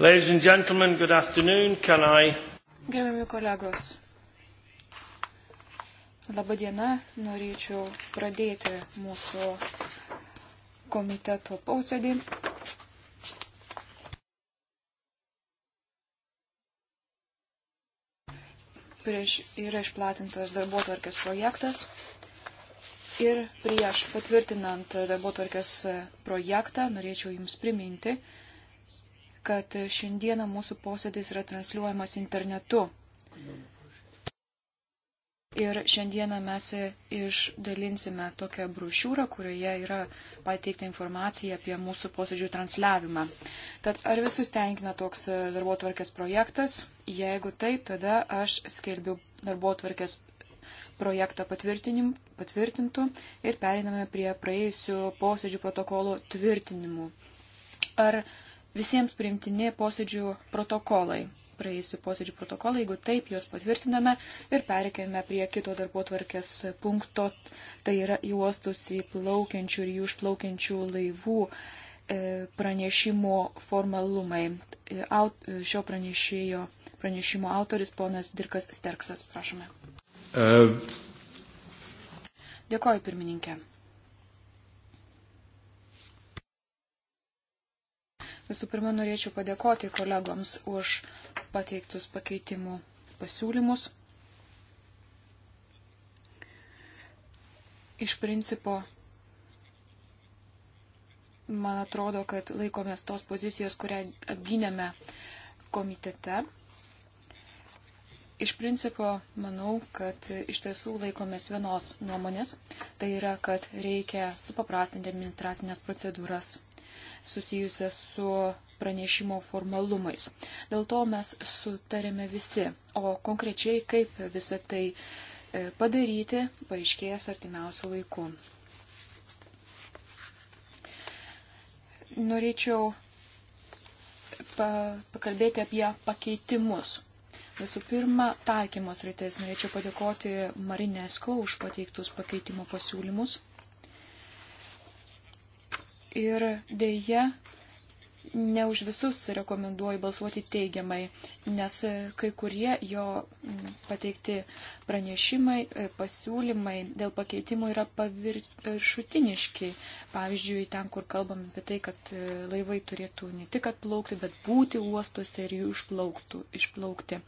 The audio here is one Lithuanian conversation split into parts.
Ladies and gentlemen, good afternoon. Can I... Gerbiami kolegos, laba diena. Norėčiau pradėti mūsų komiteto posėdį. Prieš yra išplatintas darbuotvarkės projektas ir prieš patvirtinant darbuotvarkės projektą norėčiau Jums priminti, kad šiandieną mūsų posėdis yra transliuojamas internetu. Ir šiandieną mes išdalinsime tokią brošiūrą, kurioje yra pateikta informacija apie mūsų posėdžių transliavimą. Tad ar visus tenkina toks darbo tvarkės projektas? Jeigu taip, tada aš skelbiu darbo tvarkės projektą patvirtintų ir periname prie praėjusių posėdžių protokolų tvirtinimų. Ar visiems priimtini posėdžių protokolai. Praėjusių posėdžių protokolai, jeigu taip, juos patvirtiname ir perkėme prie kito darbo tvarkės punkto, tai yra į uostus įplaukiančių ir jų išplaukiančių laivų e, pranešimo formalumai. E, e, šio pranešėjo, pranešimo autoris ponas Dirkas Sterksas, prašome. Uh. Dėkoju, pirmininkė. Visų pirma, norėčiau padėkoti kolegoms už pateiktus pakeitimų pasiūlymus. Iš principo, man atrodo, kad laikomės tos pozicijos, kurią apgynėme komitete. Iš principo, manau, kad iš tiesų laikomės vienos nuomonės, tai yra, kad reikia supaprastinti administracinės procedūras susijusias su pranešimo formalumais. Dėl to mes sutarėme visi, o konkrečiai kaip visą tai e, padaryti paaiškės artimiausių laikų. Norėčiau pakalbėti apie pakeitimus. Visų pirma, taikymos rytais norėčiau padėkoti Marinesko už pateiktus pakeitimo pasiūlymus ir dėja ne už visus rekomenduoju balsuoti teigiamai, nes kai kurie jo mm, pateikti pranešimai, e, pasiūlymai dėl pakeitimų yra paviršutiniški. Pavyzdžiui, ten, kur kalbam apie tai, kad e, laivai turėtų ne tik atplaukti, bet būti uostuose ir jų išplauktų, išplaukti.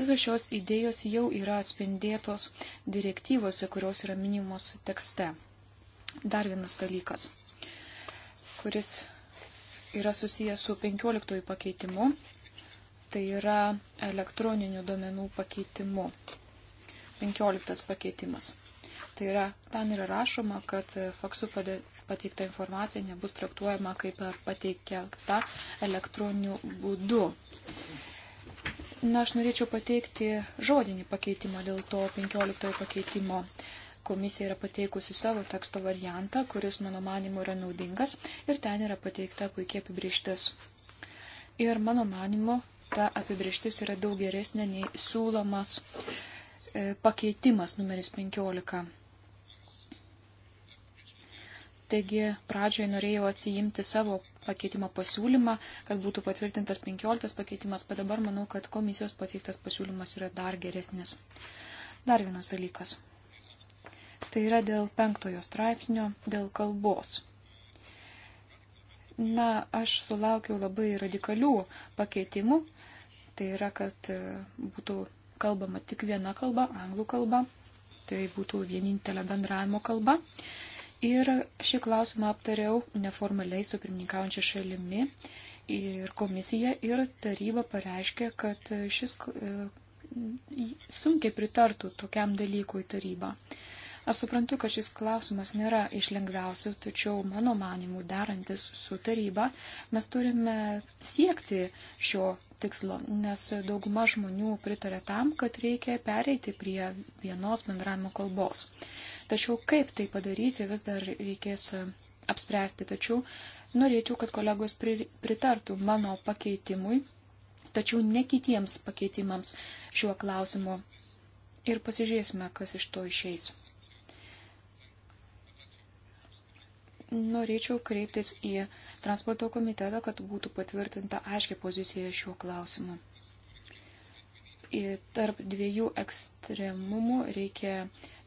Visos šios idėjos jau yra atspindėtos direktyvose, kurios yra minimos tekste. Dar vienas dalykas kuris yra susijęs su 15 pakeitimu, tai yra elektroninių duomenų pakeitimu. 15 pakeitimas. Tai yra, ten yra rašoma, kad faksu pateikta informacija nebus traktuojama kaip pateikta elektroniniu būdu. Na, aš norėčiau pateikti žodinį pakeitimą dėl to 15 pakeitimo. Uh, Komisija yra pateikusi savo teksto variantą, kuris, mano manimu, yra naudingas ir ten yra pateikta puikia apibrieštis. Ir mano manimu, ta apibrieštis yra daug geresnė nei siūlomas e, pakeitimas numeris 15. Taigi pradžioje norėjau atsijimti savo pakeitimo pasiūlymą, kad būtų patvirtintas 15 pakeitimas, bet dabar manau, kad komisijos pateiktas pasiūlymas yra dar geresnis. Dar vienas dalykas tai yra dėl penktojo straipsnio, dėl kalbos. Na, aš sulaukiau labai radikalių pakeitimų, tai yra, kad e, būtų kalbama tik viena kalba, anglų kalba, tai būtų vienintelė bendravimo kalba. Ir šį klausimą aptariau neformaliai su pirmininkaujančia šalimi ir komisija ir taryba pareiškė, kad šis e, sunkiai pritartų tokiam dalykui taryba. Aš suprantu, kad šis klausimas nėra iš lengviausių, tačiau mano manimų derantis su taryba mes turime siekti šio tikslo, nes dauguma žmonių pritarė tam, kad reikia pereiti prie vienos bendravimo kalbos. Tačiau kaip tai padaryti vis dar reikės apspręsti, tačiau norėčiau, kad kolegos pritartų mano pakeitimui, tačiau ne kitiems pakeitimams šiuo klausimu. Ir pasižiūrėsime, kas iš to išeis. norėčiau kreiptis į transporto komitetą, kad būtų patvirtinta aiškia pozicija šiuo klausimu. Ir tarp dviejų ekstremumų reikia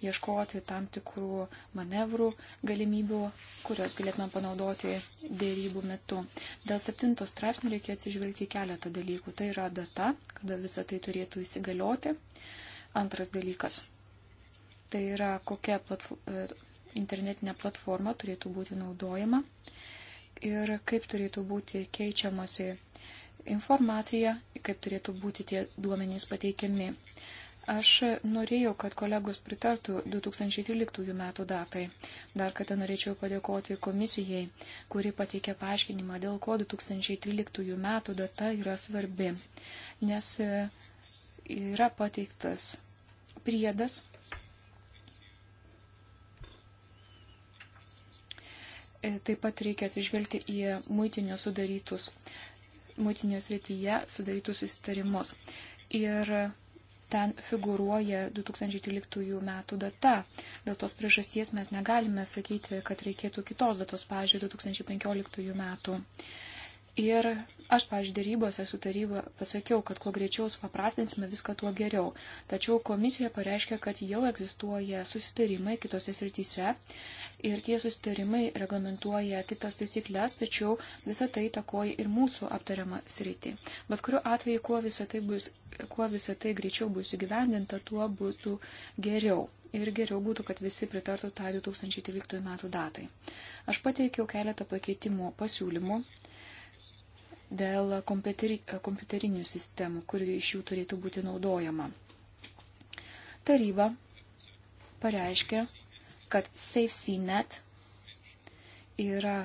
ieškoti tam tikrų manevrų galimybių, kurias galėtume panaudoti dėrybų metu. Dėl septinto straipsnio reikia atsižvelgti keletą dalykų. Tai yra data, kada visa tai turėtų įsigalioti. Antras dalykas tai yra kokia platforma, e, internetinė platforma turėtų būti naudojama ir kaip turėtų būti keičiamasi informacija, kaip turėtų būti tie duomenys pateikiami. Aš norėjau, kad kolegos pritartų 2013 metų datai. Dar kartą norėčiau padėkoti komisijai, kuri pateikė paaiškinimą, dėl ko 2013 metų data yra svarbi. Nes e, yra pateiktas priedas E, taip pat reikia atsižvelgti į muitinio sudarytus, muitinio srityje sudarytus susitarimus. Ir ten figuruoja 2013 metų data. Dėl tos priežasties mes negalime sakyti, kad reikėtų kitos datos, pavyzdžiui, 2015 metų. Ir aš, pavyzdžiui, darybose su taryba pasakiau, kad kuo greičiau supaprastinsime viską, tuo geriau. Tačiau komisija pareiškia, kad jau egzistuoja susitarimai kitose srityse ir tie susitarimai reglamentuoja kitas taisyklės, tačiau visa tai takoja ir mūsų aptariamą sritį. Bet kuriuo atveju, kuo visa tai, bus, kuo visa tai greičiau bus įgyvendinta, tuo būtų geriau ir geriau būtų, kad visi pritartų tą tai 2013 metų datai. Aš pateikiau keletą pakeitimų pasiūlymų dėl kompiuteri, kompiuterinių sistemų, kuri iš jų turėtų būti naudojama. Taryba pareiškė, kad SafeCNet yra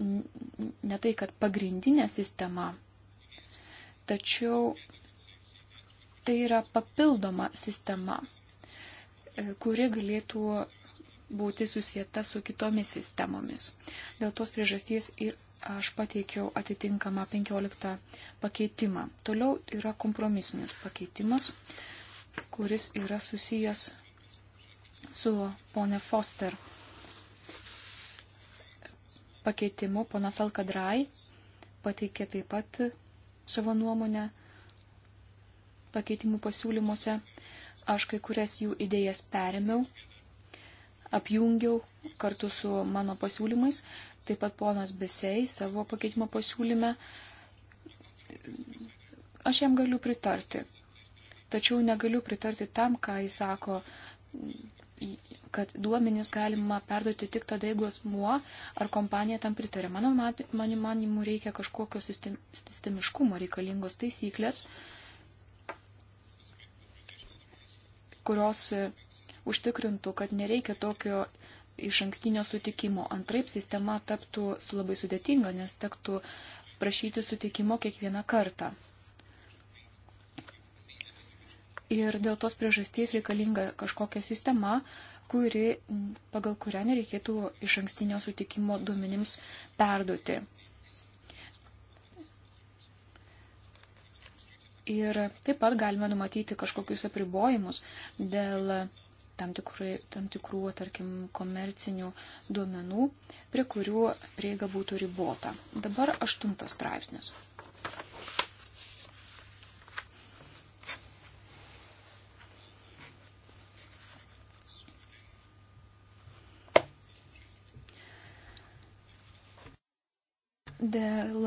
ne tai, kad pagrindinė sistema, tačiau tai yra papildoma sistema, e, kuri galėtų būti susijęta su kitomis sistemomis. Dėl tos priežasties ir aš pateikiau atitinkamą 15 pakeitimą. Toliau yra kompromisinis pakeitimas, kuris yra susijęs su ponė Foster pakeitimu. Ponas Alkadrai pateikė taip pat savo nuomonę pakeitimų pasiūlymuose. Aš kai kurias jų idėjas perėmiau apjungiau kartu su mano pasiūlymais. Taip pat ponas Bisei savo pakeitimo pasiūlyme. Aš jam galiu pritarti. Tačiau negaliu pritarti tam, ką jis sako, kad duomenis galima perduoti tik tada, jeigu asmuo ar kompanija tam pritarė. Mano manimu man, man reikia kažkokio sistem, sistemiškumo reikalingos taisyklės, kurios užtikrintų, kad nereikia tokio iš ankstinio sutikimo. Antraip sistema taptų labai sudėtinga, nes tektų prašyti sutikimo kiekvieną kartą. Ir dėl tos priežasties reikalinga kažkokia sistema, kuri, pagal kurią nereikėtų iš ankstinio sutikimo duomenims perduoti. Ir taip pat galime numatyti kažkokius apribojimus dėl tam, tikrai, tam tikrų, tarkim, komercinių duomenų, prie kurių prieiga būtų ribota. Dabar aštuntas straipsnis. Dėl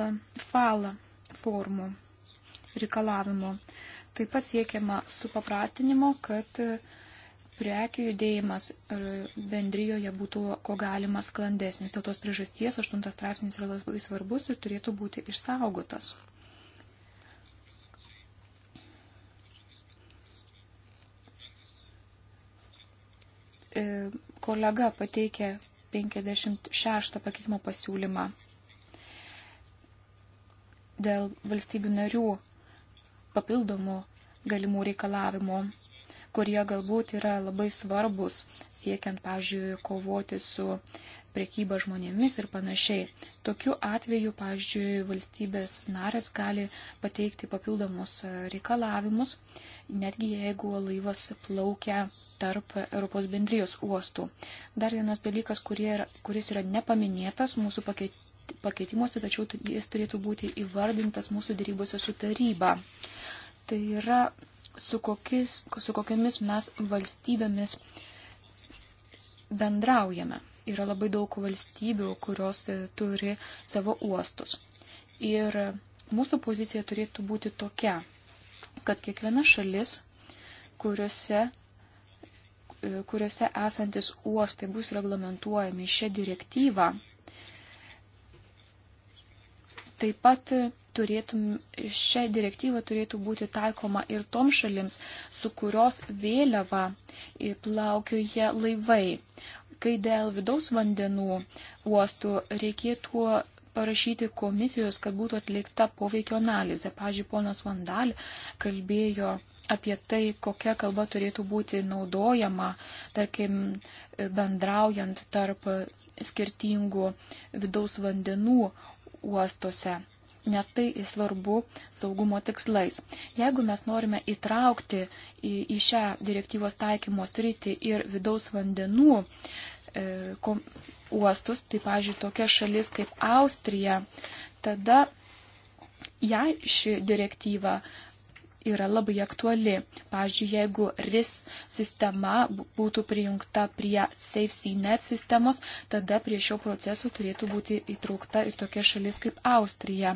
falą formų reikalavimo. Taip pat siekiama supapratinimo, kad prekių judėjimas bendrijoje būtų ko galima sklandesnis. Dėl tos priežasties aštuntas straipsnis yra labai svarbus ir turėtų būti išsaugotas. E, kolega pateikė 56 pakeitimo pasiūlymą dėl valstybių narių papildomų galimų reikalavimų kurie galbūt yra labai svarbus, siekiant, pavyzdžiui, kovoti su priekyba žmonėmis ir panašiai. Tokiu atveju, pavyzdžiui, valstybės narės gali pateikti papildomus reikalavimus, netgi jeigu laivas plaukia tarp Europos bendrijos uostų. Dar vienas dalykas, yra, kuris yra nepaminėtas mūsų pakeitimas pakeitimuose, tačiau jis turėtų būti įvardintas mūsų dėrybose su taryba. Tai yra su, kokis, su kokiamis mes valstybėmis bendraujame. Yra labai daug valstybių, kurios e, turi savo uostus. Ir mūsų pozicija turėtų būti tokia, kad kiekviena šalis, kuriuose, e, kuriuose esantis uostai bus reglamentuojami šią direktyvą, taip pat turėtum, šią direktyvą turėtų būti taikoma ir tom šalims, su kurios vėliava e, plaukioja laivai. Kai dėl vidaus vandenų uostų reikėtų parašyti komisijos, kad būtų atlikta poveikio analizė. Pavyzdžiui, ponas Vandal kalbėjo apie tai, kokia kalba turėtų būti naudojama, tarkim, bendraujant tarp skirtingų vidaus vandenų uostuose nes tai svarbu saugumo tikslais. Jeigu mes norime įtraukti į, į šią direktyvos taikymo sritį ir vidaus vandenų e, kom, uostus, tai, pažiūrėjau, tokia šalis kaip Austrija, tada jai ši direktyva yra labai aktuali. Pavyzdžiui, jeigu RIS sistema būtų prijungta prie SafeCNet sistemos, tada prie šio proceso turėtų būti įtraukta ir tokia šalis kaip Austrija.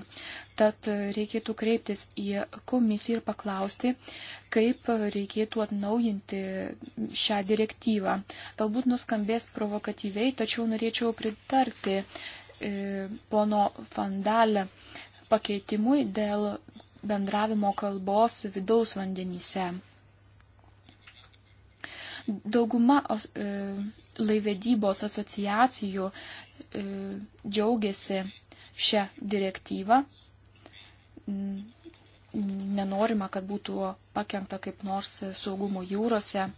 Tad e, reikėtų kreiptis į komisiją ir paklausti, kaip reikėtų atnaujinti šią direktyvą. Galbūt nuskambės provokatyviai, tačiau norėčiau pritarti e, pono Fandalę pakeitimui dėl bendravimo kalbos vidaus vandenyse. Dauguma e, laivedybos asociacijų e, džiaugiasi šią direktyvą. Nenorima, kad būtų pakengta kaip nors saugumo jūrose.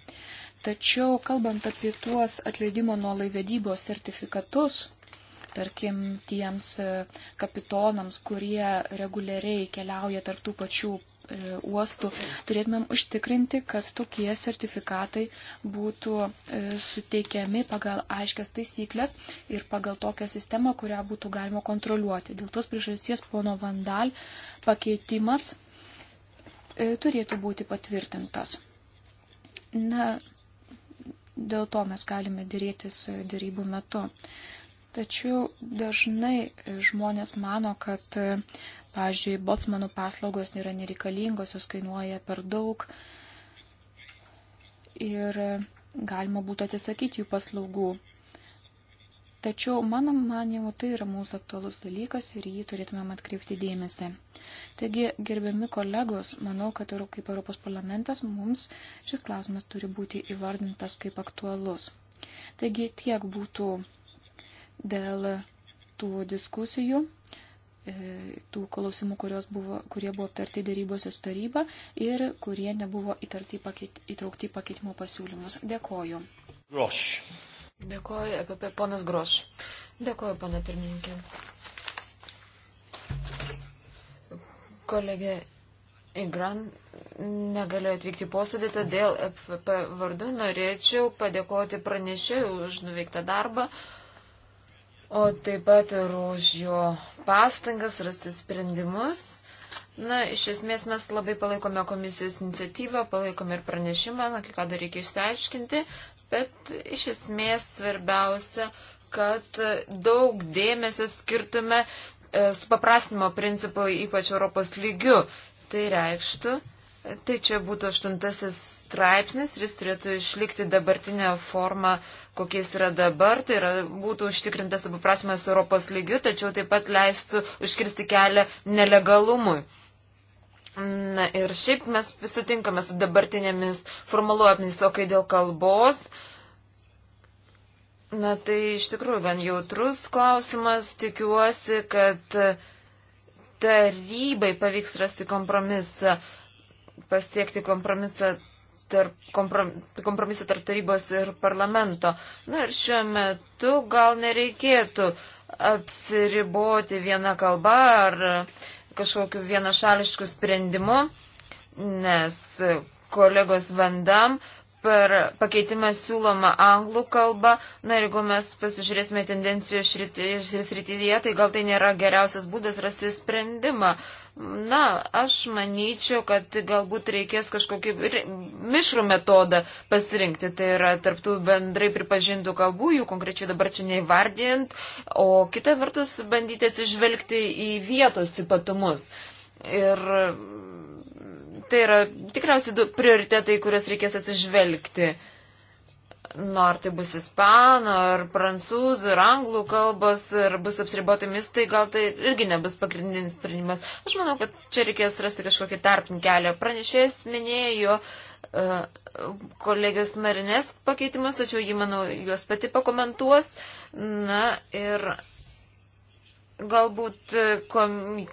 Tačiau, kalbant apie tuos atleidimo nuo laivedybos sertifikatus, tarkim, tiems e, kapitonams, kurie reguliariai keliauja tarptų pačių e, uostų, turėtumėm užtikrinti, kad tokie sertifikatai būtų e, suteikiami pagal aiškias taisyklės ir pagal tokią sistemą, kurią būtų galima kontroliuoti. Dėl tos priežasties pono Vandal pakeitimas turėtų būti patvirtintas. Na, dėl to mes galime dėrėtis dėrybų metu. Uh, Tačiau dažnai žmonės mano, kad, pavyzdžiui, botsmanų paslaugos nėra nereikalingos, jos kainuoja per daug ir galima būtų atsisakyti jų paslaugų. Tačiau, mano manimu, tai yra mūsų aktualus dalykas ir jį turėtumėm atkreipti dėmesį. Taigi, gerbiami kolegos, manau, kad kaip Europos parlamentas mums šis klausimas turi būti įvardintas kaip aktualus. Taigi, tiek būtų dėl tų diskusijų e, tų klausimų, buvo, kurie buvo aptarti dėrybose su taryba ir kurie nebuvo pakeit, įtraukti į pakeitimo pasiūlymus. Dėkoju. Groš. Dėkoju, EPP ponas Groš. Dėkoju, pana pirmininkė. Kolegė Igran negalėjo atvykti posėdį, todėl FP e vardu norėčiau padėkoti pranešėjui už nuveiktą darbą. Uh, o taip pat ir už jo pastangas rasti sprendimus. Na, iš esmės mes labai palaikome komisijos iniciatyvą, palaikome ir pranešimą, na, kai ką dar reikia išsiaiškinti, bet iš esmės svarbiausia, kad daug dėmesio skirtume e, supaprastinimo principui, ypač Europos lygių. Tai reikštų, tai čia būtų aštuntasis straipsnis, jis turėtų išlikti dabartinę formą, kokiais yra dabar, tai yra, būtų užtikrintas apiprasmės Europos lygių, tačiau taip pat leistų užkirsti kelią nelegalumui. Na ir šiaip mes sutinkame su dabartinėmis formuluojomis, o kai dėl kalbos, na tai iš tikrųjų gan jautrus klausimas, tikiuosi, kad tarybai pavyks rasti kompromisą, pasiekti kompromisą tarp kompromisą tarp tarybos ir parlamento. Na ir šiuo metu gal nereikėtų apsiriboti vieną kalbą ar kažkokiu vienašališku sprendimu, nes kolegos vandam per pakeitimą siūloma anglų kalba. Na ir jeigu mes pasižiūrėsime tendencijų srityje, tai gal tai nėra geriausias būdas rasti sprendimą. Na, aš manyčiau, kad galbūt reikės kažkokį mišrų metodą pasirinkti. Tai yra tarptų bendrai pripažintų kalbų, jų konkrečiai dabar čia neįvardint, o kita vertus bandyti atsižvelgti į vietos ypatumus. Ir tai yra tikriausiai du prioritetai, kurias reikės atsižvelgti. Uh, nu, ar tai bus ispanų, ar prancūzų, ar anglų kalbos, ar bus apsiribotomis, tai gal tai irgi nebus pagrindinis sprendimas. Aš manau, kad čia reikės rasti kažkokį tarpinį kelią. Pranešėjas minėjo uh, kolegijos marinės pakeitimus, tačiau jį, manau, juos pati pakomentuos. Na ir galbūt uh,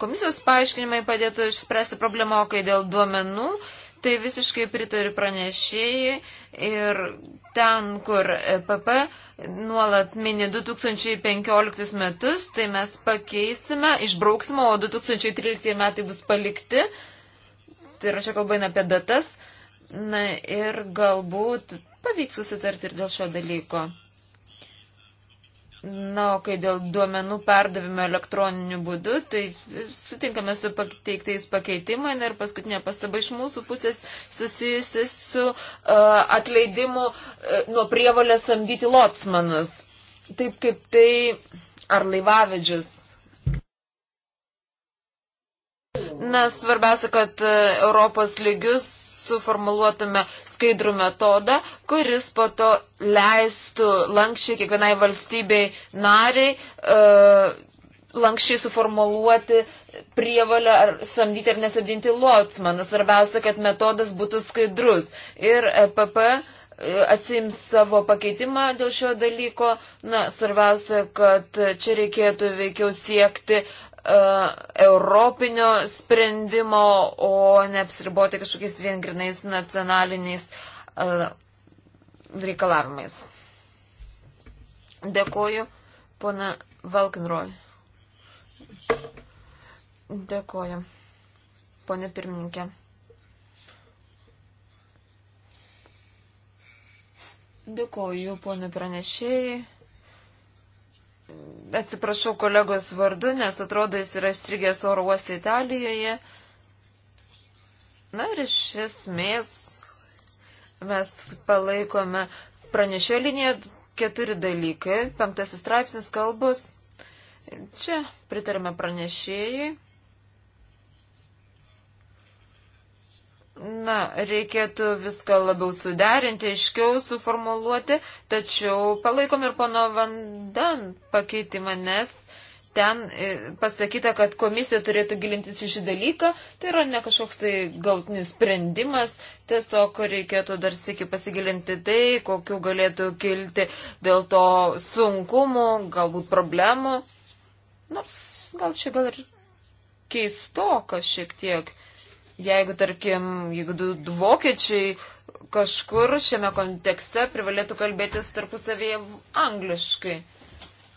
komisijos paaiškinimai padėtų išspręsti problemą, kai dėl duomenų. Uh, tai visiškai pritariu pranešėjai ir ten, kur PP e nuolat mini 2015 metus, tai mes pakeisime, išbrauksime, o 2013 metai bus palikti. Tai yra čia kalba eina apie datas. Na ir galbūt pavyks susitarti ir dėl šio dalyko. Na, o kai dėl duomenų perdavimo elektroniniu būdu, tai sutinkame su pateiktais pakeitimai ir paskutinė pastaba iš mūsų pusės susijusi su uh, atleidimu uh, nuo prievalės samdyti lotsmanus. Taip kaip tai ar laivavedžius. Na, svarbiausia, kad uh, Europos lygius suformuluotume skaidrų metodą, kuris po to leistų lankščiai kiekvienai valstybei nariai uh, lankščiai suformuluoti prievalę ar samdyti ar nesamdyti lotsmaną. Svarbiausia, kad metodas būtų skaidrus. Ir EPP e, atsims savo pakeitimą dėl šio dalyko. Na, svarbiausia, kad čia reikėtų veikiau siekti uh, E, europinio sprendimo, o neapsiriboti kažkokiais viengrinais nacionaliniais e, reikalavimais. Dėkuoju, pona Valkinroj. Dėkuoju, ponė pirmininkė. Dėkuoju, ponė pranešėjai atsiprašau kolegos vardu, nes atrodo jis yra strigęs oro uoste Italijoje. Na ir iš esmės mes palaikome pranešio liniją keturi dalykai. Penktasis straipsnis kalbus. Čia pritarime pranešėjai. Na, reikėtų viską labiau suderinti, aiškiau suformuluoti, tačiau palaikom ir pono Vandan pakeitimą, nes ten e, pasakyta, kad komisija turėtų gilintis į šį dalyką, tai yra ne kažkoks tai galtinis sprendimas, tiesiog reikėtų dar sėki pasigilinti tai, kokiu galėtų kilti dėl to sunkumų, galbūt problemų. Nors gal čia gal ir keistoka šiek tiek Jeigu, tarkim, jeigu du, du vokiečiai kažkur šiame kontekste privalėtų kalbėtis tarpusavėje angliškai.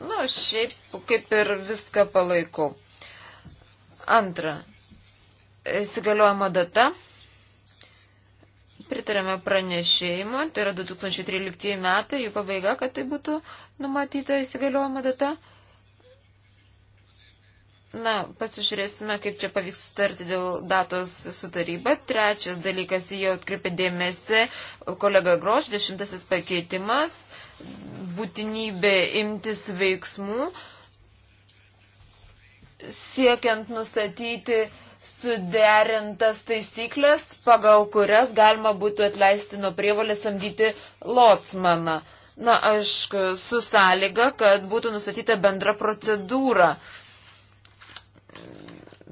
Na, šiaip kaip ir viską palaikau. Antra. Įsigaliojimo data. Pritarėme pranešėjimo, tai yra 2013 metai, jų pabaiga, kad tai būtų numatyta įsigaliojimo data. Na, pasižiūrėsime, kaip čia pavyks sutarti dėl datos su taryba. Trečias dalykas, jau atkreipė dėmesį kolega Groš, dešimtasis pakeitimas, būtinybė imtis veiksmų, siekiant nustatyti suderintas taisyklės, pagal kurias galima būtų atleisti nuo prievalės samdyti lotsmaną. Na, aišku, su sąlyga, kad būtų nustatyta bendra procedūra. Uh,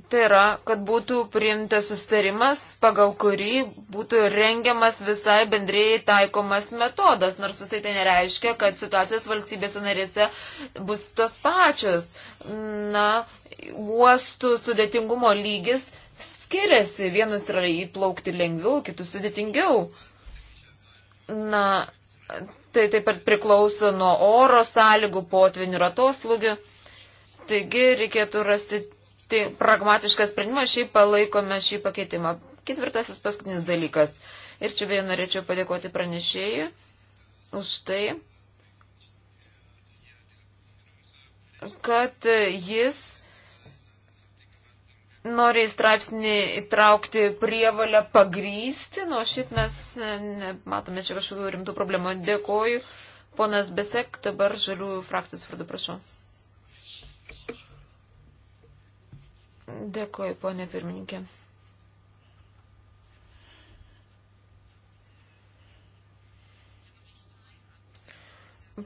Tai yra, kad būtų priimtas sustarimas, pagal kurį būtų rengiamas visai bendrėjai taikomas metodas, nors visai tai nereiškia, kad situacijos valstybėse narėse bus tos pačios. Na, uostų sudėtingumo lygis skiriasi, vienus yra įplaukti lengviau, kitus sudėtingiau. Na, tai taip pat priklauso nuo oro sąlygų, potvinių ir atoslūgių. Taigi reikėtų rasti tai pragmatiškas sprendimas, šiaip palaikome šį pakeitimą. Ketvirtasis paskutinis dalykas. Ir čia beje norėčiau padėkoti pranešėjai už tai, kad jis nori į straipsnį įtraukti prievalę pagrysti, nuo šit mes e, matome čia kažkokių rimtų problemų. Dėkoju. Ponas Besek, dabar žaliųjų frakcijos vardu prašau. Dėkuoju, ponė pirmininkė.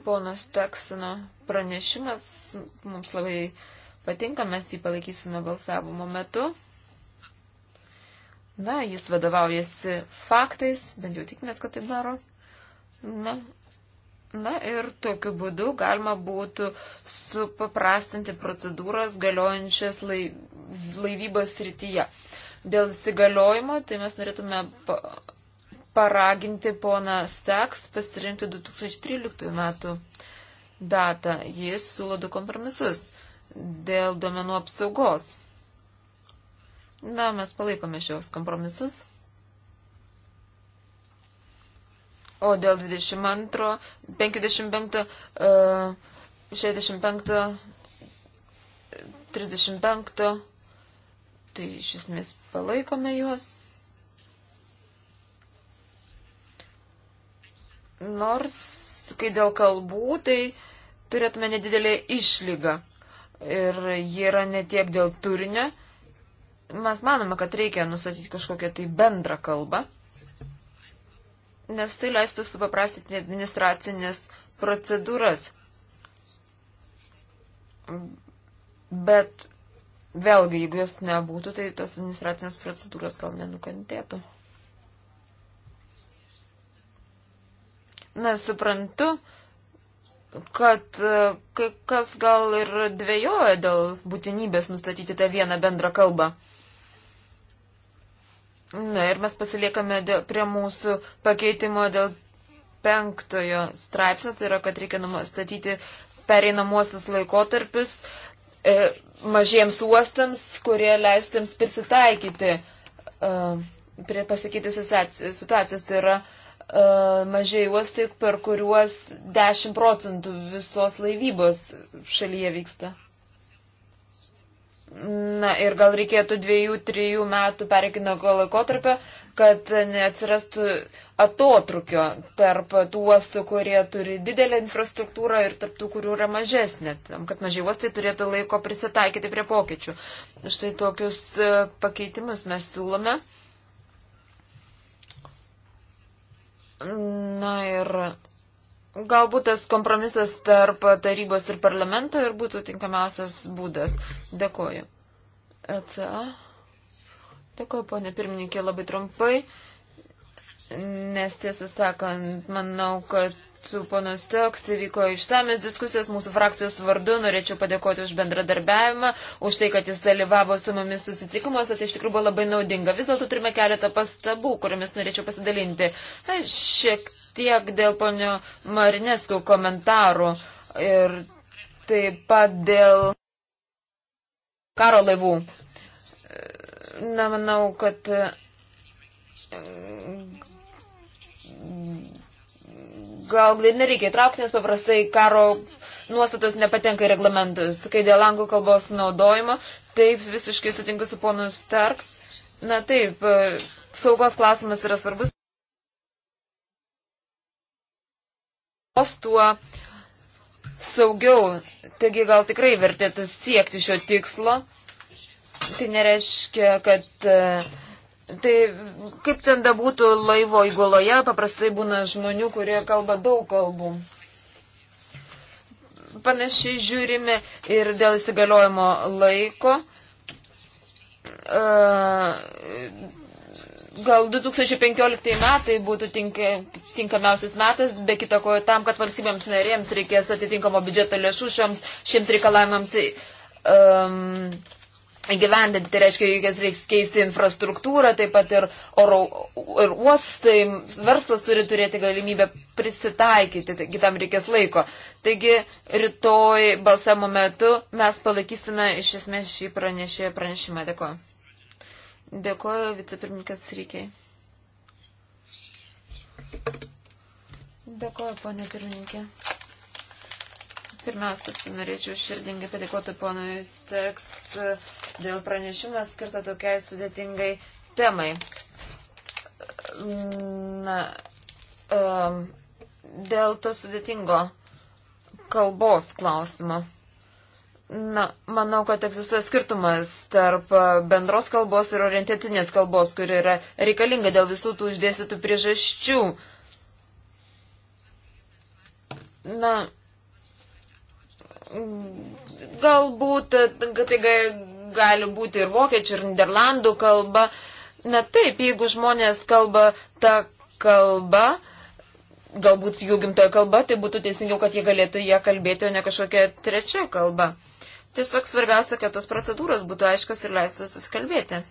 Ponas Teksino pranešimas mums labai patinka, mes jį palaikysime balsavimo metu. Na, jis vadovaujasi faktais, bent jau tikimės, kad taip daro. Na, Na ir tokiu būdu galima būtų supaprastinti procedūras galiojančias laivybos srityje. Dėl įsigaliojimo, tai mes norėtume paraginti poną Steks pasirinkti 2013 metų datą. Jis siūlo du kompromisus dėl duomenų apsaugos. Na, mes palaikome šios kompromisus. O dėl 22, 55, 65, 35, tai iš esmės palaikome juos. Nors, kai dėl kalbų, tai turėtume nedidelį išlygą. Ir jie yra ne tiek dėl turinio. Mes manome, kad reikia nusatyti kažkokią tai bendrą kalbą nes tai leistų supaprastinti administracinės procedūras. Bet vėlgi, jeigu jos nebūtų, tai tos administracinės procedūros gal nenukantėtų. Na, suprantu, kad e, kai kas gal ir dvėjoja dėl būtinybės nustatyti tą vieną bendrą kalbą. Na ir mes pasiliekame dėl, prie mūsų pakeitimo dėl penktojo straipsnio, tai yra, kad reikia nustatyti pereinamuosius laikotarpius e, mažiems uostams, kurie leistams prisitaikyti e, prie pasikeitusios situacijos. Tai yra e, mažiai uostai, per kuriuos 10 procentų visos laivybos šalyje vyksta. Na ir gal reikėtų dviejų, trijų metų perkinojo laikotarpio, kad neatsirastų atotrukio tarp tų uostų, kurie turi didelę infrastruktūrą ir tarp tų, kurių yra mažesnė, tam, kad mažiai uostai turėtų laiko prisitaikyti prie pokyčių. Štai tokius e, pakeitimus mes siūlome. Na ir Galbūt tas kompromisas tarp tarybos ir parlamento ir būtų tinkamiausias būdas. Dėkoju. ECA. Dėkoju, ponė pirmininkė, labai trumpai. Nes tiesą sakant, manau, kad su ponas Toks įvyko išsamės diskusijos mūsų frakcijos vardu. Norėčiau padėkoti už bendradarbiavimą, už tai, kad jis dalyvavo su mumis susitikimuose. Tai iš tikrųjų buvo labai naudinga. Vis dėlto turime keletą pastabų, kuriamis norėčiau pasidalinti. Na, šiek tiek dėl ponio Marineskų komentarų ir taip pat dėl karo laivų. Na, manau, kad gal ir nereikia įtraukti, nes paprastai karo nuostatas nepatenka į reglamentus. Kai dėl anglų kalbos naudojimo, taip visiškai sutinku su ponu Starks. Na taip, saugos klausimas yra svarbus. Europos, tuo saugiau. Taigi gal tikrai vertėtų siekti šio tikslo. Tai nereiškia, kad. E, tai kaip ten bebūtų laivo įguloje, paprastai būna žmonių, kurie kalba daug kalbų. Panašiai žiūrime ir dėl įsigaliojimo laiko. E, Gal 2015 metai būtų tinka, tinkamiausias metas, be kita ko tam, kad valstybėms narėms reikės atitinkamo biudžeto lėšų šiems, šiems reikalavimams um, gyvendinti. Tai reiškia, reikės reiks keisti infrastruktūrą, taip pat ir oro ir uostai, verslas turi turėti galimybę prisitaikyti, taigi tam reikės laiko. Taigi rytoj balsamo metu mes palaikysime iš esmės šį pranešimą. Dėkuoju. Dėkoju vicepirmininkas Rykiai. Dėkoju, ponė pirmininkė. Pirmiausia, tai norėčiau širdingai padėkoti ponui Steks e, dėl pranešimo skirto tokiai sudėtingai temai. Na, um, dėl to sudėtingo kalbos klausimo. Na, manau, kad egzistuoja skirtumas tarp e, bendros kalbos ir orientacinės kalbos, kuri yra reikalinga dėl visų tų išdėstytų priežasčių. Na, galbūt tai gali būti ir vokiečių, ir niderlandų kalba. Na taip, jeigu žmonės kalba tą kalbą, galbūt jų gimtoja kalba, tai būtų teisingiau, kad jie galėtų ją kalbėti, o ne kažkokia trečia kalba. Tiesiog svarbiausia, kad tos procedūros būtų aiškios ir leistų susiskalbėti.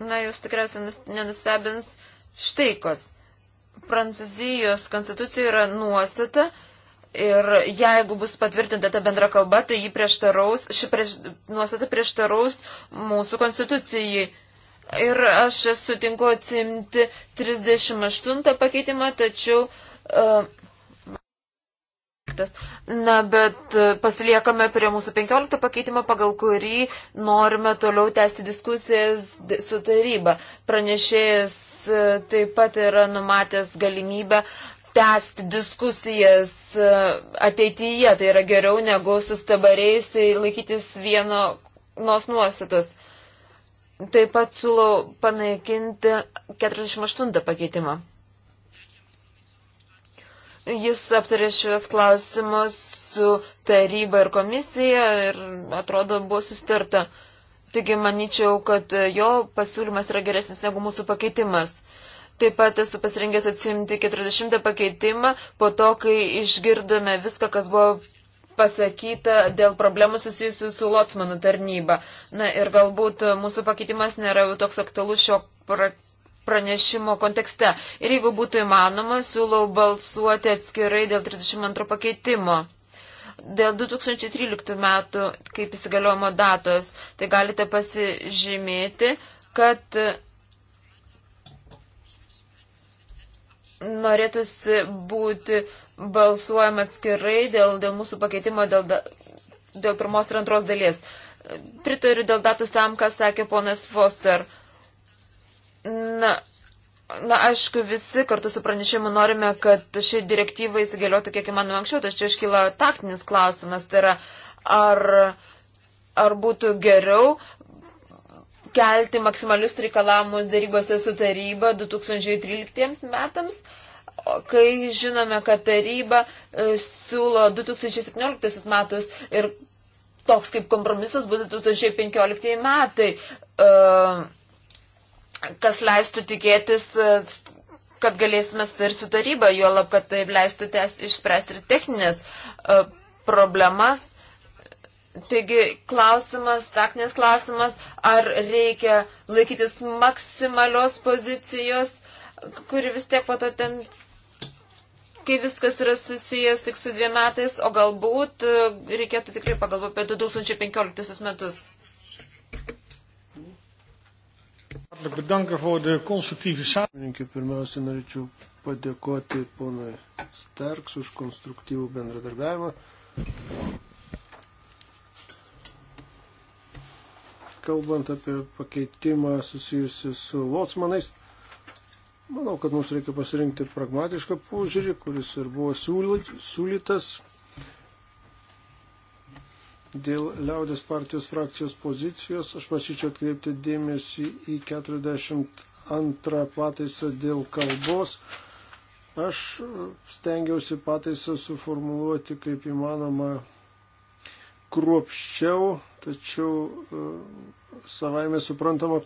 Na, jūs tikriausiai nenustebins štai kas. Prancūzijos konstitucijoje yra nuostata ir jeigu bus patvirtinta ta bendra kalba, tai ji prieštaraus, ši prieš, nuostata prieštaraus mūsų konstitucijai. Ir aš sutinku atsimti 38 pakeitimą, tačiau uh, punktas. Na, bet e, pasiliekame prie mūsų 15 pakeitimo, pagal kurį norime toliau tęsti diskusijas su taryba. Pranešėjas e, taip pat yra numatęs galimybę tęsti diskusijas e, ateityje. Tai yra geriau negu sustabarėjusiai tai laikytis vieno nos nuostatos. Taip pat siūlau panaikinti 48 pakeitimą. Jis aptarė šios klausimus su taryba ir komisija ir atrodo buvo sustarta. Taigi manyčiau, kad jo pasiūlymas yra geresnis negu mūsų pakeitimas. Taip pat esu pasirengęs atsimti 40 pakeitimą po to, kai išgirdome viską, kas buvo pasakyta dėl problemų susijusių su Lotsmanų tarnyba. Na ir galbūt mūsų pakeitimas nėra toks aktualus šio pranešimo kontekste. Ir jeigu būtų įmanoma, siūlau balsuoti atskirai dėl 32 pakeitimo. Dėl 2013 metų, kaip įsigaliojimo datos, tai galite pasižymėti, kad norėtųsi būti balsuojama atskirai dėl, dėl mūsų pakeitimo, dėl, dėl pirmos ir antros dalies. Pritariu dėl datus tam, ką sakė ponas Foster. Na, Na, aišku, visi kartu su pranešimu norime, kad ši direktyva įsigaliotų kiek įmanoma anksčiau, tačiau iškyla taktinis klausimas, tai yra, ar, ar būtų geriau kelti maksimalius reikalavimus darybose su taryba 2013 metams, kai žinome, kad taryba e, siūlo 2017 metus ir toks kaip kompromisas būtų 2015 metai. Uh, kas leistų tikėtis, e, kad galėsime sutarti tarybą, juolab, kad tai leistų tęs, išspręsti ir techninės e, problemas. Taigi klausimas, taknės klausimas, ar reikia laikytis maksimalios pozicijos, kuri vis tiek pato ten, kai viskas yra susijęs tik su dviem metais, o galbūt e, reikėtų tikrai pagalvoti apie 2015 metus. Pirmininkė, pirmiausia, norėčiau padėkoti ponui Starks už konstruktyvų bendradarbiavimą. Kalbant apie pakeitimą susijusi su Lotsmanais, manau, kad mums reikia pasirinkti pragmatišką požiūrį, kuris ir buvo siūlytas Dėl liaudės partijos frakcijos pozicijos aš prašyčiau atkreipti dėmesį į 42 pataisą dėl kalbos. Aš stengiausi pataisą suformuluoti kaip įmanoma kruopščiau, tačiau e, savaime suprantama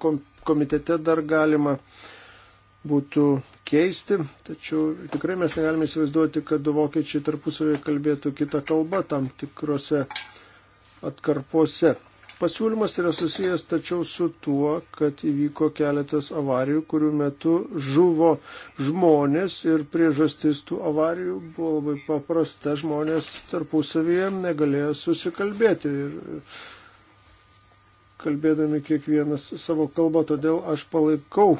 komitete dar galima būtų keisti, tačiau tikrai mes negalime įsivaizduoti, kad du vokiečiai tarpusavėje kalbėtų kitą kalbą tam tikrose atkarpose. Pasiūlymas yra susijęs tačiau su tuo, kad įvyko keletas avarijų, kurių metu žuvo žmonės ir priežastis tų avarijų buvo labai paprasta, žmonės tarpusavyje negalėjo susikalbėti. Ir, kalbėdami kiekvienas savo kalbą, todėl aš palaikau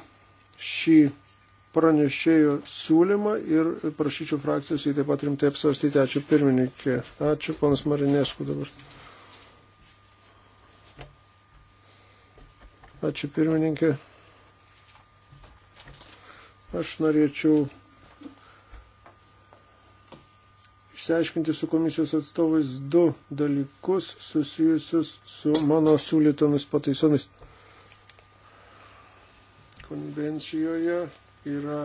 šį pranešėjo siūlymą ir prašyčiau frakcijos jį taip pat rimtai apsvarstyti. Ačiū pirmininkė. Ačiū, panas Marinėsku dabar. Ačiū pirmininkė. Aš norėčiau išsiaiškinti su komisijos atstovais du dalykus susijusius su mano siūlytomis pataisomis. Konvencijoje yra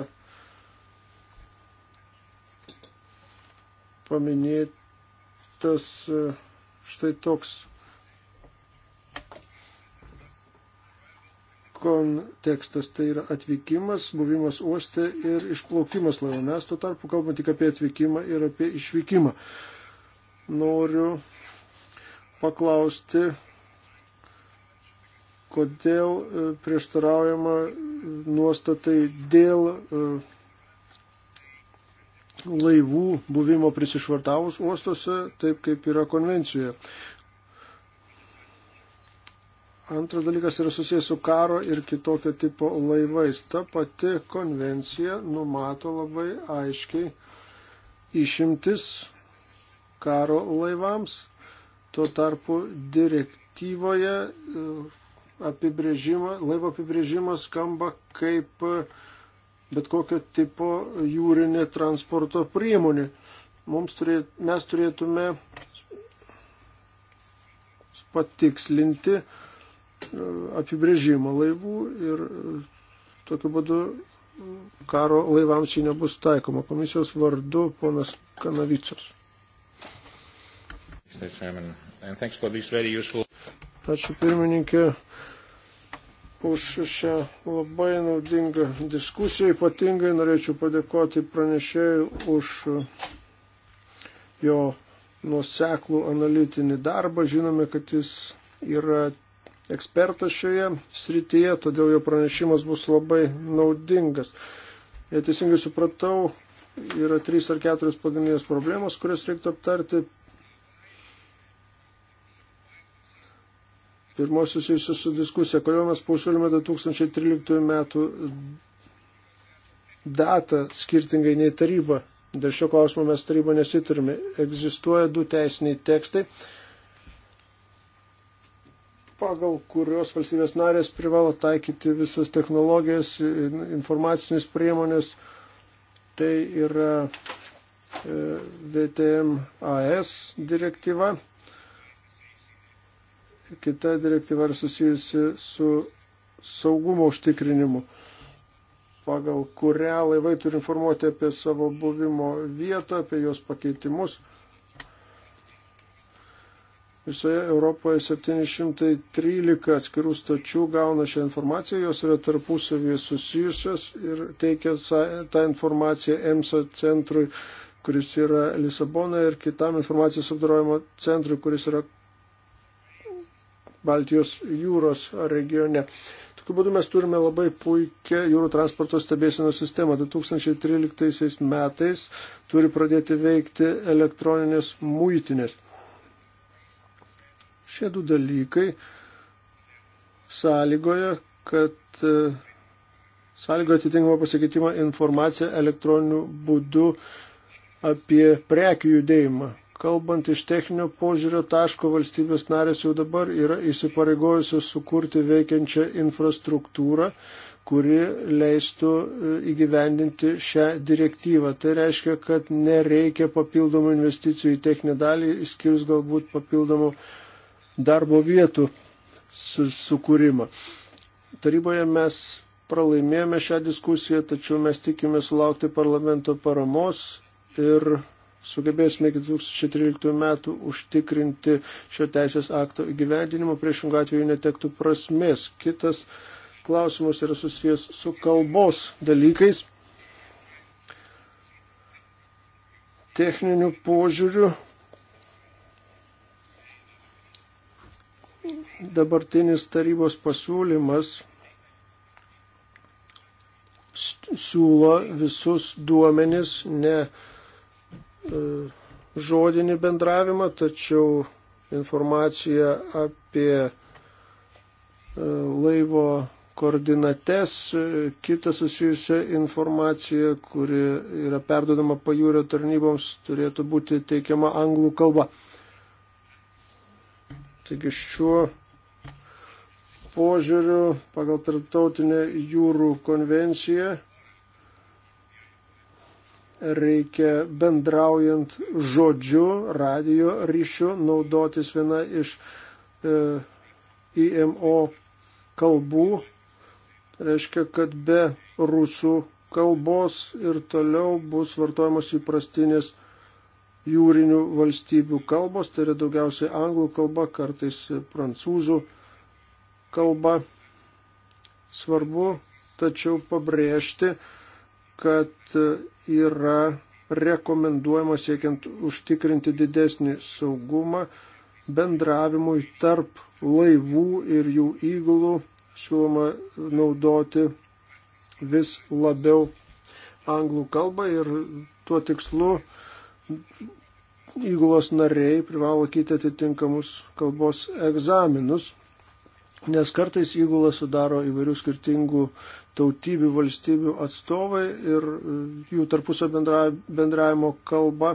paminėtas e, štai toks kontekstas, tai yra atvykimas, buvimas uoste ir išplaukimas laivu. Mes tuo tarpu kalbame tik apie atvykimą ir apie išvykimą. Noriu paklausti, kodėl e, prieštaraujama nuostatai dėl e, laivų buvimo prisišvartavus uostose, taip kaip yra konvencijoje. Antras dalykas yra susijęs su karo ir kitokio tipo laivais. Ta pati konvencija numato labai aiškiai išimtis karo laivams. Tuo tarpu direktyvoje e, apibrėžima, laivo apibrėžimas skamba kaip e, bet kokio tipo jūrinė transporto priemonė. Mums turėt, mes turėtume patikslinti, apibrėžimą laivų ir e, tokiu būdu karo laivams čia nebus taikoma. Komisijos vardu ponas Kanavicius. Ačiū pirmininkė už šią labai naudingą diskusiją. Ypatingai norėčiau padėkoti pranešėjui už e, jo nuseklų analitinį darbą. Žinome, kad jis yra ekspertas šioje srityje, todėl jo pranešimas bus labai naudingas. Jei teisingai supratau, yra trys ar keturios pagrindinės problemos, kurias reiktų aptarti. Pirmoji susijusi su diskusija, kodėl mes pasiūlėme 2013 metų datą skirtingai nei taryba. Dėl šio klausimo mes tarybą nesiturime. Egzistuoja du teisiniai tekstai pagal kurios valstybės narės privalo taikyti visas technologijas, informacinės priemonės. Tai yra e, VTMAS direktyva. Kita direktyva yra susijusi su saugumo užtikrinimu, pagal kurią laivai turi informuoti apie savo buvimo vietą, apie jos pakeitimus. Visoje Europoje 713 atskirų stočių gauna šią informaciją, jos yra tarpusavyje susijusios ir teikia tą informaciją EMSA centrui, kuris yra Lisabona ir kitam informacijos apdarojimo centrui, kuris yra Baltijos jūros regione. Tokiu būdu mes turime labai puikią jūrų transporto stebėsienos sistemą. 2013 metais turi pradėti veikti elektroninės muitinės Šie du dalykai sąlygoja, kad e, sąlygoja atitinkamą pasikeitimą informaciją elektroniniu būdu apie prekių judėjimą. Kalbant iš techninio požiūrio taško, valstybės narės jau dabar yra įsipareigojusios sukurti veikiančią infrastruktūrą, kuri leistų e, įgyvendinti šią direktyvą. Tai reiškia, kad nereikia papildomų investicijų į techninę dalį, išskyrus galbūt papildomų uh, darbo vietų sukūrimą. Taryboje mes pralaimėjome šią diskusiją, tačiau mes tikime sulaukti parlamento paramos ir sugebėsime iki 2013 metų užtikrinti šio teisės akto įgyvendinimo, priešingų atveju netektų prasmės. Kitas klausimas yra susijęs su kalbos dalykais. Techninių požiūrių dabartinis tarybos pasiūlymas siūlo visus duomenis, ne e, žodinį bendravimą, tačiau informaciją apie e, laivo koordinates, e, kitą susijusią informaciją, kuri yra perdodama pajūrio tarnyboms, turėtų būti teikiama anglų kalba. Taigi šiuo požiūriu pagal Tarptautinę jūrų konvenciją reikia bendraujant žodžiu, radio ryšiu naudotis viena iš e, IMO kalbų. Reiškia, kad be rusų kalbos ir toliau bus vartojamos įprastinės jūrinių valstybių kalbos, tai yra daugiausiai anglų kalba, kartais prancūzų kalba kalba. Svarbu tačiau pabrėžti, kad yra rekomenduojama siekiant užtikrinti didesnį saugumą bendravimui tarp laivų ir jų įgulų siūloma naudoti vis labiau anglų kalbą ir tuo tikslu įgulos nariai privalo laikyti atitinkamus kalbos egzaminus nes kartais įgulą sudaro įvairių skirtingų tautybių, valstybių atstovai ir e, jų tarpusio bendra, bendravimo kalba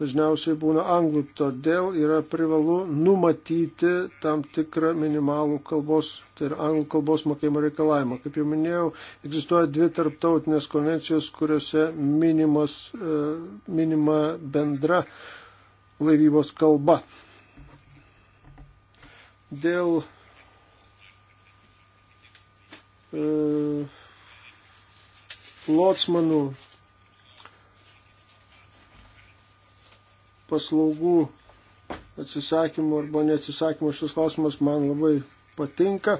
dažniausiai būna anglų, todėl yra privalu numatyti tam tikrą minimalų kalbos, tai yra anglų kalbos mokėjimo reikalavimą. Kaip jau minėjau, egzistuoja dvi tarptautinės konvencijos, kuriuose minimas, e, minima bendra laivybos kalba. Dėl E, lotsmanų paslaugų atsisakymų arba neatsisakymų šis klausimas man labai patinka.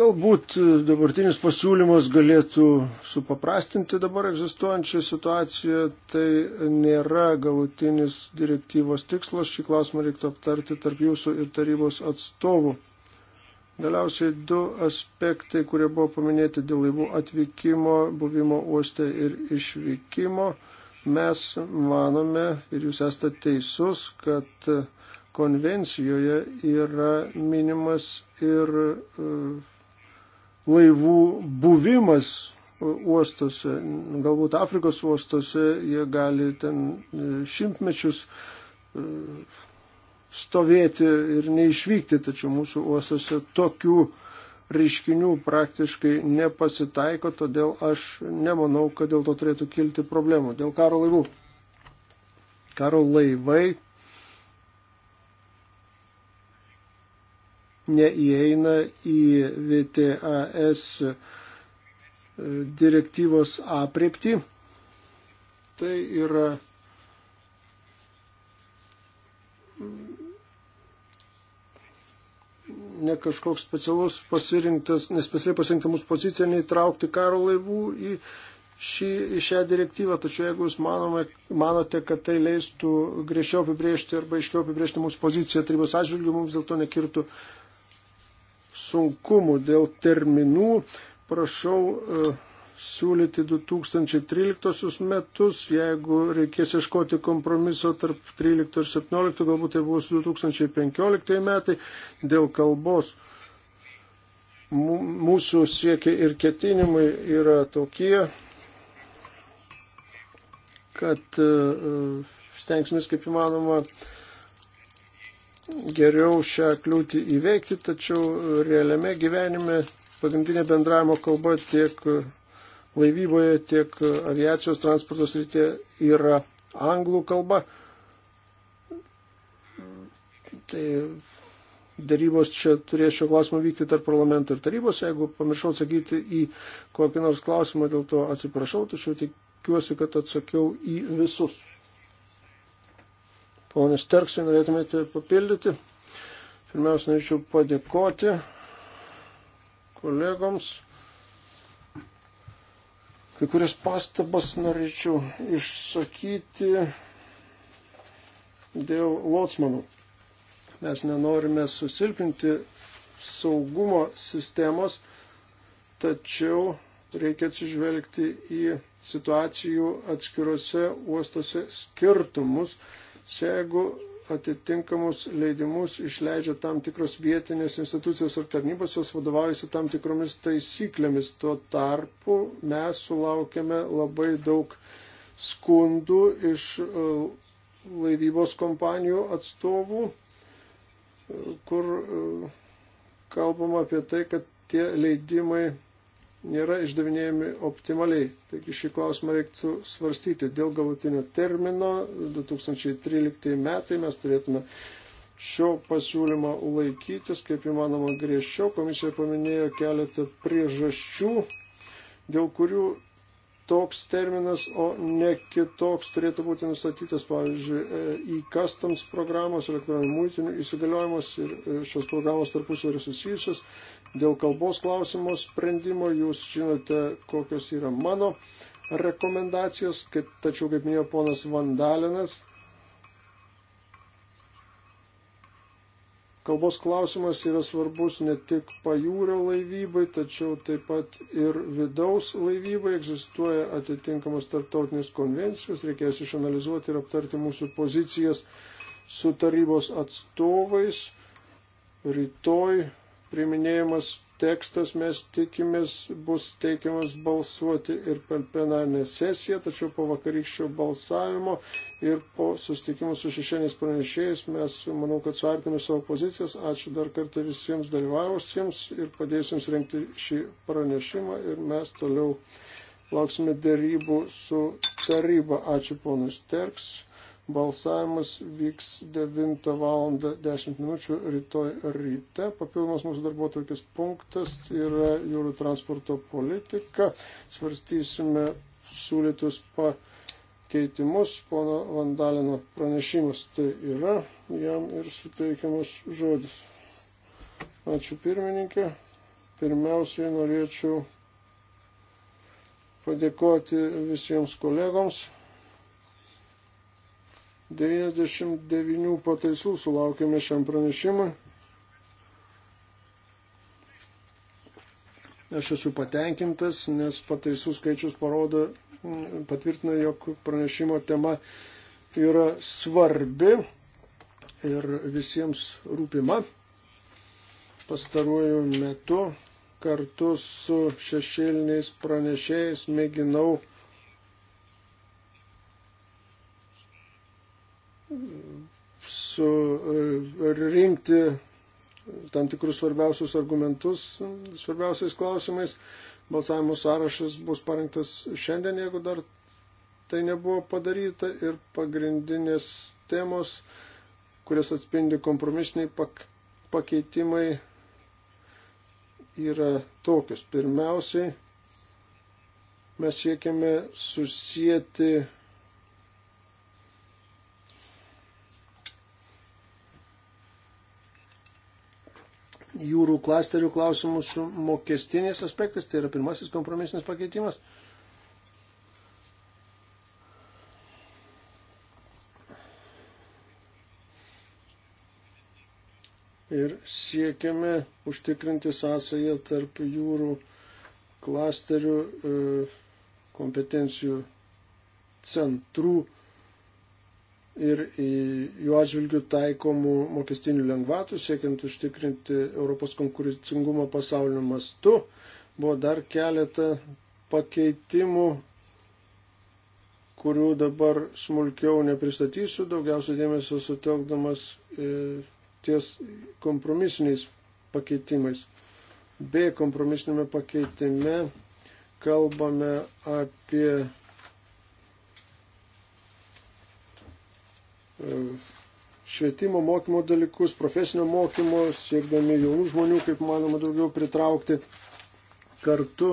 Galbūt dabartinis pasiūlymas galėtų supaprastinti dabar egzistuojančią situaciją, tai nėra galutinis direktyvos tikslas, šį klausimą reiktų aptarti tarp jūsų ir tarybos atstovų. Galiausiai du aspektai, kurie buvo paminėti dėl laivų atvykimo, buvimo uoste ir išvykimo. Mes manome, ir jūs esate teisus, kad konvencijoje yra minimas ir e, laivų buvimas uostose, galbūt Afrikos uostose, jie gali ten e, šimtmečius e, stovėti ir neišvykti, tačiau mūsų uostose tokių reiškinių praktiškai nepasitaiko, todėl aš nemanau, kad dėl to turėtų kilti problemų. Dėl karo laivų. Karo laivai neįeina į VTAS e, direktyvos apriepti. Tai yra ne kažkoks specialus pasirinktas, nespecialiai pasirinkta mūsų pozicija neįtraukti karo laivų į, šį, į šią direktyvą, tačiau jeigu jūs manome, manote, kad tai leistų griežčiau apibriežti arba aiškiau apibriežti mūsų poziciją tarybos atžvilgių, mums dėl to nekirtų sunkumų dėl terminų. Prašau. Uh, siūlyti 2013 metus, jeigu reikės iškoti kompromiso tarp 13 ir 17, galbūt tai bus 2015 metai dėl kalbos. Mūsų siekiai ir ketinimai yra tokie, kad e, e, stengsime kaip įmanoma geriau šią kliūtį įveikti, tačiau realiame gyvenime pagrindinė bendravimo kalba tiek laivyboje, tiek aviacijos transportos rytė yra anglų kalba. Tai darybos čia turės šio klausimo vykti tarp parlamento ir tarybos. Jeigu pamiršau atsakyti į kokį nors klausimą, dėl to atsiprašau, tačiau tikiuosi, kad atsakiau į visus. Pone Sterksai, norėtumėte papildyti? Pirmiausia, norėčiau padėkoti kolegoms Kai kurias pastabas norėčiau išsakyti dėl lotsmanų. Mes nenorime susilpinti saugumo sistemos, tačiau reikia atsižvelgti į situacijų atskiruose uostuose skirtumus. Jeigu atitinkamus leidimus išleidžia tam tikros vietinės institucijos ar tarnybos, jos vadovaujasi tam tikromis taisyklėmis. Tuo tarpu mes sulaukėme labai daug skundų iš e, laivybos kompanijų atstovų, e, kur e, kalbama apie tai, kad tie leidimai nėra išdavinėjami optimaliai. Taigi šį klausimą reiktų svarstyti. Dėl galutinio termino 2013 metai mes turėtume šio pasiūlymo laikytis, kaip įmanoma, griežčiau. Komisija paminėjo keletą priežasčių, dėl kurių toks terminas, o ne kitoks turėtų būti nustatytas, pavyzdžiui, į e customs programos, elektroninių mūtinių įsigaliojimas ir e, šios programos tarpusavį susijusios. Dėl kalbos klausimo sprendimo jūs žinote, kokios yra mano rekomendacijos, kad, tačiau, kaip minėjo ponas Vandalinas, Kalbos klausimas yra svarbus ne tik pajūrio laivybai, tačiau taip pat ir vidaus laivybai egzistuoja atitinkamos tarptautinės konvencijos, reikės išanalizuoti ir aptarti mūsų pozicijas su tarybos atstovais. Rytoj priminėjimas tekstas, mes tikimės, bus teikiamas balsuoti ir per plenarinę sesiją, tačiau po vakarykščio balsavimo ir po susitikimų su šešėniais pranešėjais mes, manau, kad suartėme savo pozicijas. Ačiū dar kartą visiems dalyvavusiems ir padėsiems rengti šį pranešimą ir mes toliau lauksime dėrybų su taryba. Ačiū ponus Terks. Balsavimas vyks 9 val. 10 minučių rytoj ryte. Papildomas mūsų darbo tokias punktas yra jūrų transporto politika. Svarstysime siūlytus pakeitimus. Pono Vandalino pranešimas tai yra. Jam ir suteikiamas žodis. Ačiū pirmininkė. Pirmiausiai norėčiau padėkoti visiems kolegoms 99 pataisų sulaukėme šiam pranešimui. Aš esu patenkintas, nes pataisų skaičius parodo, mm, patvirtina, jog pranešimo tema yra svarbi ir visiems rūpima. Pastaruoju metu kartu su šešėliniais pranešėjais mėginau surinkti e, tam tikrus svarbiausius argumentus svarbiausiais klausimais. Balsavimo sąrašas bus parengtas šiandien, jeigu dar tai nebuvo padaryta ir pagrindinės temos, kurias atspindi kompromisiniai pak pakeitimai, yra tokius. Pirmiausiai, mes siekiame susijęti jūrų klasterių klausimų su mokestiniais aspektais, tai yra pirmasis kompromisinis pakeitimas. Ir siekiame užtikrinti sąsąją tarp jūrų klasterių e, kompetencijų centrų ir jų atžvilgių taikomų mokestinių lengvatų, siekiant užtikrinti Europos konkurencingumą pasaulio mastu. Buvo dar keletą pakeitimų, kurių dabar smulkiau nepristatysiu, daugiausia dėmesio sutelkdamas e, ties kompromisiniais pakeitimais. B kompromisinėme pakeitime kalbame apie švietimo mokymo dalykus, profesinio mokymo, siekdami jaunų žmonių, kaip manoma, daugiau pritraukti. Kartu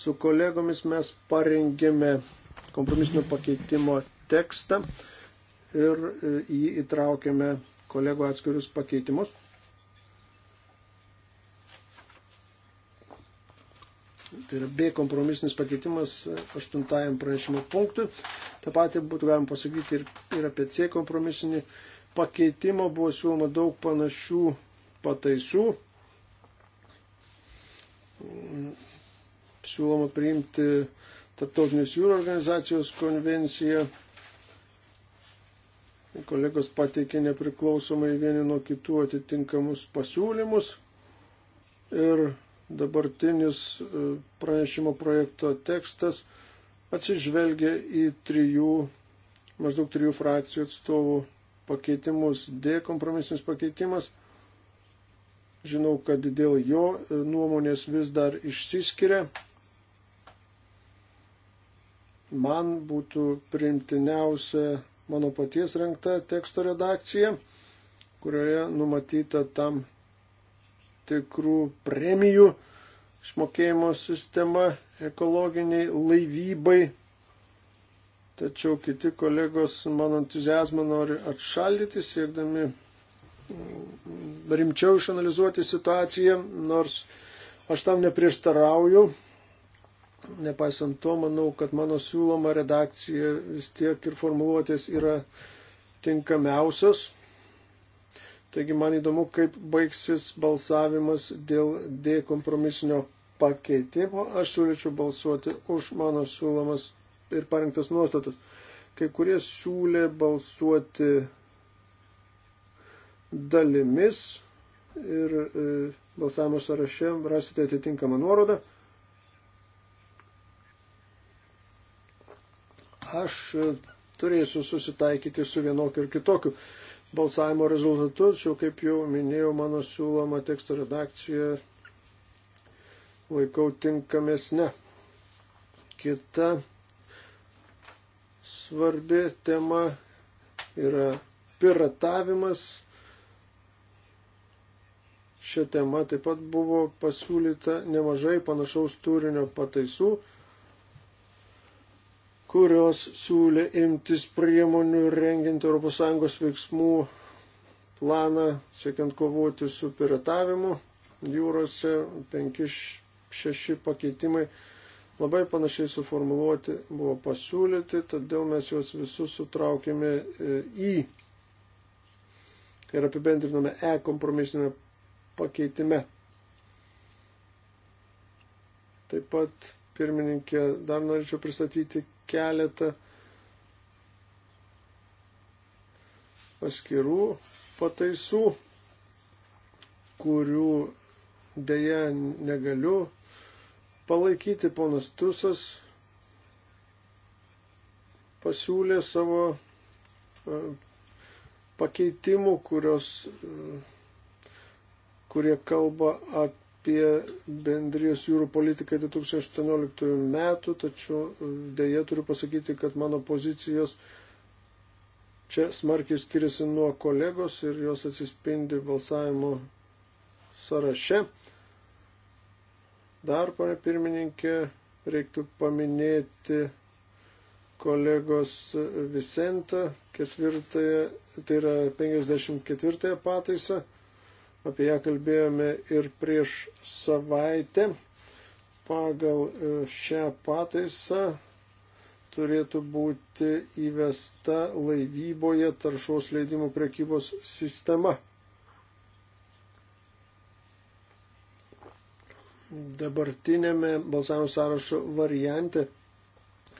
su kolegomis mes parengėme kompromisinio pakeitimo tekstą ir e, jį įtraukėme kolegų atskirius pakeitimus. tai yra B kompromisinis pakeitimas aštuntajam pranešimo punktui. Ta pati būtų galima pasakyti ir, ir apie C kompromisinį pakeitimą. Buvo siūloma daug panašių pataisų. Siūloma priimti Tartautinės jūrų organizacijos konvenciją. Kolegos pateikė nepriklausomai vieni nuo kitų atitinkamus pasiūlymus. Ir Dabartinis e, pranešimo projekto tekstas atsižvelgia į trijų, maždaug trijų frakcijų atstovų pakeitimus. D kompromisinis pakeitimas. Žinau, kad dėl jo e, nuomonės vis dar išsiskiria. Man būtų primtiniausia mano paties renkta teksto redakcija, kurioje numatyta tam tikrų premijų išmokėjimo sistema ekologiniai laivybai. Tačiau kiti kolegos mano entuzijazmą nori atšaldyti, siekdami mm, rimčiau išanalizuoti situaciją, nors aš tam neprieštarauju. Nepaisant to, manau, kad mano siūloma redakcija vis tiek ir formuluotės yra tinkamiausios. Taigi man įdomu, kaip baigsis balsavimas dėl D kompromisinio pakeitimo. Aš siūlyčiau balsuoti už mano siūlomas ir parinktas nuostatas. Kai kurie siūlė balsuoti dalimis ir e, balsavimo sąraše rasite atitinkamą nuorodą. Aš turėsiu susitaikyti su vienokiu ir kitokiu balsavimo rezultatus, jau kaip jau minėjau, mano siūloma teksto redakcija laikau tinkamesnė. Kita svarbi tema yra piratavimas. Šią temą taip pat buvo pasiūlyta nemažai panašaus turinio pataisų kurios siūlė imtis priemonių rengiant ES veiksmų planą, siekiant kovoti su piratavimu jūrose, 5-6 pakeitimai labai panašiai suformuluoti buvo pasiūlyti, todėl mes juos visus sutraukėme e, į ir apibendrinome E kompromisinėme pakeitime. Taip pat, pirmininkė, dar norėčiau pristatyti keletą paskirų pataisų, kurių dėja negaliu palaikyti. Ponas Tusas pasiūlė savo e, pakeitimų, kurios, e, kurie kalba apie apie bendrijos jūrų politiką 2018 metų, tačiau e, dėje turiu pasakyti, kad mano pozicijos čia smarkiai skiriasi nuo kolegos ir jos atsispindi balsavimo sąraše. Dar, pane pirmininkė, reiktų paminėti kolegos Visentą, ketvirtąją, tai yra 54 pataisą apie ją kalbėjome ir prieš savaitę. Pagal e, šią pataisą turėtų būti įvesta laivyboje taršos leidimų prekybos sistema. Dabartinėme balsavimo sąrašo variante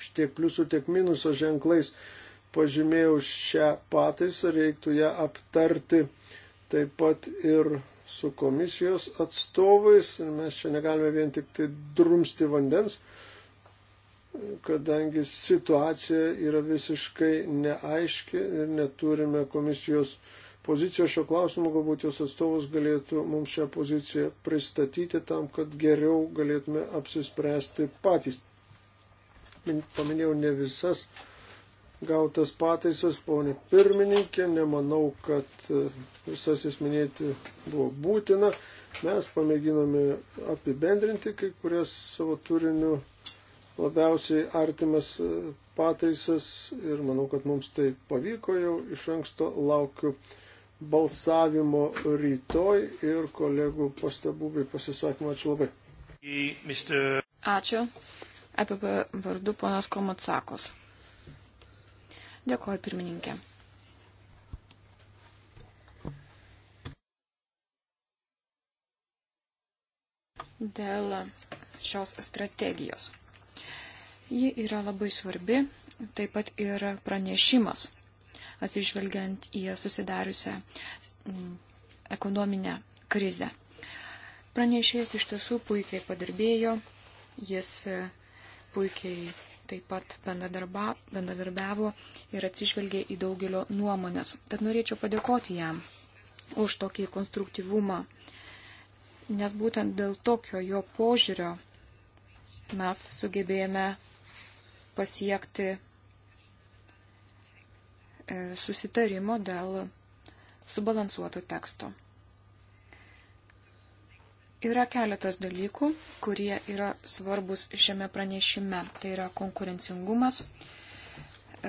šitiek pliusų, tiek minuso ženklais pažymėjau šią pataisą, reiktų ją aptarti taip pat ir su komisijos atstovais. Mes čia negalime vien tik tai drumsti vandens, kadangi situacija yra visiškai neaiški ir neturime komisijos pozicijos šio klausimu, galbūt jos atstovas galėtų mums šią poziciją pristatyti tam, kad geriau galėtume apsispręsti patys. Paminėjau ne visas gautas pataisas, ponė pirmininkė, nemanau, kad e, visas jis minėti buvo būtina. Mes pamėginome apibendrinti kai kurias savo turiniu labiausiai artimas e, pataisas ir manau, kad mums tai pavyko jau iš anksto laukiu balsavimo rytoj ir kolegų pastabų bei pasisakymų. Ačiū labai. Ačiū. Apie vardu ponas Komutsakos. Dėkoju pirmininkė. Dėl šios strategijos. Ji yra labai svarbi, taip pat ir pranešimas, atsižvelgiant į susidariusią mm, ekonominę krizę. Pranešėjas iš tiesų puikiai padirbėjo, jis puikiai taip pat bendradarbiavo ir atsižvelgė į daugelio nuomonės. Tad norėčiau padėkoti jam už tokį konstruktyvumą, nes būtent dėl tokio jo požiūrio mes sugebėjome pasiekti e, susitarimo dėl subalansuoto teksto. Yra keletas dalykų, kurie yra svarbus šiame pranešime. Tai yra konkurencingumas,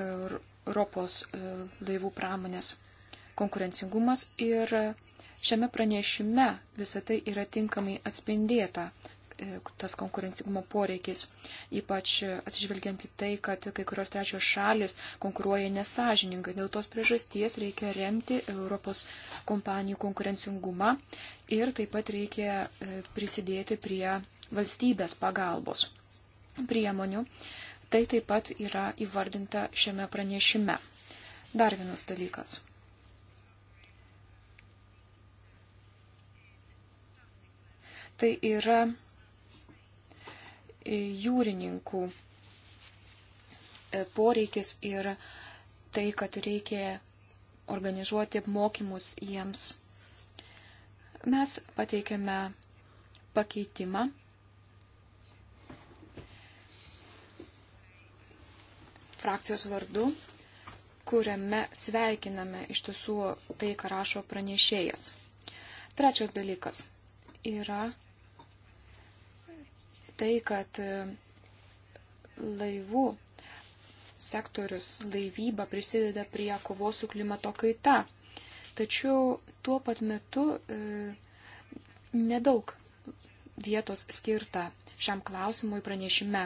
Europos e, laivų pramonės konkurencingumas ir šiame pranešime visą tai yra tinkamai atspindėta. E, tas konkurencingumo poreikis, ypač atsižvelgiant į tai, kad kai kurios trečios šalis konkuruoja nesažiningai. Dėl tos priežasties reikia remti Europos kompanijų konkurencingumą ir taip pat reikia e, prisidėti prie valstybės pagalbos priemonių. Tai taip pat yra įvardinta šiame pranešime. Dar vienas dalykas. tai yra jūrininkų e, poreikis ir tai, kad reikia organizuoti mokymus jiems. Mes pateikėme pakeitimą. Frakcijos vardu, kuriame sveikiname iš tiesų tai, ką rašo pranešėjas. Trečias dalykas yra tai, kad e, laivų sektorius laivyba prisideda prie kovos su klimato kaita. Tačiau tuo pat metu e, nedaug vietos skirta šiam klausimui pranešime,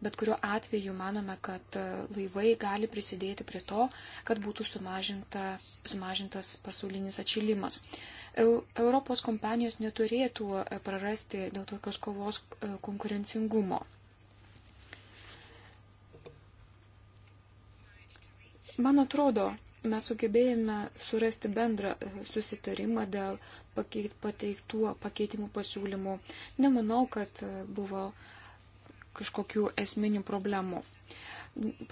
bet kuriuo atveju manome, kad e, laivai gali prisidėti prie to, kad būtų sumažinta, sumažintas pasaulinis atšilimas. Europos kompanijos neturėtų e, prarasti dėl tokios kovos e, konkurencingumo. Man atrodo, mes sugebėjome surasti bendrą e, susitarimą dėl pateiktų pakeitimų pasiūlymų. Nemanau, kad e, buvo kažkokių esminių problemų.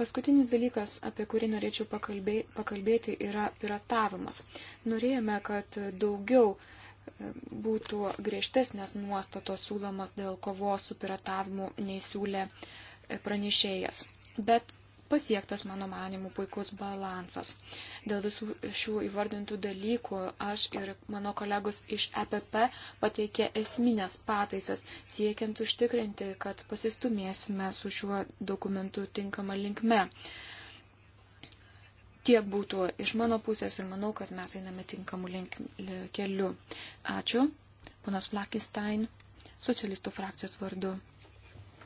Paskutinis dalykas, apie kurį norėčiau pakalbėti, yra piratavimas. Norėjome, kad daugiau e, būtų griežtesnės nuostatos siūlomas dėl kovos su piratavimu nei siūlė pranešėjas. Bet pasiektas, mano manimu, puikus balansas. Dėl visų šių įvardintų dalykų aš ir mano kolegos iš EPP pateikė esminės pataisas, siekiant užtikrinti, kad pasistumėsime su šiuo dokumentu tinkama linkme. Tiek būtų iš mano pusės ir manau, kad mes einame tinkamu link, keliu. Ačiū, ponas Flakistein, socialistų frakcijos vardu.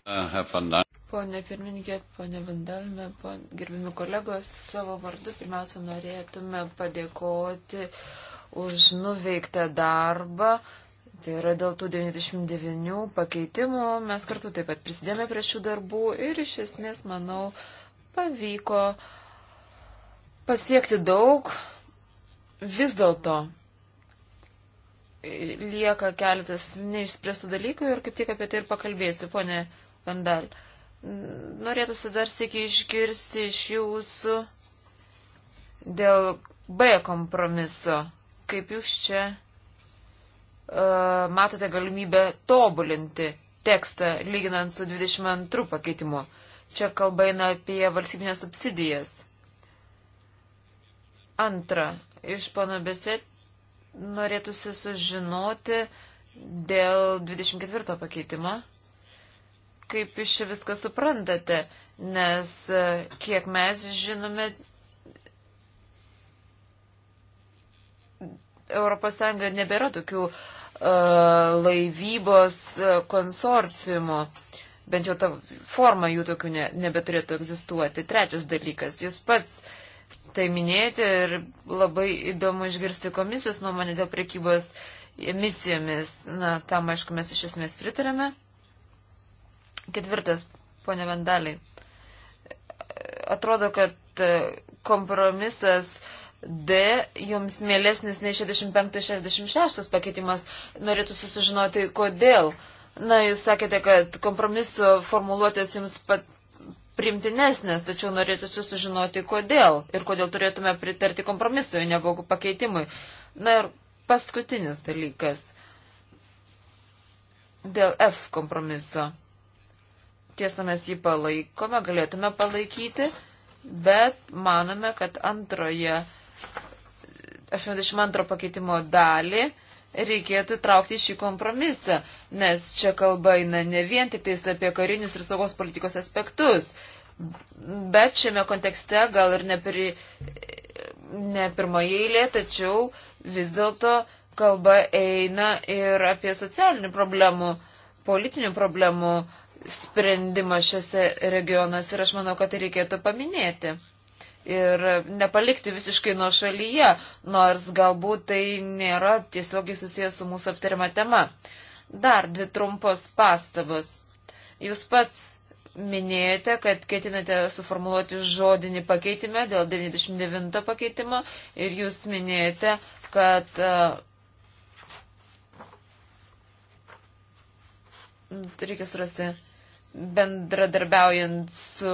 Uh, Pone pirmininkė, pone Vandalme, pon... gerbimi kolegos, savo vardu pirmiausia norėtume padėkoti už nuveiktą darbą. Tai yra dėl tų 99 pakeitimų. Mes kartu taip pat prisidėjome prie šių darbų ir iš esmės, manau, pavyko pasiekti daug. Vis dėlto lieka keletas neišspręstų dalykų ir kaip tik apie tai ir pakalbėsiu, ponė Vandal. Uh, Norėtųsi dar sėki išgirsti iš jūsų dėl B kompromiso. Kaip jūs čia uh, matote galimybę tobulinti tekstą lyginant su 22 pakeitimu? Čia kalba eina apie valstybinės subsidijas. Antra, iš pono Beset norėtųsi sužinoti dėl 24 pakeitimo kaip iš čia viską suprantate, nes e, kiek mes žinome, ES nebėra tokių uh, laivybos e, konsorciumo. Bent jau ta forma jų tokių ne, nebeturėtų egzistuoti. Trečias dalykas, jūs pats tai minėjote ir labai įdomu išgirsti komisijos nuomonę dėl prekybos emisijomis. Na, tam aišku mes iš esmės pritarėme. Ketvirtas, ponė Vendaliai. Atrodo, kad e, kompromisas D jums mėlesnis nei 65-66 pakeitimas. Norėtųsi sužinoti, kodėl. Na, jūs sakėte, kad kompromiso formuluotės jums pat primtinesnės, tačiau norėtųsi sužinoti, kodėl ir kodėl turėtume pritarti kompromisui, nebogų pakeitimui. Na ir paskutinis dalykas dėl F kompromiso. Tiesa, mes jį palaikome, galėtume palaikyti, bet manome, kad antroje 82 pakeitimo dalį reikėtų traukti šį kompromisą, nes čia kalba eina ne vien tik tais apie karinius ir saugos politikos aspektus, bet šiame kontekste gal ir ne, pri, ne pirmoje eilė, tačiau vis dėlto kalba eina ir apie socialinių problemų, politinių problemų sprendimas šiuose regionuose ir aš manau, kad tai reikėtų paminėti. Ir nepalikti visiškai nuo šalyje, nors galbūt tai nėra tiesiogiai susijęs su mūsų aptariama tema. Dar dvi trumpos pastabos. Jūs pats minėjote, kad ketinate suformuoluoti žodinį pakeitimą dėl 99 pakeitimo ir jūs minėjote, kad e, reikia surasti bendradarbiaujant su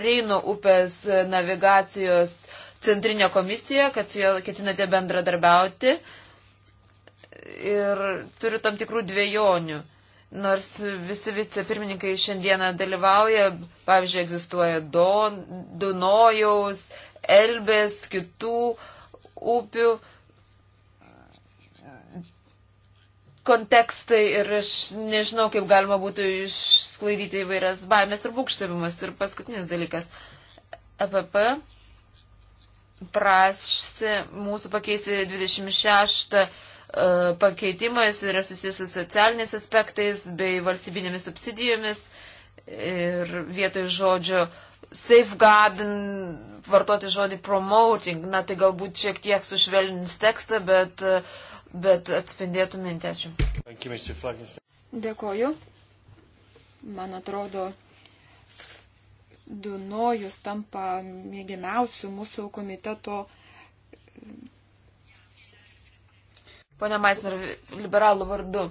Reino upės navigacijos centrinė komisija, kad su juo ketinate bendradarbiauti ir turiu tam tikrų dviejonių. Nors visi vicepirmininkai šiandieną dalyvauja, pavyzdžiui, egzistuoja Don, Dunojaus, Elbės, kitų upių kontekstai ir aš nežinau, kaip galima būtų išsklaidyti įvairias baimės ir būkštavimas. Ir paskutinis dalykas. EPP prašysi mūsų pakeisti 26 uh, e, pakeitimais yra susijęs su socialiniais aspektais bei valstybinėmis subsidijomis ir vietoj žodžio safeguarding vartoti žodį promoting, na tai galbūt šiek tiek sušvelnins tekstą, bet uh, bet atspindėtų mintį. Ačiū. Dėkoju. Man atrodo, Dunojus tampa mėgiamiausių mūsų komiteto. Pone Maisner, liberalų vardu.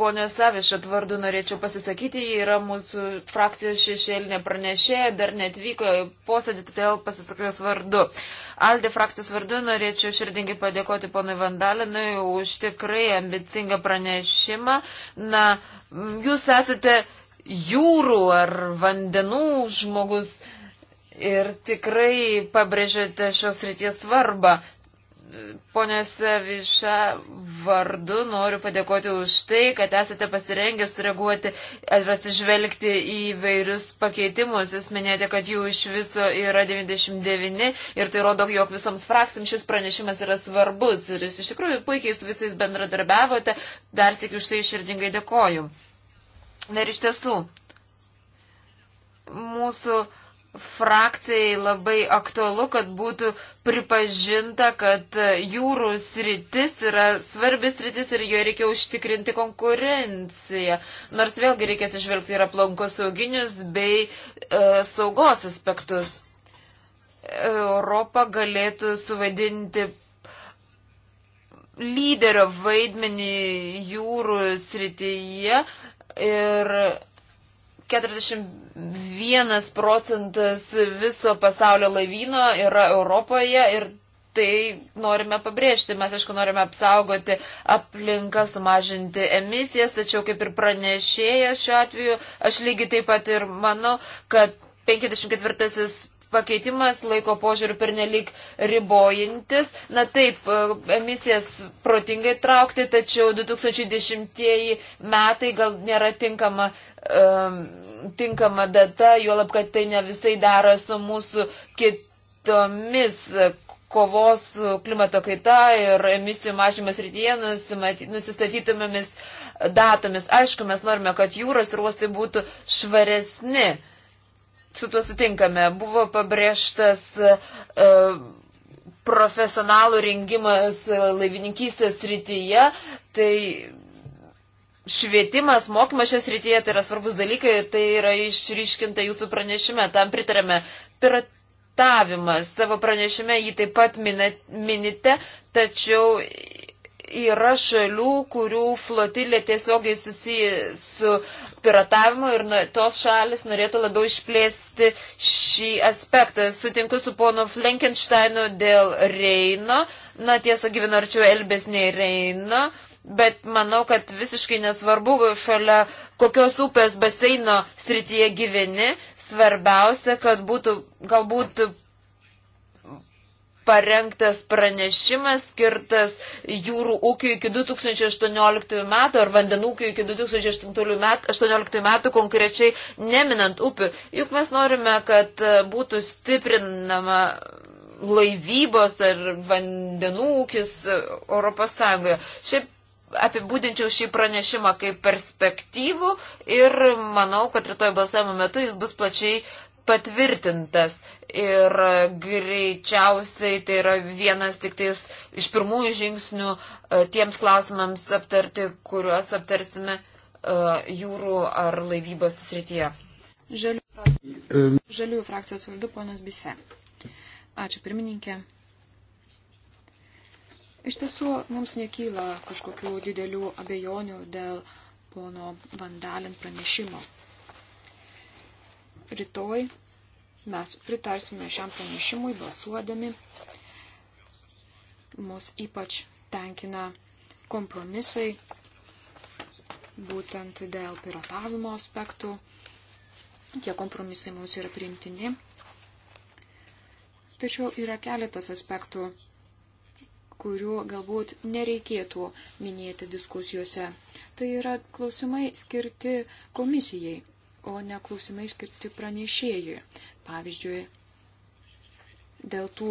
Ponios Savišat vardu norėčiau pasisakyti, jie yra mūsų frakcijos šešėlinė pranešėja, dar netvyko į posėdį, todėl pasisakęs vardu. Aldi frakcijos vardu norėčiau širdingai padėkoti ponui Vandalinui už tikrai ambicingą pranešimą. Na, jūs esate jūrų ar vandenų žmogus. Ir tikrai pabrėžėte šios ryties svarbą ponios Viša vardu noriu padėkoti už tai, kad esate pasirengę sureaguoti ir atsižvelgti į vairius pakeitimus. Jūs minėjote, kad jų iš viso yra 99 ir tai rodo, jog visoms frakcijams šis pranešimas yra svarbus ir jūs iš tikrųjų puikiai su visais bendradarbiavote. Dar sėkiu už tai iširdingai dėkoju. Na ir iš tiesų, mūsų uh, frakcijai labai aktualu, kad būtų pripažinta, kad jūrų sritis yra svarbis sritis ir jo reikia užtikrinti konkurenciją. Nors vėlgi reikės išvelgti ir aplankos sauginius bei e, saugos aspektus. Europa galėtų suvaidinti lyderio vaidmenį jūrų srityje ir 41 procentas viso pasaulio laivyno yra Europoje ir tai norime pabrėžti. Mes, aišku, norime apsaugoti aplinką, sumažinti emisijas, tačiau kaip ir pranešėjas šiuo atveju, aš lygiai taip pat ir manau, kad 54 pakeitimas laiko požiūrių pernelik ribojantis. Na taip, e, emisijas protingai traukti, tačiau 2010 metai gal nėra tinkama, um, tinkama data, juolab, kad tai ne visai dera su mūsų kitomis kovos klimato kaita ir emisijų mažymas rytyje nusistatytumėmis datomis. Aišku, mes norime, kad jūros ir uostai būtų švaresni su tuo sutinkame. Buvo pabrėžtas uh, profesionalų rengimas e, laivininkystės rytyje, tai švietimas, mokymas šias rytyje tai yra svarbus dalykai, tai yra išryškinta jūsų pranešime, tam pritarėme. Piratavimas savo pranešime jį taip pat minite, tačiau yra šalių, kurių flotilė tiesiogiai susiję su piratavimu ir tos šalis norėtų labiau išplėsti šį aspektą. Sutinku su ponu Flankensteinu dėl Reino. Na, tiesa, gyvenu arčiau Elbės nei Reino. Bet manau, kad visiškai nesvarbu, šalia kokios upės baseino srityje gyveni, svarbiausia, kad būtų galbūt parengtas pranešimas skirtas jūrų ūkiui iki 2018 metų ar vandenų ūkiui iki 2018 metų konkrečiai neminant upių. Juk mes norime, kad e, būtų stiprinama laivybos ar vandenų ūkis e, Europos Sąjungoje. Šiaip apibūdinčiau šį pranešimą kaip perspektyvų ir manau, kad rytoj balsavimo metu jis bus plačiai patvirtintas ir greičiausiai tai yra vienas tik tais iš pirmųjų žingsnių e, tiems klausimams aptarti, kuriuos aptarsime e, jūrų ar laivybos srityje. Žalių frakcijos, žaliųjų frakcijos vardu ponas Bise. Ačiū pirmininkė. Iš tiesų, mums nekyla kažkokių didelių abejonių dėl pono Vandalin pranešimo. Rytoj Mes pritarsime šiam pranešimui balsuodami. Mus ypač tenkina kompromisai būtent dėl piratavimo aspektų. Tie kompromisai mums yra priimtini. Tačiau yra keletas aspektų, kurių galbūt nereikėtų minėti diskusijose. Tai yra klausimai skirti komisijai, o ne klausimai skirti pranešėjui. Pavyzdžiui, dėl, tų,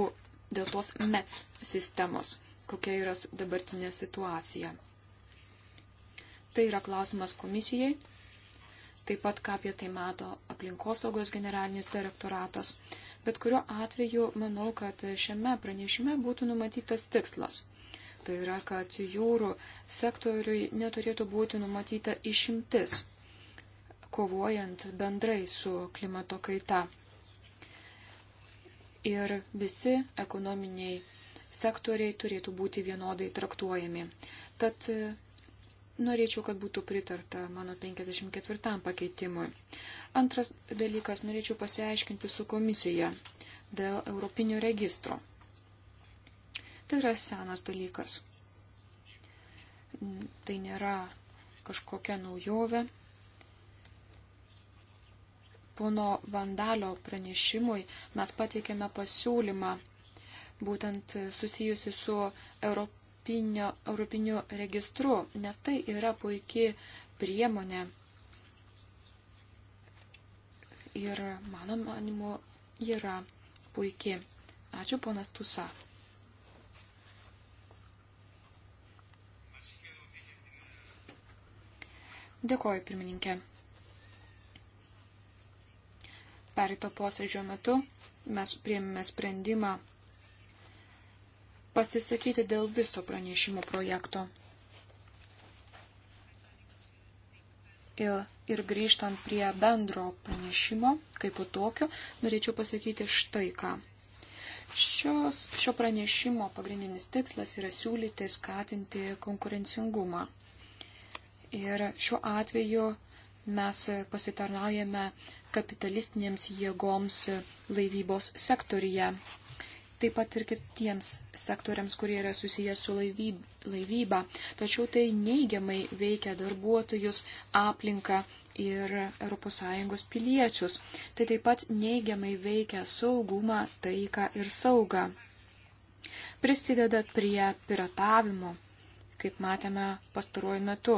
dėl tos METS sistemos, kokia yra dabartinė situacija. Tai yra klausimas komisijai, taip pat ką apie tai mato aplinkosaugos generalinis direktoratas. Bet kuriuo atveju manau, kad šiame pranešime būtų numatytas tikslas. Tai yra, kad jūrų sektoriui neturėtų būti numatyta išimtis, kovojant bendrai su klimato kaita ir visi ekonominiai sektoriai turėtų būti vienodai traktuojami. Tad e, norėčiau, kad būtų pritarta mano 54 pakeitimui. Antras dalykas, norėčiau pasiaiškinti su komisija dėl Europinio registro. Tai yra senas dalykas. Tai nėra kažkokia naujovė pono Vandalio pranešimui mes pateikėme pasiūlymą, būtent susijusi su Europinio, Europiniu registru, nes tai yra puikiai priemonė. Ir mano manimo yra puikiai. Ačiū, ponas Tusa. Dėkoju, pirmininkė. Perito posėdžio metu mes priėmėme sprendimą pasisakyti dėl viso pranešimo projekto. Ir, ir grįžtant prie bendro pranešimo, kaip po tokio, norėčiau pasakyti štai ką. Šios, šio pranešimo pagrindinis tikslas yra siūlyti skatinti konkurencingumą. Ir šiuo atveju mes pasitarnaujame kapitalistinėms jėgoms laivybos sektorija. Taip pat ir kitiems sektoriams, kurie yra susijęs su laivyba. Tačiau tai neigiamai veikia darbuotojus, aplinką ir ES piliečius. Tai taip pat neigiamai veikia saugumą, taiką ir saugą. Prisideda prie piratavimo, kaip matėme pastaruoju metu.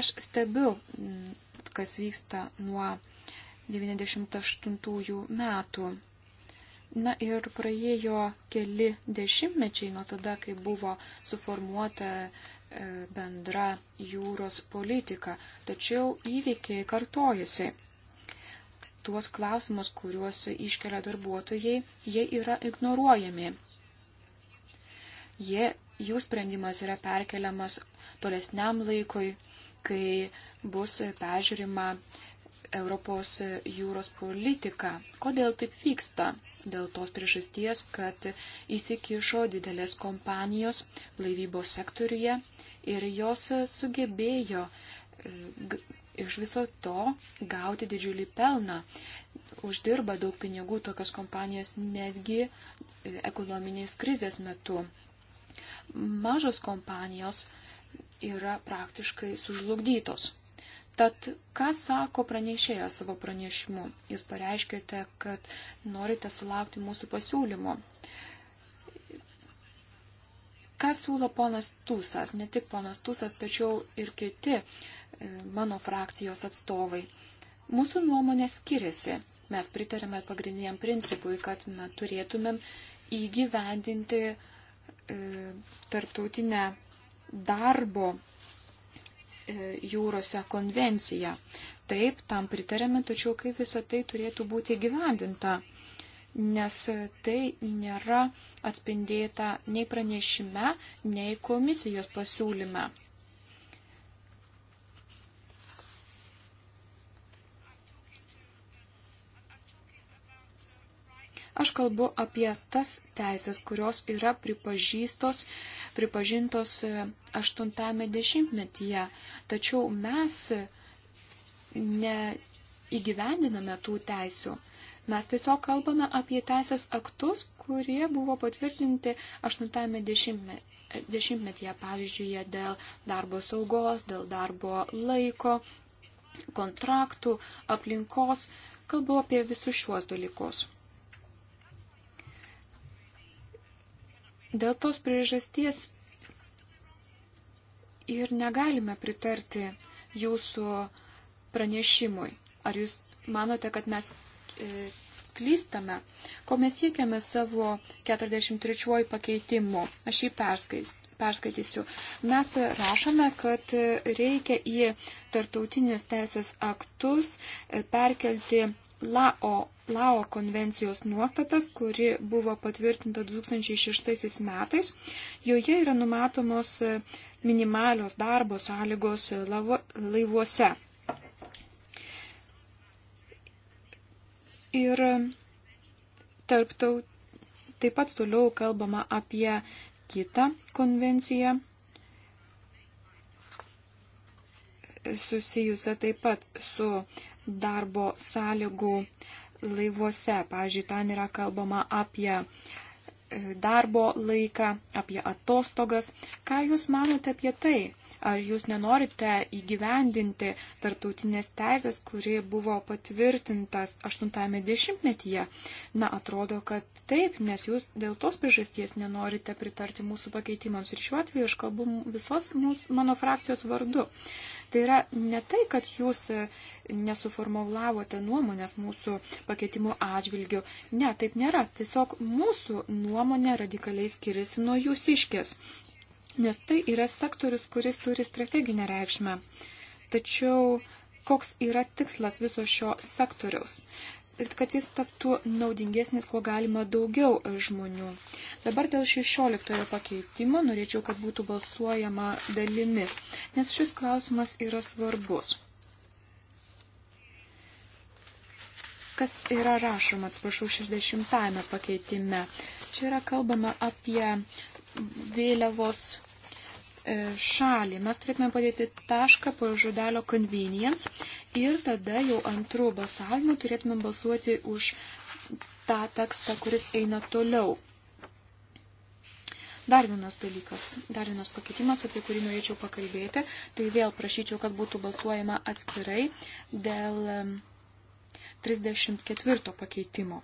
Aš stebiu, mm, kas vyksta nuo 98 metų. Na ir praėjo keli dešimtmečiai nuo tada, kai buvo suformuota e, bendra jūros politika, tačiau įvykiai kartojasi. Tuos klausimus, kuriuos iškelia darbuotojai, jie yra ignoruojami. Jie, jų sprendimas yra perkeliamas tolesniam laikui, kai bus peržiūrima Europos jūros politiką. Kodėl taip vyksta? Dėl tos priežasties, kad įsikišo didelės kompanijos laivybos sektoriuje ir jos sugebėjo e, iš viso to gauti didžiulį pelną. Uždirba daug pinigų tokios kompanijos netgi e, ekonominės krizės metu. Mažos kompanijos yra praktiškai sužlugdytos. Tad ką sako pranešėjas savo pranešimu? Jūs pareiškite, kad norite sulaukti mūsų pasiūlymo. Ką siūlo ponas Tūsas, ne tik ponas Tūsas, tačiau ir kiti e, mano frakcijos atstovai. Mūsų nuomonė skiriasi. Mes pritarėme pagrindiniam principui, kad mes turėtumėm įgyvendinti e, tarptautinę darbo E, jūrose konvenciją. Taip, tam pritarėme, tačiau kaip visa tai turėtų būti gyvendinta, nes tai nėra atspindėta nei pranešime, nei komisijos pasiūlyme. Aš kalbu apie tas teisės, kurios yra pripažįstos, pripažintos 80-ame e, dešimtmetyje. Tačiau mes e, neįgyvendiname tų teisių. Mes tiesiog kalbame apie teisės aktus, kurie buvo patvirtinti 80-ame e, dešimtmetyje, pavyzdžiui, dėl darbo saugos, dėl darbo laiko, kontraktų, aplinkos. Kalbu apie visus šiuos dalykus. Dėl tos priežasties ir negalime pritarti jūsų pranešimui. Ar jūs manote, kad mes e, klystame, ko mes siekiame savo 43 pakeitimu? Aš jį perskaitysiu perskaitysiu. Mes rašome, kad reikia į tartautinės teisės aktus e, perkelti Lao, Lao konvencijos nuostatas, kuri buvo patvirtinta 2006 metais. Joje yra numatomos e, minimalios darbo sąlygos e, lavo, laivuose. Ir tarptau, taip pat toliau kalbama apie kitą konvenciją susijusią taip pat su darbo sąlygų laivuose. Pavyzdžiui, ten yra kalbama apie e, darbo laiką, apie atostogas. Ką Jūs manote apie tai? Ar Jūs nenorite įgyvendinti tarptautinės teisės, kuri buvo patvirtintas 80-ame dešimtmetyje? Na, atrodo, kad taip, nes Jūs dėl tos priežasties nenorite pritarti mūsų pakeitimams. Ir šiuo atveju aš kalbu visos mūsų, mano frakcijos vardu. Tai yra ne tai, kad jūs e, nesuformulavote nuomonės mūsų pakeitimų atžvilgių. Ne, taip nėra. Tiesiog mūsų nuomonė radikaliai skiriasi nuo jūsiškės. Nes tai yra sektorius, kuris turi strateginę reikšmę. Tačiau koks yra tikslas viso šio sektoriaus? kad jis taptų naudingesnis, kuo galima daugiau e, žmonių. Dabar dėl 16 pakeitimo norėčiau, kad būtų balsuojama dalimis, nes šis klausimas yra svarbus. Kas yra rašoma, atsiprašau, 60 pakeitime? Čia yra kalbama apie vėliavos E, šalį. Mes turėtume padėti tašką po žodelio convenience ir tada jau antrų balsavimų turėtume balsuoti už tą tekstą, kuris eina toliau. Dar vienas dalykas, dar vienas pakeitimas, apie kurį norėčiau pakalbėti, tai vėl prašyčiau, kad būtų balsuojama atskirai dėl 34 e, pakeitimo.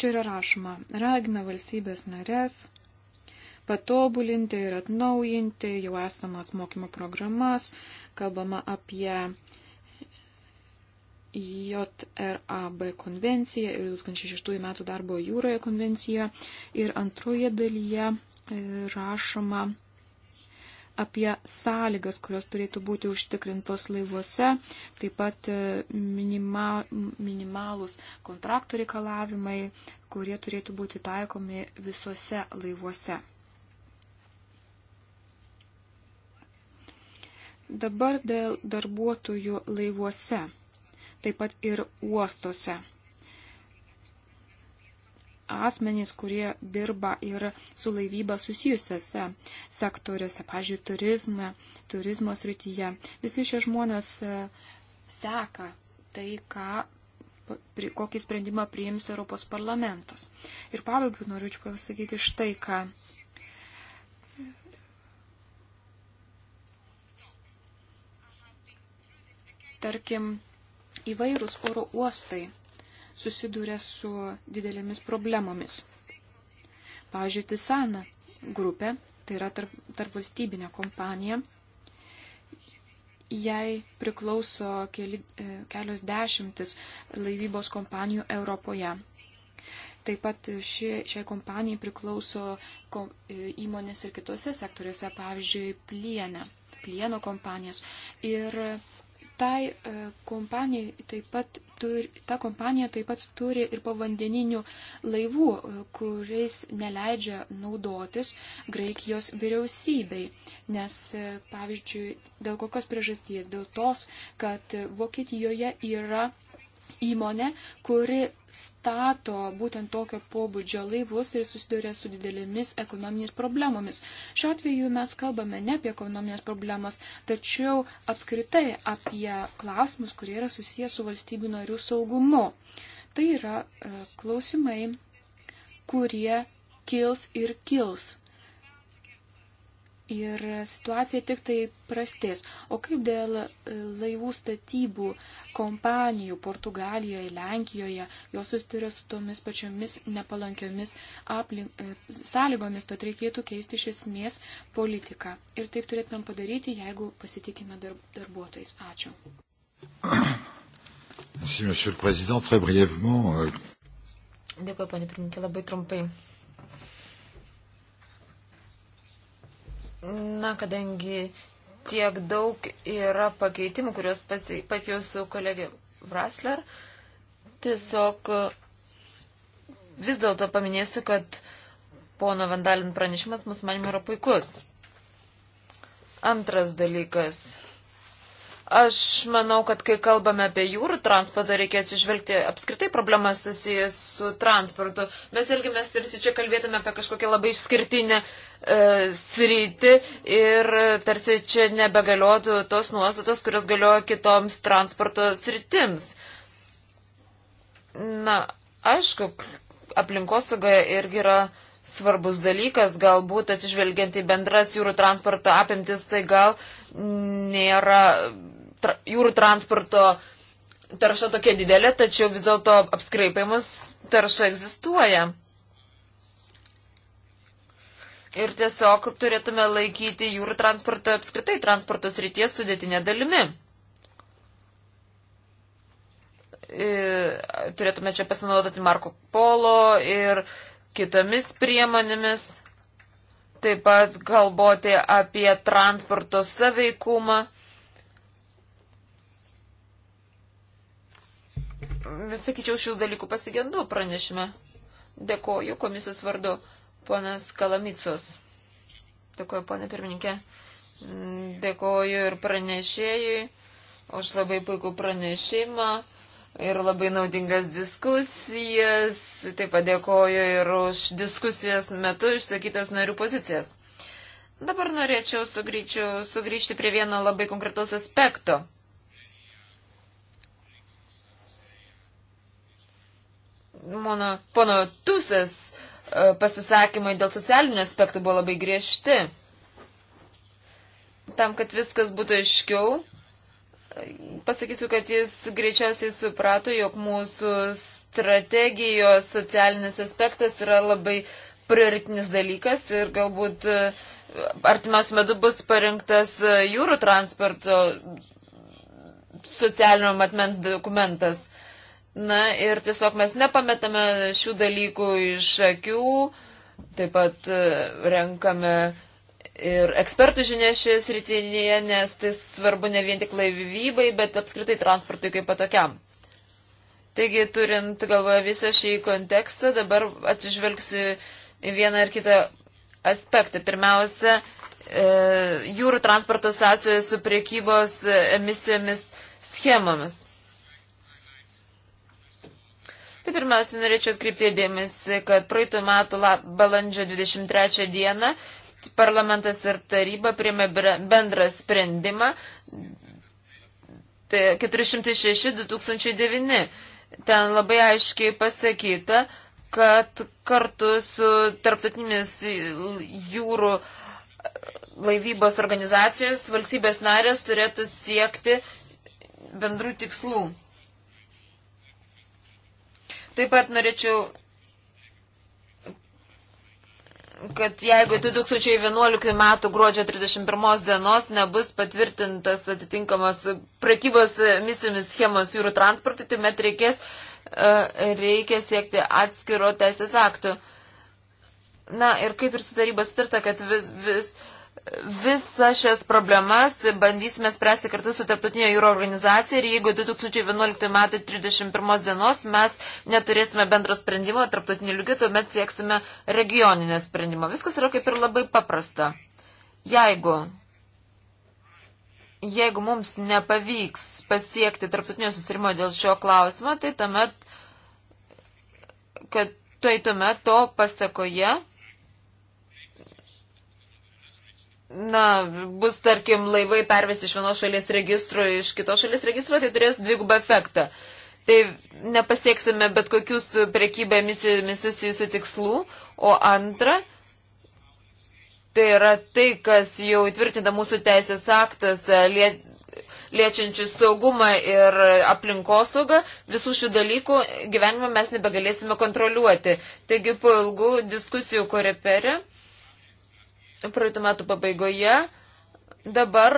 Čia yra rašoma, ragina valstybės narės patobulinti ir atnaujinti jau esamas mokymo programas, kalbama apie JRAB konvenciją ir 2006 metų darbo jūroje konvenciją ir antroje dalyje e, rašoma apie sąlygas, kurios turėtų būti užtikrintos laivuose, taip pat e, minima, minimalus kontraktų reikalavimai, kurie turėtų būti taikomi visuose laivuose. Dabar dėl darbuotojų laivuose, taip pat ir uostose asmenys, kurie dirba ir su laivyba susijusiuose sektoriuose, pažiūrėjau, turizme, turizmo srityje. Visi šie žmonės e, seka tai, ką kokį sprendimą priims Europos parlamentas. Ir pabaigai norėčiau pasakyti štai ką. Tarkim, įvairūs oro uostai susiduria su didelėmis problemomis. Pavyzdžiui, Tisana grupė, tai yra tarp, tarp valstybinė kompanija, jai priklauso keli, e, kelios dešimtis laivybos kompanijų Europoje. Taip pat ši, šiai kompanijai priklauso kom, e, įmonės ir kitose sektoriuose, pavyzdžiui, plienė, plieno kompanijos. Ir tai e, kompanijai taip pat turi, ta kompanija taip pat turi ir povandeninių laivų, e, kuriais neleidžia naudotis Graikijos vyriausybei. Nes, e, pavyzdžiui, dėl kokios priežasties? Dėl tos, kad Vokietijoje yra įmonė, kuri stato būtent tokio pobūdžio laivus ir susiduria su didelėmis ekonominės problemomis. Šiuo atveju mes kalbame ne apie ekonominės problemas, tačiau apskritai apie klausimus, kurie yra susijęs su valstybių narių saugumu. Tai yra e, klausimai, kurie kils ir kils ir situacija tik tai prastės. O kaip dėl e, laivų statybų kompanijų Portugalijoje, Lenkijoje, jos susituria su tomis pačiomis nepalankiomis aplink, e, sąlygomis, tad reikėtų keisti iš esmės politiką. Ir taip turėtumėm padaryti, jeigu pasitikime darb, darbuotojais. Ačiū. Merci, Monsieur le Président. Très brièvement. Euh, Dėkui, panė pirmininkė, labai trumpai. Na, kadangi tiek daug yra pakeitimų, kuriuos patėjau su kolegė Vrasler, tiesiog e, vis dėlto paminėsiu, kad pono Vandalin pranešimas mūsų manimo yra puikus. Antras dalykas Aš manau, kad kai kalbame apie jūrų transportą, reikia atsižvelgti apskritai problemas susijęs su transportu. Mes irgi mes ir čia kalbėtume apie kažkokią labai išskirtinę e, sritį ir tarsi čia nebegaliotų tos nuostatos, kurios galioja kitoms transporto sritims. Na, aišku, aplinkosaugoje irgi yra svarbus dalykas, galbūt atsižvelgiant į bendras jūrų transporto apimtis, tai gal nėra tra, jūrų transporto tarša tokia didelė, tačiau vis dėlto apskraipimus tarša egzistuoja. Ir tiesiog turėtume laikyti jūrų transportą apskritai transporto srities sudėtinė dalimi. E, turėtume čia pasinaudoti Marko Polo ir kitomis priemonėmis. Taip pat galvoti apie transporto saveikumą. sakyčiau, šių dalykų pasigendu pranešime. Dėkoju komisijos vardu, ponas Kalamicos. Dėkoju, ponė pirmininkė. Dėkoju ir pranešėjui už labai puikų pranešimą ir labai naudingas diskusijas. Taip pat dėkoju ir už diskusijos metu išsakytas narių pozicijas. Dabar norėčiau sugrįžti prie vieno labai konkretaus aspekto. mono, pono Tusas e, pasisakymai dėl socialinių aspektų buvo labai griežti. Tam, kad viskas būtų aiškiau, pasakysiu, kad jis greičiausiai suprato, jog mūsų strategijos socialinis aspektas yra labai prioritinis dalykas ir galbūt e, artimiausiu metu bus parengtas e, jūrų transporto socialinio matmens dokumentas. Na ir tiesiog mes nepametame šių dalykų iš akių, taip pat e, renkame ir ekspertų žinias šioje srityje, nes tai svarbu ne vien tik laivybai, bet apskritai transportui kaip patokiam. Taigi, turint galvoje visą šį kontekstą, dabar atsižvelgsiu į vieną ar kitą aspektą. Pirmiausia, e, jūrų transporto sąsioje su priekybos e, emisijomis schemomis. Tai pirmiausia, norėčiau atkreipti dėmesį, kad praeitų metų la, balandžio 23 dieną parlamentas ir taryba priėmė bendrą sprendimą tai 406-2009. Ten labai aiškiai pasakyta, kad kartu su tarptautinis jūrų laivybos organizacijos valstybės narės turėtų siekti bendrų tikslų. Taip pat norėčiau kad jeigu 2011 metų gruodžio 31 dienos nebus patvirtintas atitinkamas prekybos misijomis schemos jūrų transportui, tuomet reikės, e, reikia siekti atskiro teisės aktų. Na ir kaip ir su taryba sutarta, kad vis, vis, uh, visas šias problemas bandysime spręsti kartu su Tarptautinio jūro organizacija ir jeigu 2011 metų 31 dienos mes neturėsime bendro sprendimo tarptautinio lygių, tuomet sieksime regioninio sprendimo. Viskas yra kaip ir labai paprasta. Jeigu, jeigu mums nepavyks pasiekti tarptautinio sustarimo dėl šio klausimo, tai tuomet, kad tai tuomet to pasakoje na, bus, tarkim, laivai pervesti iš vienos šalies registro, iš kitos šalies registro, tai turės dvigubą efektą. Tai nepasieksime bet kokius prekybę emisijomis susijusių tikslų. O antra, tai yra tai, kas jau įtvirtinta mūsų teisės aktuose, lie, liečiančių saugumą ir aplinkosaugą, visų šių dalykų gyvenimą mes nebegalėsime kontroliuoti. Taigi po ilgų diskusijų korepere praeitų metų pabaigoje. Dabar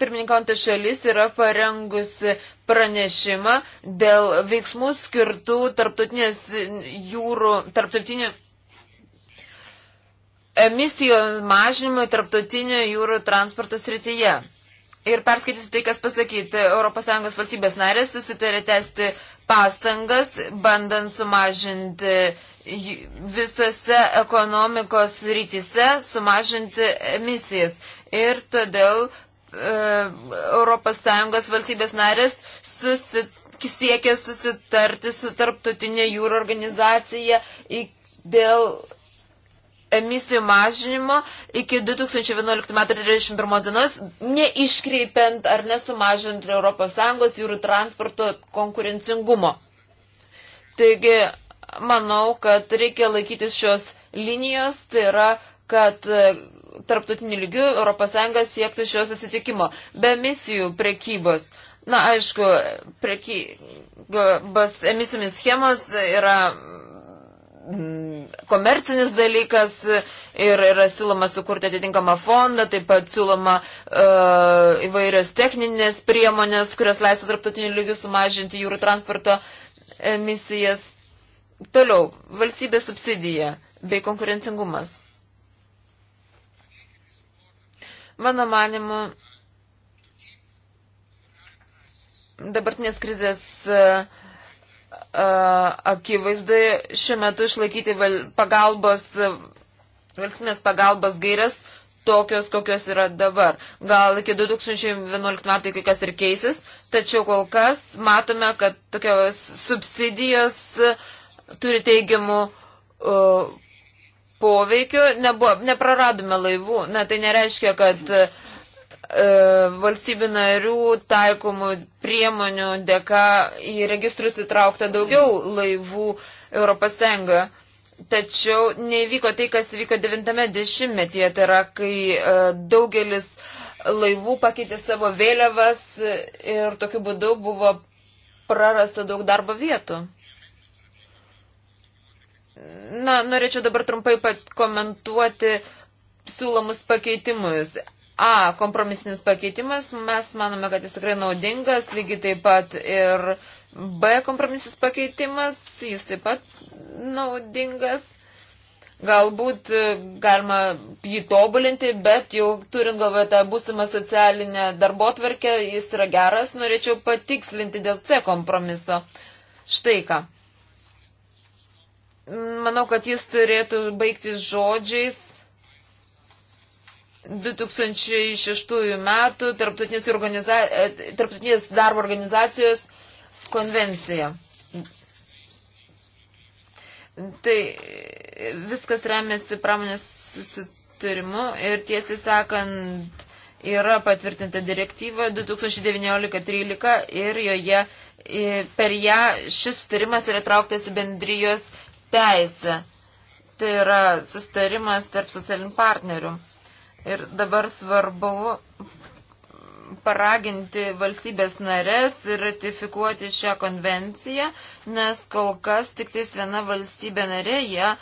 pirmininkantas šalis yra parengusi pranešimą dėl veiksmų skirtų tarptautinės jūrų, tarptautinių emisijų mažinimui tarptautinio jūrų transporto srityje. Ir perskaitysiu tai, kas pasakyti. ES valstybės narės susitarė tęsti pastangas, bandant sumažinti uh, visose ekonomikos rytise sumažinti emisijas. Ir todėl ES valstybės narės susit, siekia susitarti su tarptautinė jūro organizacija dėl emisijų mažinimo iki 2011 m. 31 dienos, neiškreipiant ar nesumažinant ES jūrų transporto konkurencingumo. Taigi manau, kad reikia laikytis šios linijos, tai yra, kad e, tarptautiniu lygiu ES siektų šio susitikimo be emisijų prekybos. Na, aišku, prekybos emisijomis schemos yra komercinis dalykas ir yra siūloma sukurti atitinkamą fondą, taip pat siūloma uh, e, įvairios techninės priemonės, kurios leisų tarptautiniu lygiu sumažinti jūrų transporto emisijas. Toliau, valstybės subsidija bei konkurencingumas. Mano manimu, dabartinės krizės e, e, akivaizdoje šiuo metu išlaikyti pagalbos, e, valstybės pagalbos gairias tokios, kokios yra dabar. Gal iki 2011 metų kai kas ir keisis, tačiau kol kas matome, kad tokios subsidijos uh, turi teigiamų uh, poveikio, nebuvo, nepraradome laivų. Na, tai nereiškia, kad uh, valstybių narių taikomų priemonių dėka į registrus įtraukta daugiau laivų Europos Sąjungoje. Tačiau nevyko tai, kas vyko 90-metyje, tai yra, kai e, daugelis laivų pakeitė savo vėliavas ir tokiu būdu buvo prarasta daug darbo vietų. Na, norėčiau dabar trumpai komentuoti siūlomus pakeitimus. A, kompromisinis pakeitimas, mes manome, kad jis tikrai naudingas, lygiai taip pat ir B kompromisinis pakeitimas, jis taip pat naudingas. Galbūt e, galima jį tobulinti, bet jau turint galvoje tą būsimą socialinę darbo tvarkę, jis yra geras, norėčiau patikslinti dėl C kompromiso. Štai ką. Manau, kad jis turėtų baigtis žodžiais 2006 metų Tarptautinės, organiza... E, tarptautinės darbo organizacijos konvencija. Tai viskas remiasi pramonės susitarimu ir tiesiai sakant, yra patvirtinta direktyva 2019-13 ir joje per ją šis sutarimas yra trauktas į bendrijos teisę. Tai yra sustarimas tarp socialinių partnerių. Ir dabar svarbu paraginti valstybės narės ir ratifikuoti šią konvenciją, nes kol kas tik tais viena valstybė narė ją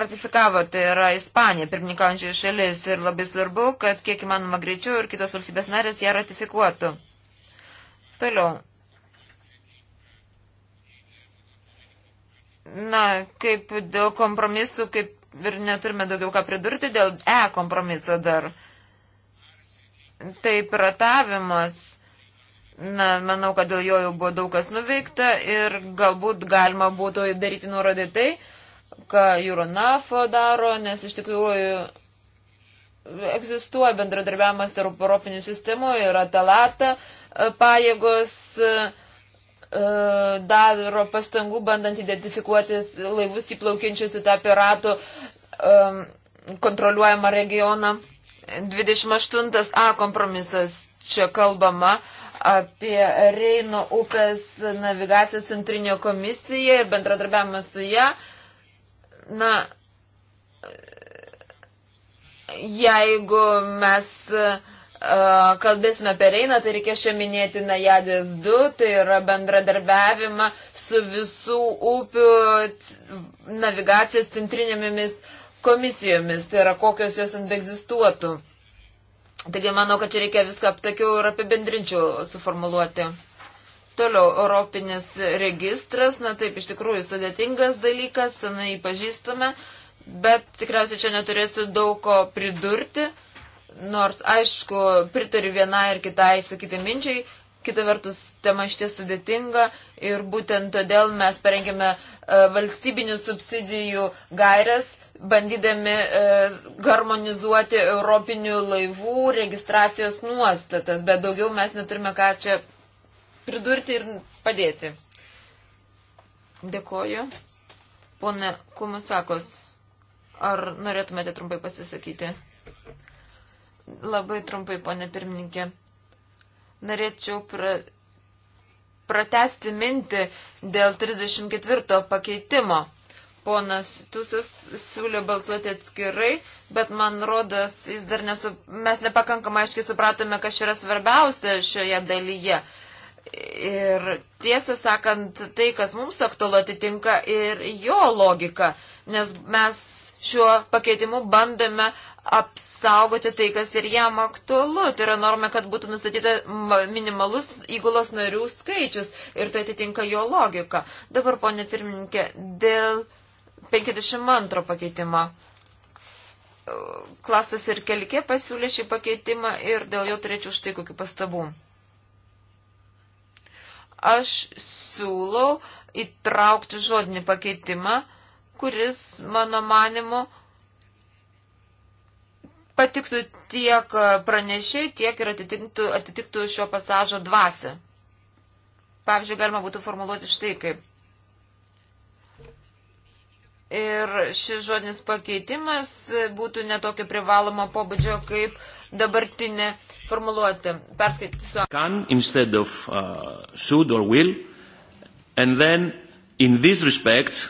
ratifikavo, tai yra Ispanija, pirmininkaujančiai šalis ir labai svarbu, kad kiek įmanoma greičiau ir kitos valstybės narės ją ratifikuotų. Toliau, Na, kaip dėl kompromisų, kaip ir neturime daugiau ką pridurti, dėl E kompromiso dar. Tai piratavimas. Na, manau, kad dėl jo jau buvo daug kas nuveikta ir galbūt galima būtų daryti nuorodį tai, ką Euronafo daro, nes iš tikrųjų egzistuoja bendradarbiavimas tarp europinių sistemų, yra talata, e, pajėgos, e, E, daro pastangų bandant identifikuoti laivus įplaukiančius į tą piratų e, kontroliuojamą regioną. 28a kompromisas čia kalbama apie Reino upės navigacijos centrinio komisiją ir bendradarbiavimą su ją. Na, jeigu mes uh, kalbėsime apie Reiną, tai reikės čia minėti Najadės 2, tai yra bendradarbiavimą su visų upių navigacijos centrinėmis komisijomis, tai yra kokios jos ant egzistuotų. Taigi manau, kad čia reikia viską aptakiau ir apibendrinčiau suformuluoti. Toliau, Europinis registras, na taip, iš tikrųjų sudėtingas dalykas, senai pažįstame, bet tikriausiai čia neturėsiu daug ko pridurti. Uh, Nors, aišku, pritariu vienai ir kitai sakyti minčiai, kita vertus, tema išties sudėtinga ir būtent todėl mes parengėme e, valstybinių subsidijų gairias, bandydami e, harmonizuoti europinių laivų registracijos nuostatas, bet daugiau mes neturime ką čia pridurti ir padėti. Dėkoju. Pone Kumusakos, ar norėtumėte trumpai pasisakyti? Labai trumpai, ponė pirmininkė. Norėčiau pra... pratesti mintį dėl 34 pakeitimo. Ponas Tusas siūlė balsuoti atskirai, bet man rodos, jis dar nesu, mes nepakankamai aiškiai supratome, kas yra svarbiausia šioje dalyje. Ir tiesą sakant, tai, kas mums aktualu, atitinka ir jo logika, nes mes šiuo pakeitimu bandome apsaugoti tai, kas ir jam aktualu. Tai yra norma, kad būtų nustatyta minimalus įgulos narių skaičius ir tai atitinka jo logiką. Dabar, ponė pirmininkė, dėl 52 pakeitimo. Klasas ir kelikė pasiūlė šį pakeitimą ir dėl jo turėčiau štai kokių pastabų. Aš siūlau įtraukti žodinį pakeitimą, kuris, mano manimu, patiktų tiek pranešiai, tiek ir atitiktų, atitiktų šio pasažo dvasę. Pavyzdžiui, galima būtų formuluoti štai kaip. Ir šis žodinis pakeitimas būtų netokio privalomo pobūdžio kaip dabartinė formuluoti. Perskaitysiu. Can instead of uh, should or will. And then in this respect.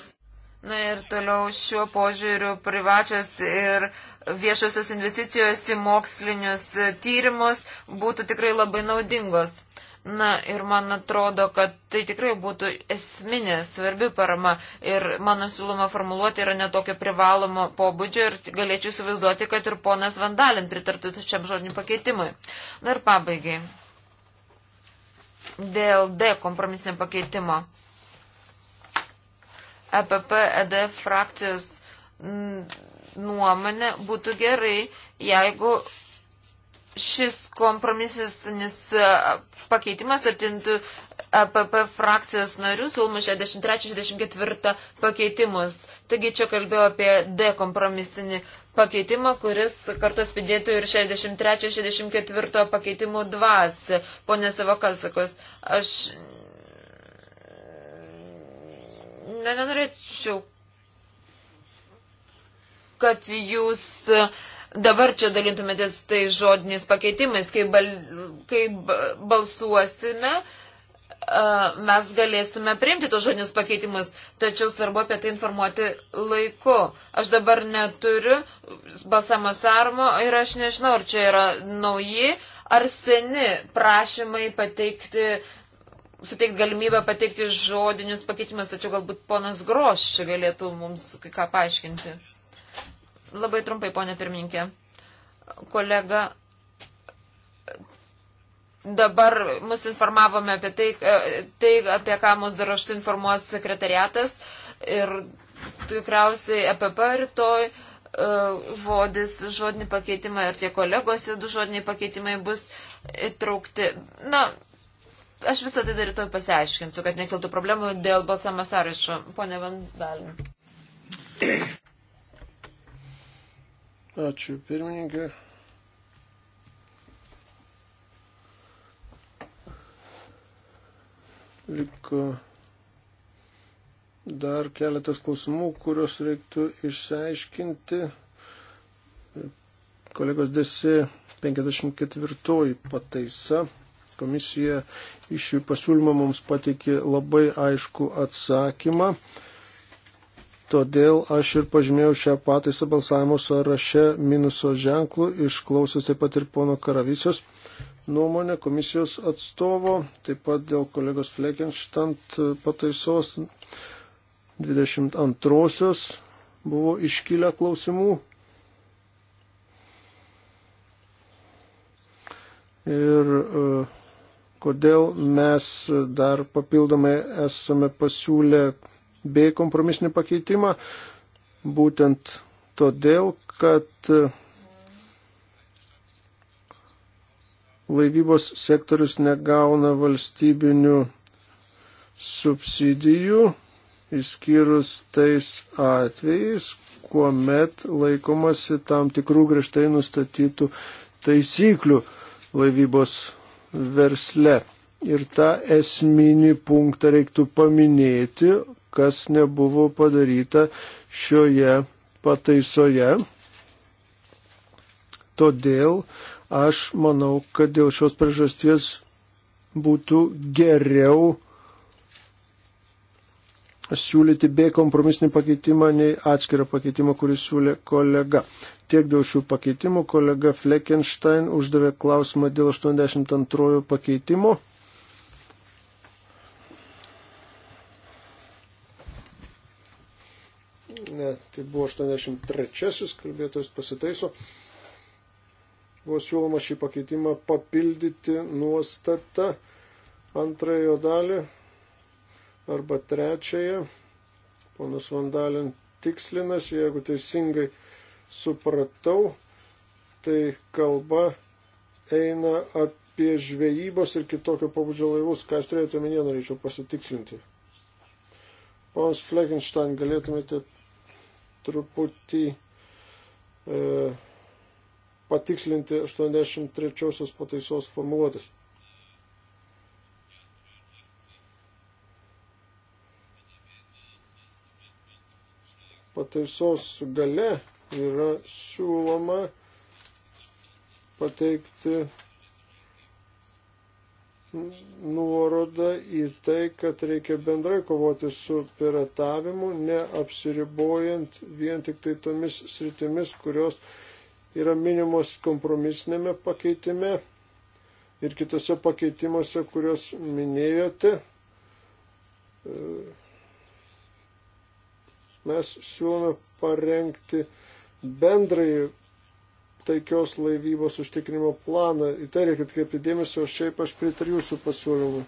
Na ir toliau šiuo požiūriu privačios ir uh, viešosios investicijos į mokslinius tyrimus būtų tikrai labai naudingos. Na ir man atrodo, kad tai tikrai būtų esminė svarbi parama ir mano siūloma formuluoti yra netokio privalomo pobūdžio ir galėčiau įsivaizduoti, kad ir ponas Vandalin pritartų šiam žodiniu pakeitimui. Na ir pabaigai. Dėl D kompromisinio pakeitimo. EPP, ED frakcijos. M, nuomonė būtų gerai, jeigu šis kompromisinis e, pakeitimas aptintų APP e frakcijos narių sulmų 63-64 pakeitimus. Taigi čia kalbėjau apie D kompromisinį pakeitimą, kuris kartu spėdėtų ir 63-64 pakeitimų dvasį. Pone Savokasakos, aš ne, nenorėčiau kad jūs e, dabar čia dalintumėtės tai žodiniais pakeitimais, kai, bal, kai balsuosime, e, mes galėsime priimti tos žodinius pakeitimus, tačiau svarbu apie tai informuoti laiku. Aš dabar neturiu balsamo sarmo ir aš nežinau, ar čia yra nauji ar seni prašymai pateikti suteikti galimybę pateikti žodinius pakeitimus, tačiau galbūt ponas Groš čia galėtų mums kai ką paaiškinti. Labai trumpai, ponė pirmininkė. Kolega dabar mus informavome apie tai, e, tai apie ką mus dar raštu informuos sekretariatas ir tikriausiai EPP rytoj e, žodis, žodinį pakeitimą ir tie kolegos du žodiniai pakeitimai bus įtraukti. Na, aš visą tai dar rytoj pasiaiškinsiu, kad nekiltų problemų dėl balsamo sąrašo. Pone Vandalin. Ačiū pirmininkė. Liko dar keletas klausimų, kuriuos reiktų išsiaiškinti. Kolegos Desi 54 pataisa. Komisija iš jų pasiūlymą mums pateikė labai aišku atsakymą. Todėl aš ir pažymėjau šią pataisą balsavimo sąraše minuso ženklų, išklausęs taip pat ir pono Karavicijos nuomonę komisijos atstovo, taip pat dėl kolegos Fleckenštant pataisos 22-osios buvo iškilę klausimų. Ir e, kodėl mes dar papildomai esame pasiūlę bei kompromisinį pakeitimą, būtent todėl, kad laivybos sektorius negauna valstybinių subsidijų, išskyrus tais atvejais, kuomet laikomasi tam tikrų griežtai nustatytų taisyklių laivybos versle. Ir tą esminį punktą reiktų paminėti, kas nebuvo padaryta šioje pataisoje. Todėl aš manau, kad dėl šios priežasties būtų geriau siūlyti B kompromisinį pakeitimą nei atskirą pakeitimą, kurį siūlė kolega. Tiek dėl šių pakeitimų kolega Fleckenstein uždavė klausimą dėl 82 pakeitimo. Ne, tai buvo 83-asis, kalbėtojas pasitaiso. Buvo siūloma šį pakeitimą papildyti nuostatą antrąją dalį arba trečiąją. Ponas Vandalin tikslinas, jeigu teisingai supratau, tai kalba eina apie žvejybos ir kitokio pabudžio laivus. Ką aš turėjote minėti, norėčiau pasitikslinti. Ponas Fleckenstein, galėtumėte truputį e, patikslinti 83 pataisos formuluotės. Pataisos gale yra siūloma pateikti nuoroda į tai, kad reikia bendrai kovoti su piratavimu, neapsiribojant vien tik tai tomis sritimis, kurios yra minimos kompromisinėme pakeitime ir kitose pakeitimuose, kuriuos minėjote. Mes siūlome parengti bendrąjį taikios laivybos užtikrinimo planą. Į tai reikia atkreipti dėmesio, o šiaip aš pritariu jūsų pasiūlymui.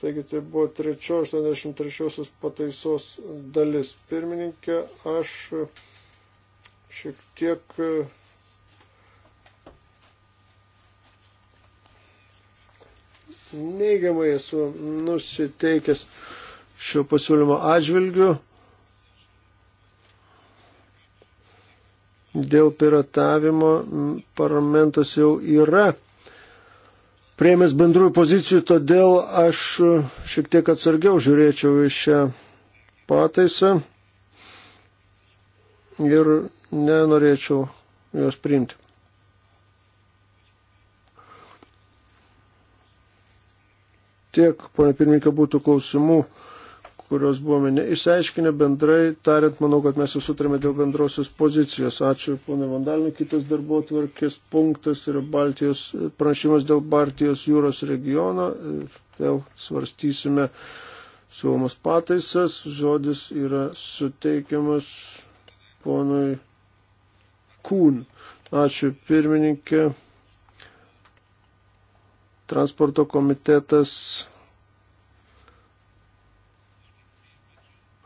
Taigi tai buvo 383 pataisos dalis. Pirmininkė, aš šiek tiek e, neigiamai esu nusiteikęs šio pasiūlymo atžvilgiu. dėl piratavimo parlamentas jau yra prieimęs bendrųjų pozicijų, todėl aš e, šiek tiek atsargiau žiūrėčiau į šią pataisą ir nenorėčiau jos priimti. Tiek, ponia pirmininkė, būtų klausimų kurios buvome neišsiaiškinę bendrai, tariant, manau, kad mes jau sutarėme dėl bendrosios pozicijos. Ačiū, ponai Vandalinui. Kitas darbo tvarkės punktas yra Baltijos, pranešimas dėl Baltijos jūros regiono. Vėl svarstysime siūlomas pataisas. Žodis yra suteikiamas ponui Kūn. Ačiū, pirmininkė. Transporto komitetas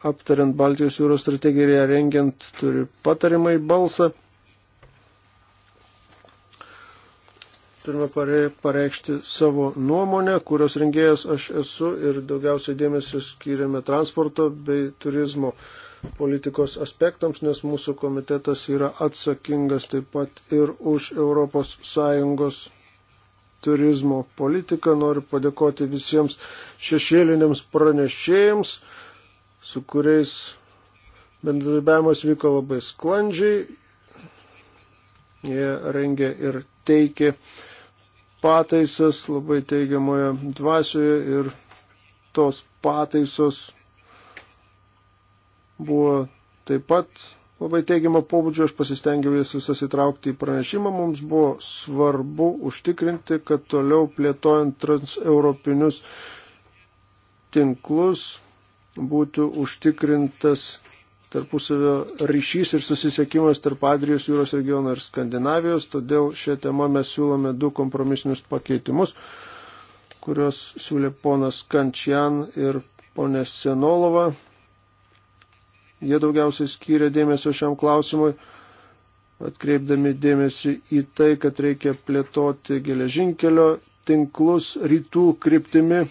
aptariant Baltijos jūros strategiją ir ją rengiant, turi patarimai balsą. Turime pareikšti savo nuomonę, kurios rengėjas aš esu ir daugiausiai dėmesio skiriame transporto bei turizmo politikos aspektams, nes mūsų komitetas yra atsakingas taip pat ir už ES turizmo politiką. Noriu padėkoti visiems šešėliniams pranešėjams su kuriais bendradarbiavimas vyko labai sklandžiai. Jie rengė ir teikė pataisas labai teigiamoje dvasioje ir tos pataisos buvo taip pat labai teigiamo pobūdžio, aš pasistengiau jas visas įtraukti į pranešimą, mums buvo svarbu užtikrinti, kad toliau plėtojant transeuropinius tinklus būtų užtikrintas tarpusavio ryšys ir susisiekimas tarp Adrijos jūros regiono ir Skandinavijos, todėl šią temą mes siūlome du kompromisinius pakeitimus, kuriuos siūlė ponas Kančian ir ponė Senolova. Jie daugiausiai skyrė dėmesio šiam klausimui, atkreipdami dėmesį į tai, kad reikia plėtoti geležinkelio tinklus rytų kryptimi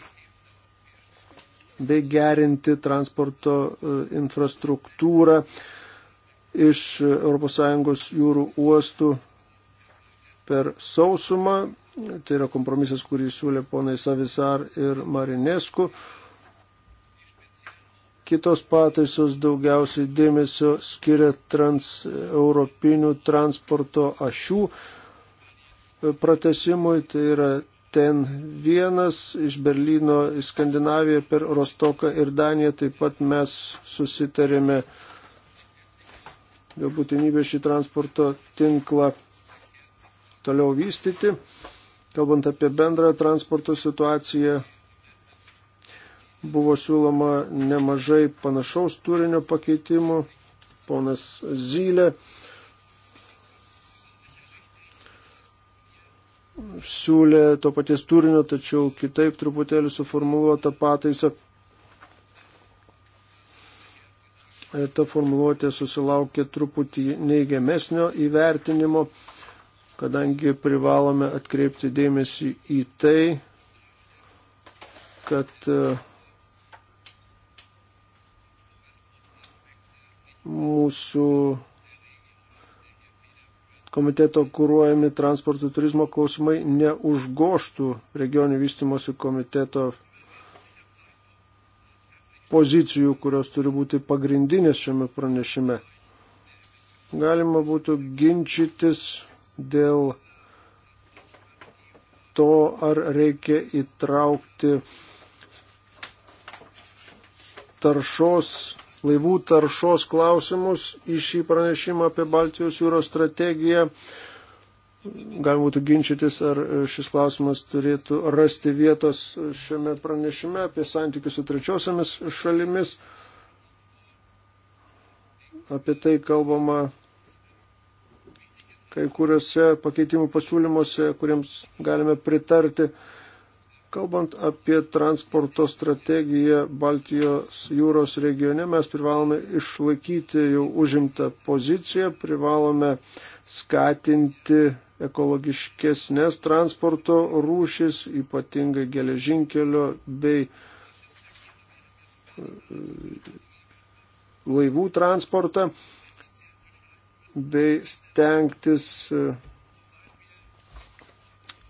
bei gerinti transporto e, infrastruktūrą iš ES jūrų uostų per sausumą. Tai yra kompromisas, kurį siūlė ponai Savisar ir Marinesku. Kitos pataisos daugiausiai dėmesio skiria trans, europinių transporto ašių e, pratesimui, tai yra ten vienas iš Berlyno į Skandinaviją per Rostoką ir Daniją. Taip pat mes susitarėme dėl būtinybės šį transporto tinklą toliau vystyti. Kalbant apie bendrą transporto situaciją, buvo siūloma nemažai panašaus turinio pakeitimų. Ponas Zylė siūlė to paties turinio, tačiau kitaip truputėlį suformuluota pataisa. Ta formuluotė susilaukė truputį neigiamesnio įvertinimo, kadangi privalome atkreipti dėmesį į tai, kad e, mūsų komiteto kūruojami transporto turizmo klausimai neužgoštų regionių vystimosi komiteto pozicijų, kurios turi būti pagrindinės šiame pranešime. Galima būtų ginčytis dėl to, ar reikia įtraukti taršos laivų taršos klausimus į šį pranešimą apie Baltijos jūros strategiją. Galima būtų ginčytis, ar šis klausimas turėtų rasti vietos šiame pranešime apie santykius su trečiosiamis šalimis. Apie tai kalbama kai kuriuose pakeitimų pasiūlymuose, kuriems galime pritarti. Kalbant apie transporto strategiją Baltijos jūros regione, mes privalome išlaikyti jau užimtą poziciją, privalome skatinti ekologiškesnės transporto rūšis, ypatingai geležinkelio bei e, laivų transportą, bei stengtis e,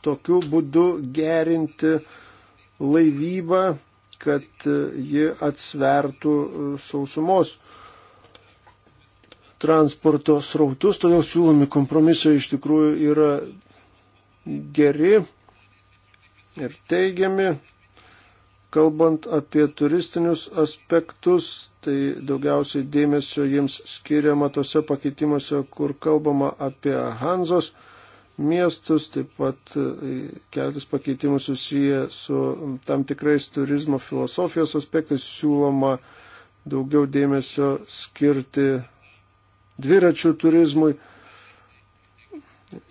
tokiu būdu gerinti laivybą, kad ji atsvertų sausumos transporto srautus, todėl siūlomi kompromisai iš tikrųjų yra geri ir teigiami. Kalbant apie turistinius aspektus, tai daugiausiai dėmesio jiems skiriama tose pakeitimuose, kur kalbama apie Hanzos miestus, taip pat e, keletas pakeitimų susiję su tam tikrais turizmo filosofijos aspektais siūloma daugiau dėmesio skirti dviračių turizmui.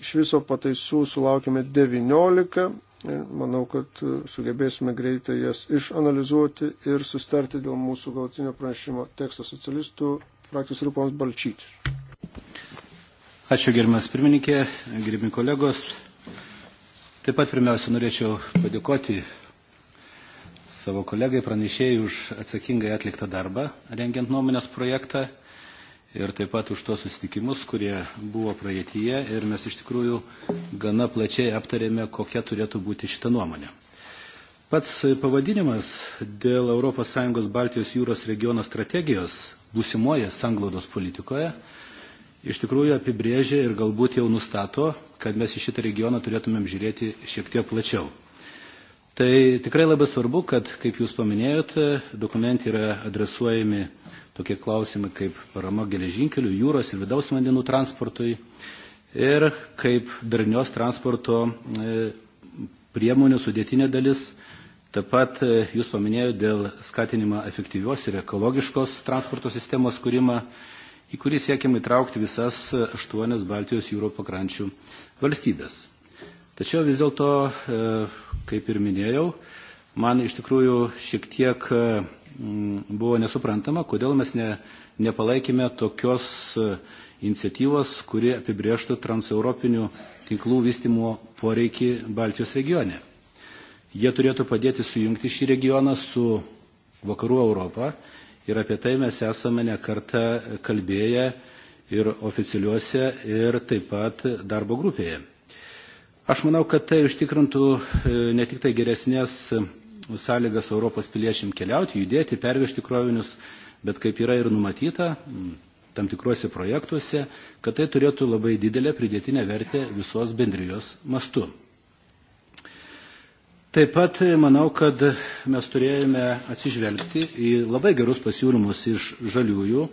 Iš viso pataisų sulaukime 19 ir manau, kad e, sugebėsime greitai jas išanalizuoti ir sustarti dėl mūsų galtinio pranešimo teksto socialistų frakcijos rūpams Balčytis. Ačiū gerbiamas pirmininkė, gerbimi kolegos. Taip pat pirmiausia norėčiau padėkoti savo kolegai pranešėjai už atsakingai atliktą darbą, rengiant nuomonės projektą ir taip pat už tos susitikimus, kurie buvo praeityje ir mes iš tikrųjų gana plačiai aptarėme, kokia turėtų būti šita nuomonė. Pats pavadinimas dėl ES Baltijos jūros regiono strategijos būsimoje sanglaudos politikoje – iš tikrųjų apibrėžia ir galbūt jau nustato, kad mes į šitą regioną turėtumėm žiūrėti šiek tiek plačiau. Tai tikrai labai svarbu, kad, kaip jūs paminėjote, dokumentai yra adresuojami tokie klausimai kaip parama geležinkelių, jūros ir vidaus vandenų transportui ir kaip darnios transporto e, priemonių sudėtinė dalis. Taip pat e, jūs paminėjote dėl skatinimo efektyvios ir ekologiškos transporto sistemos kūrimą į kurį siekiam įtraukti visas e, aštuonias Baltijos jūro pakrančių valstybės. Tačiau vis dėlto, e, kaip ir minėjau, man iš tikrųjų šiek tiek e, buvo nesuprantama, kodėl mes ne, nepalaikėme tokios iniciatyvos, kuri apibrieštų transeuropinių tinklų vystimo poreikį Baltijos regione. Jie turėtų padėti sujungti šį regioną su vakarų Europą Ir apie tai mes esame nekartą kalbėję ir oficialiuose, ir taip pat darbo grupėje. Aš manau, kad tai užtikrintų e, ne tik tai geresnės e, sąlygas Europos piliečiam keliauti, judėti, pervežti krovinius, bet kaip yra ir numatyta tam tikruose projektuose, kad tai turėtų labai didelę pridėtinę vertę visos bendrijos mastu. Taip pat e, manau, kad mes turėjome atsižvelgti į labai gerus pasiūlymus iš žaliųjų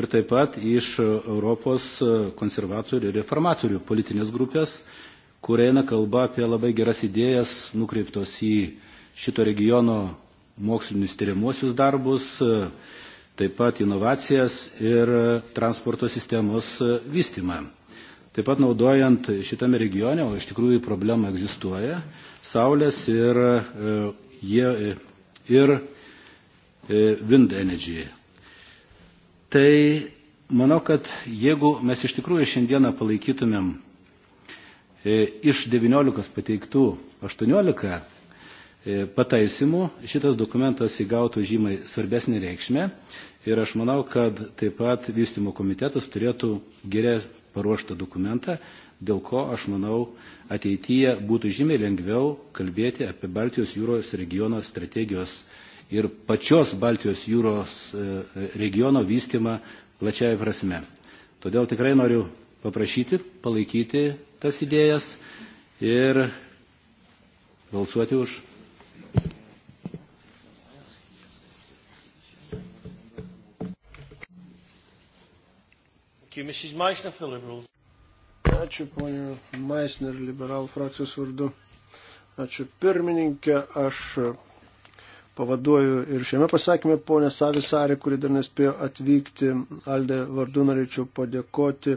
ir taip pat iš Europos e, konservatorių ir reformatorių politinės grupės, kur eina kalba apie labai geras idėjas nukreiptos į šito regiono mokslinius tyriamuosius darbus, e, taip pat inovacijas ir transporto sistemos vystimą. Taip pat naudojant šitame regione, o iš tikrųjų problema egzistuoja, saulės ir, e, jie, e, ir e, wind energy. Tai manau, kad jeigu mes iš tikrųjų šiandieną palaikytumėm iš 19 pateiktų 18 pataisimų šitas dokumentas įgautų žymai svarbesnį reikšmę ir aš manau, kad taip pat vystimo komitetas turėtų gerę paruoštą dokumentą, dėl ko, aš manau, ateityje būtų žymiai lengviau kalbėti apie Baltijos jūros regiono strategijos ir pačios Baltijos jūros e, regiono vystimą plačiai prasme. Todėl tikrai noriu paprašyti, palaikyti tas idėjas ir balsuoti už Thank you, Mrs. Meissner for the Liberals. Ačiū, ponė Meissner, liberalų frakcijos vardu. Ačiū, pirmininkė. Aš pavaduoju ir šiame pasakymė ponė Savisarė, kuri dar nespėjo atvykti. Aldė vardu norėčiau padėkoti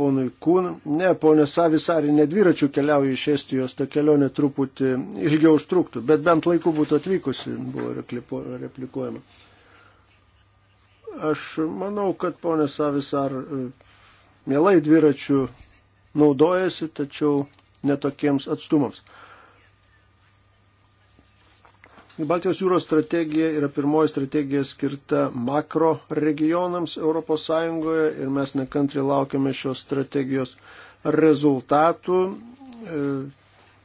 ponui Kūn. Ne, ponė Savisarė, ne dviračių keliauju iš Estijos, ta kelionė truputį ilgiau užtruktų, bet bent laiku būtų atvykusi, buvo replikuojama. Aš manau, kad ponė Savisar e, mielai dviračių naudojasi, tačiau netokiems atstumams. Baltijos jūros strategija yra pirmoji strategija skirta makro regionams ES ir mes nekantriai laukiame šios strategijos rezultatų. E,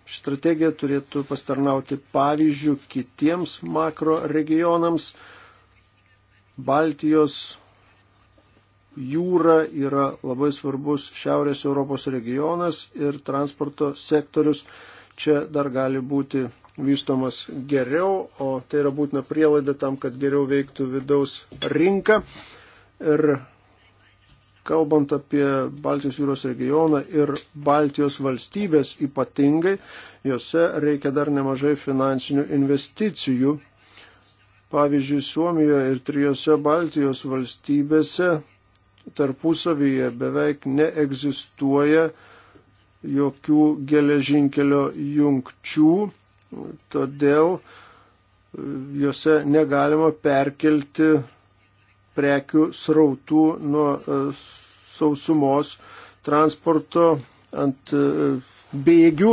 ši strategija turėtų pastarnauti pavyzdžių kitiems makro regionams. Baltijos jūra yra labai svarbus Šiaurės Europos regionas ir transporto sektorius čia dar gali būti vystomas geriau, o tai yra būtina prielaida tam, kad geriau veiktų vidaus rinka. Ir kalbant apie Baltijos jūros regioną ir Baltijos valstybės ypatingai, juose reikia dar nemažai finansinių investicijų Pavyzdžiui, Suomijoje ir trijose Baltijos valstybėse tarpusavyje beveik neegzistuoja jokių geležinkelio jungčių, todėl e, juose negalima perkelti prekių srautų nuo e, sausumos transporto ant e, bėgių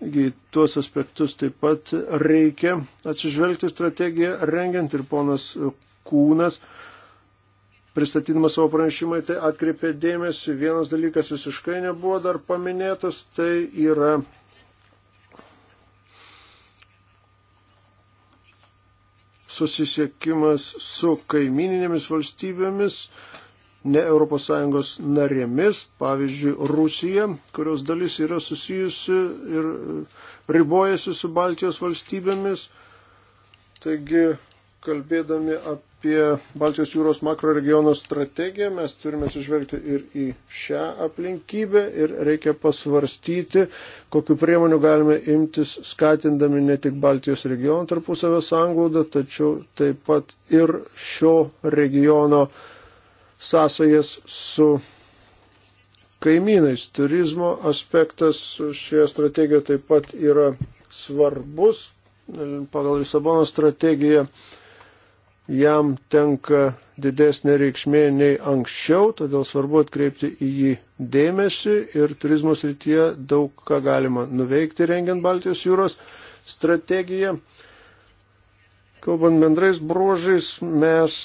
Taigi tuos aspektus taip pat reikia atsižvelgti strategiją rengiant ir ponas Kūnas. Pristatydamas savo pranešimą, tai atkreipė dėmesį, vienas dalykas visiškai nebuvo dar paminėtas, tai yra susisiekimas su kaimininėmis valstybėmis, ne ES narėmis, pavyzdžiui, Rusija, kurios dalis yra susijusi ir e, ribojasi su Baltijos valstybėmis. Taigi, kalbėdami apie Baltijos jūros makroregiono strategiją, mes turime sužvelgti ir į šią aplinkybę ir reikia pasvarstyti, kokiu priemoniu galime imtis, skatindami ne tik Baltijos regiono tarpusavę sąnglaudą, tačiau taip pat ir šio regiono sąsajas su kaimynais. Turizmo aspektas šioje strategijoje taip pat yra svarbus. Pagal Lisabono strategiją jam tenka didesnė reikšmė nei anksčiau, todėl svarbu atkreipti į jį dėmesį ir turizmo srityje daug ką galima nuveikti rengiant Baltijos jūros strategiją. Kalbant bendrais bruožais, mes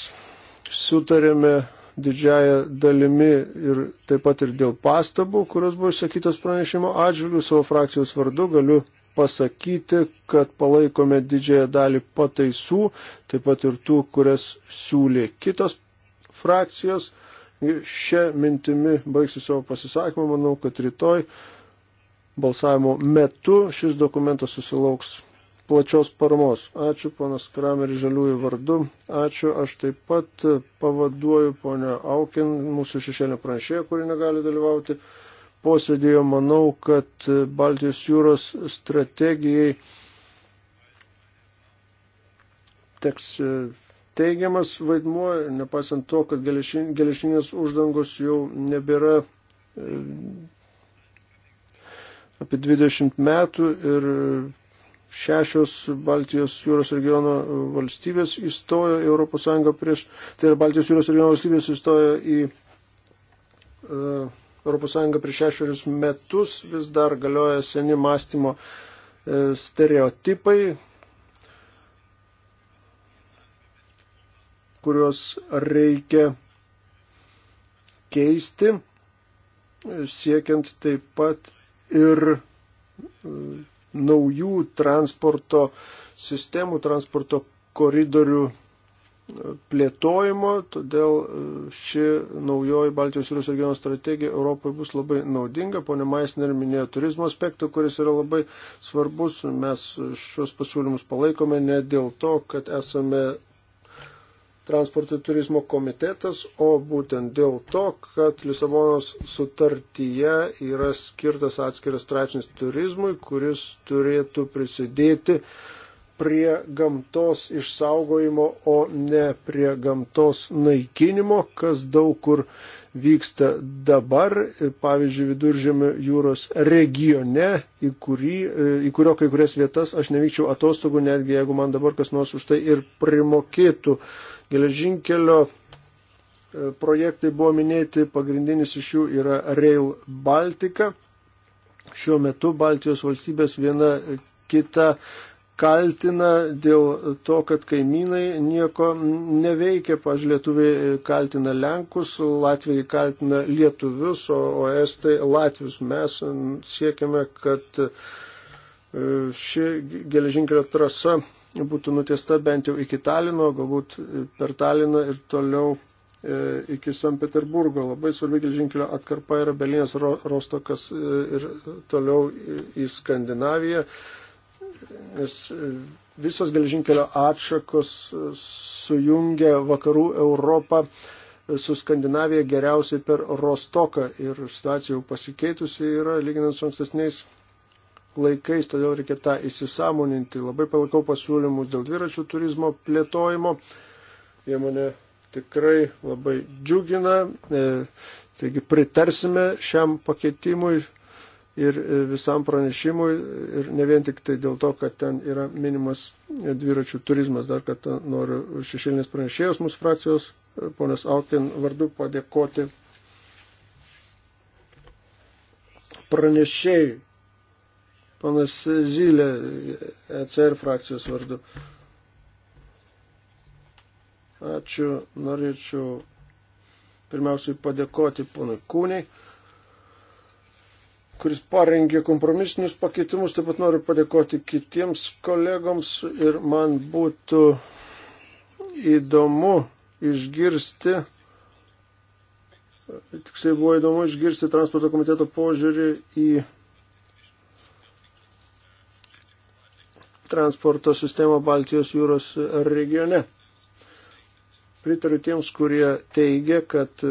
sutarėme didžiaja dalimi ir taip pat ir dėl pastabų, kurios buvo išsakytos pranešimo atžvilgių savo frakcijos vardu, galiu pasakyti, kad palaikome didžiąją dalį pataisų, taip pat ir tų, kurias siūlė kitos frakcijos. Šią mintimį baigsiu savo pasisakymą, manau, kad rytoj balsavimo metu šis dokumentas susilauks plačios paramos. Ačiū ponas Kramer žaliųjų vardu. Ačiū. Aš taip pat pavaduoju ponę Aukin, mūsų šešėlio pranešėją, kuri negali dalyvauti posėdėje. Manau, kad Baltijos jūros strategijai teks teigiamas vaidmuo, nepasant to, kad geležinės uždangos jau nebėra e, apie 20 metų ir šešios Baltijos jūros regiono valstybės įstojo į Europos Sąjungą prieš, tai yra Baltijos jūros regiono valstybės įstojo į uh, Europos Sąjungą prieš šešerius metus, vis dar galioja seni mąstymo uh, stereotipai, kuriuos reikia keisti, siekiant taip pat ir uh, naujų transporto sistemų, transporto koridorių e, plėtojimo, todėl e, ši naujoji Baltijos jūros regiono strategija Europai bus labai naudinga. Pone Maisner minėjo turizmo aspektą, kuris yra labai svarbus. Mes šios pasiūlymus palaikome ne dėl to, kad esame transporto turizmo komitetas, o būtent dėl to, kad Lisabonos sutartyje yra skirtas atskiras straipsnis turizmui, kuris turėtų prisidėti prie gamtos išsaugojimo, o ne prie gamtos naikinimo, kas daug kur vyksta dabar, pavyzdžiui, viduržėmio jūros regione, į, kurį, į kurio kai kurias vietas aš nevykčiau atostogų, netgi jeigu man dabar kas nors už tai ir primokėtų. Uh, Geležinkelio e, projektai buvo minėti, pagrindinis iš jų yra Rail Baltica. Šiuo metu Baltijos valstybės viena kita kaltina dėl to, kad kaimynai nieko neveikia. Pavyzdžiui, lietuviai kaltina Lenkus, Latvijai kaltina lietuvius, o, o estai Latvius. Mes siekiame, kad e, ši geležinkelio trasa būtų nutiesta bent jau iki Talino, galbūt per Taliną ir toliau e, iki San Peterburgo. Labai svarbi gelžinkelio atkarpa yra Belinės Rostokas e, ir toliau į Skandinaviją, nes e, visos gelžinkelio atšakos sujungia vakarų Europą su Skandinavija geriausiai per Rostoką ir situacija jau pasikeitusi yra, lyginant su ankstesniais laikais, todėl reikia tą įsisamoninti. Labai palaikau pasiūlymus dėl dviračių turizmo plėtojimo. Jie mane tikrai labai džiugina. E, taigi pritarsime šiam pakeitimui ir e, visam pranešimui ir ne vien tik tai dėl to, kad ten yra minimas dviračių turizmas. Dar kartą noriu šešėlinės pranešėjos mūsų frakcijos, e, ponios Aukin, vardu padėkoti pranešėjai Panas Zylė, ECR frakcijos vardu. Ačiū, norėčiau pirmiausiai padėkoti ponui Kūniai, kuris parengė kompromisinius pakeitimus, taip pat noriu padėkoti kitiems kolegoms ir man būtų įdomu išgirsti, tiksliai buvo įdomu išgirsti transporto komiteto požiūrį į transporto sistemą Baltijos jūros regione. Pritariu tiems, kurie teigia, kad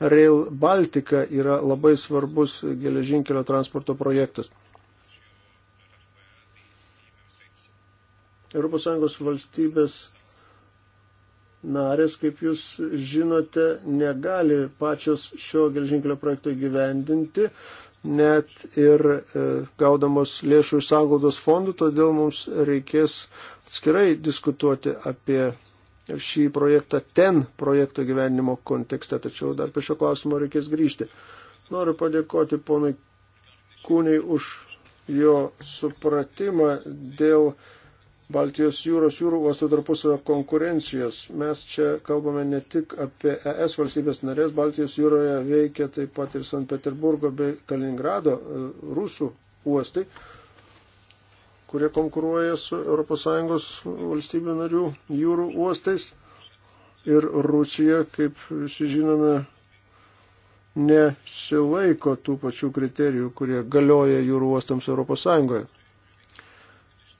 Rail Baltica yra labai svarbus geležinkelio transporto projektas. ES valstybės narės, kaip jūs žinote, negali pačios šio gelžinkelio projekto įgyvendinti, net ir e, gaudamos lėšų iš sąnglaudos fondų, todėl mums reikės atskirai diskutuoti apie šį projektą ten projekto gyvenimo kontekste, tačiau dar prie šio klausimo reikės grįžti. Noriu padėkoti ponui Kūniai už jo supratimą dėl Baltijos jūros jūrų uostų tarpusavio konkurencijos. Mes čia kalbame ne tik apie ES valstybės narės, Baltijos jūroje veikia taip pat ir St. Peterburgo bei Kaliningrado e, rusų uostai, kurie konkuruoja su ES valstybių narių jūrų uostais. Ir Rusija, kaip visi žinome, nesilaiko tų pačių kriterijų, kurie galioja jūrų uostams ES.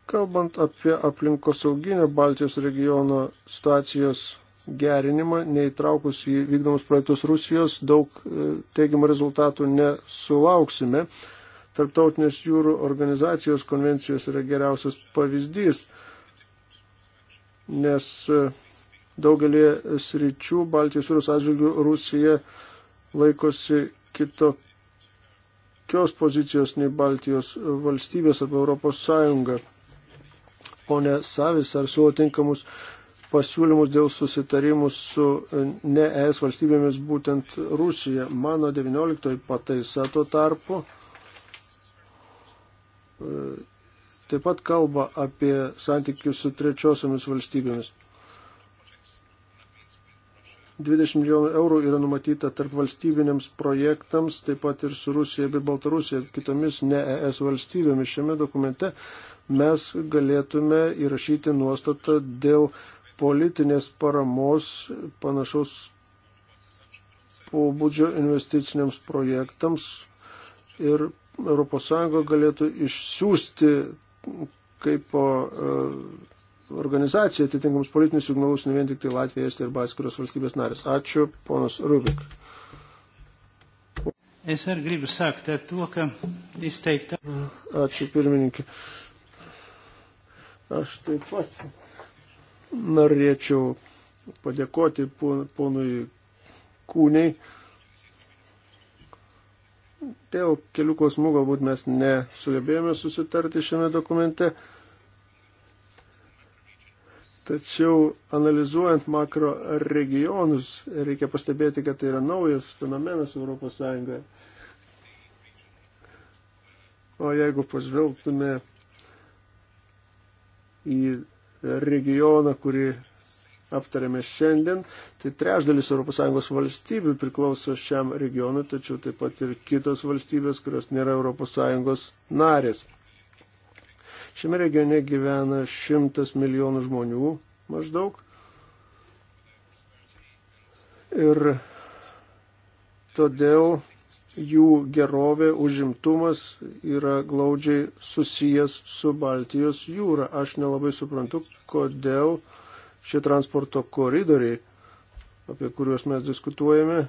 Kalbant apie aplinkosauginę Baltijos regiono situacijos gerinimą, neįtraukus į vykdomus projektus Rusijos, daug e, teigiamų rezultatų nesulauksime. Tarptautinės jūrų organizacijos konvencijos yra geriausias pavyzdys, nes e, daugelį sričių Baltijos jūros atžvilgių Rusija laikosi kitokios pozicijos nei Baltijos valstybės arba Europos Sąjunga ponė Savis, ar siūlo tinkamus pasiūlymus dėl susitarimų su e, ne ES valstybėmis, būtent Rusija. Mano 19 pataisa tuo tarpu e, taip pat kalba apie santykius su trečiosiamis valstybėmis. 20 milijonų eurų yra numatyta tarp valstybinėms projektams, taip pat ir su Rusija bei Baltarusija, kitomis ne ES valstybėmis. Šiame dokumente mes galėtume įrašyti nuostatą dėl politinės paramos panašaus pobūdžio investiciniams projektams ir ES galėtų išsiųsti kaip e, organizacija atitinkamus politinius signalus ne vien tik tai Latvija, Estija arba atskiros valstybės narės. Ačiū, ponas Rubik. Es ar gribu sākt ar to, ka izteikta. Ačiū, pirmininkė. Uh, Aš taip pat norėčiau padėkoti ponui Kūniai. Dėl kelių klausimų galbūt mes nesugebėjome susitarti šiame dokumente. Tačiau analizuojant makro regionus, reikia pastebėti, kad tai yra naujas fenomenas Europos Sąjungoje. O jeigu pažvelgtume į regioną, kurį aptarėme šiandien, tai trešdalis ES valstybių priklauso šiam regionui, tačiau taip pat ir kitos valstybės, kurios nėra ES narės. Šiame regione gyvena šimtas milijonų žmonių maždaug. Ir todėl jų gerovė, užimtumas yra glaudžiai susijęs su Baltijos jūra. Aš nelabai suprantu, kodėl šie transporto koridoriai, apie kuriuos mes diskutuojame,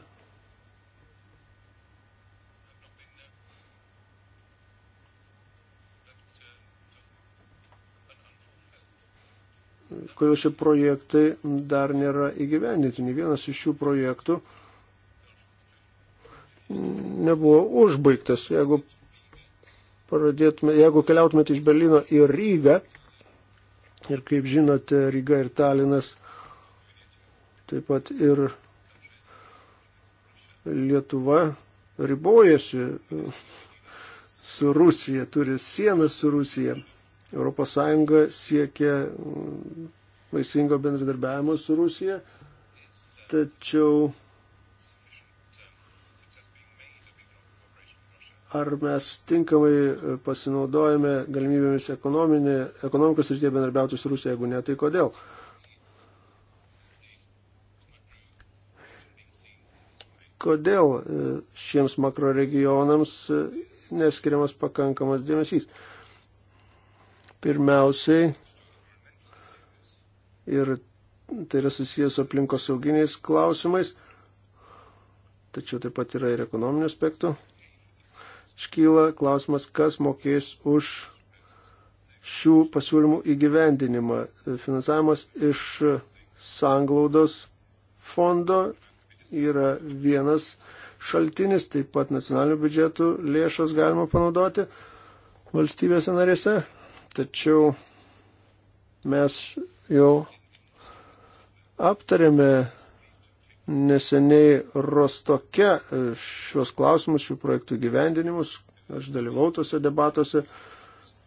kodėl šie projektai dar nėra įgyvendinti. Nei vienas iš šių projektų nebuvo užbaigtas. Jeigu, jeigu keliautumėte iš Berlyno į Rygą, ir kaip žinote, Ryga ir Talinas, taip pat ir Lietuva ribojasi su Rusija, turi sieną su Rusija. Europos Sąjunga siekia vaisingo bendradarbiavimo su Rusija, tačiau ar mes tinkamai e, pasinaudojame galimybėmis ekonomikos ir tie bendarbiauti su Rusija, jeigu ne, tai kodėl? Kodėl e, šiems makroregionams e, neskiriamas pakankamas dėmesys? Pirmiausiai, ir tai yra susijęs su aplinkos sauginiais klausimais, tačiau taip pat yra ir ekonominių aspektų iškyla klausimas, kas mokės už šių pasiūlymų įgyvendinimą. Finansavimas iš sanglaudos fondo yra vienas šaltinis, taip pat nacionalinių biudžetų lėšas galima panaudoti valstybėse narėse, tačiau mes jau aptarėme neseniai Rostoke e, šios klausimus, šių projektų gyvendinimus. Aš dalyvau tose debatuose,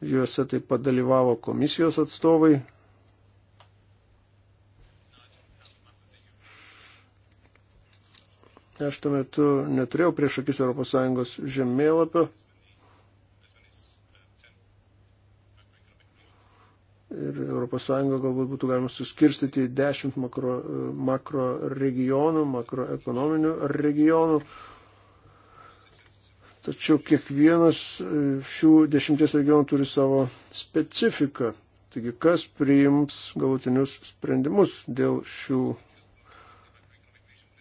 juose taip pat dalyvavo komisijos atstovai. Aš tuo metu neturėjau prieš akis ES žemėlapio, ir ES galbūt būtų galima suskirstyti į dešimt makro, makro regionų, makroekonominių regionų. Tačiau kiekvienas šių dešimties regionų turi savo specifiką. Taigi, kas priims galutinius sprendimus dėl šių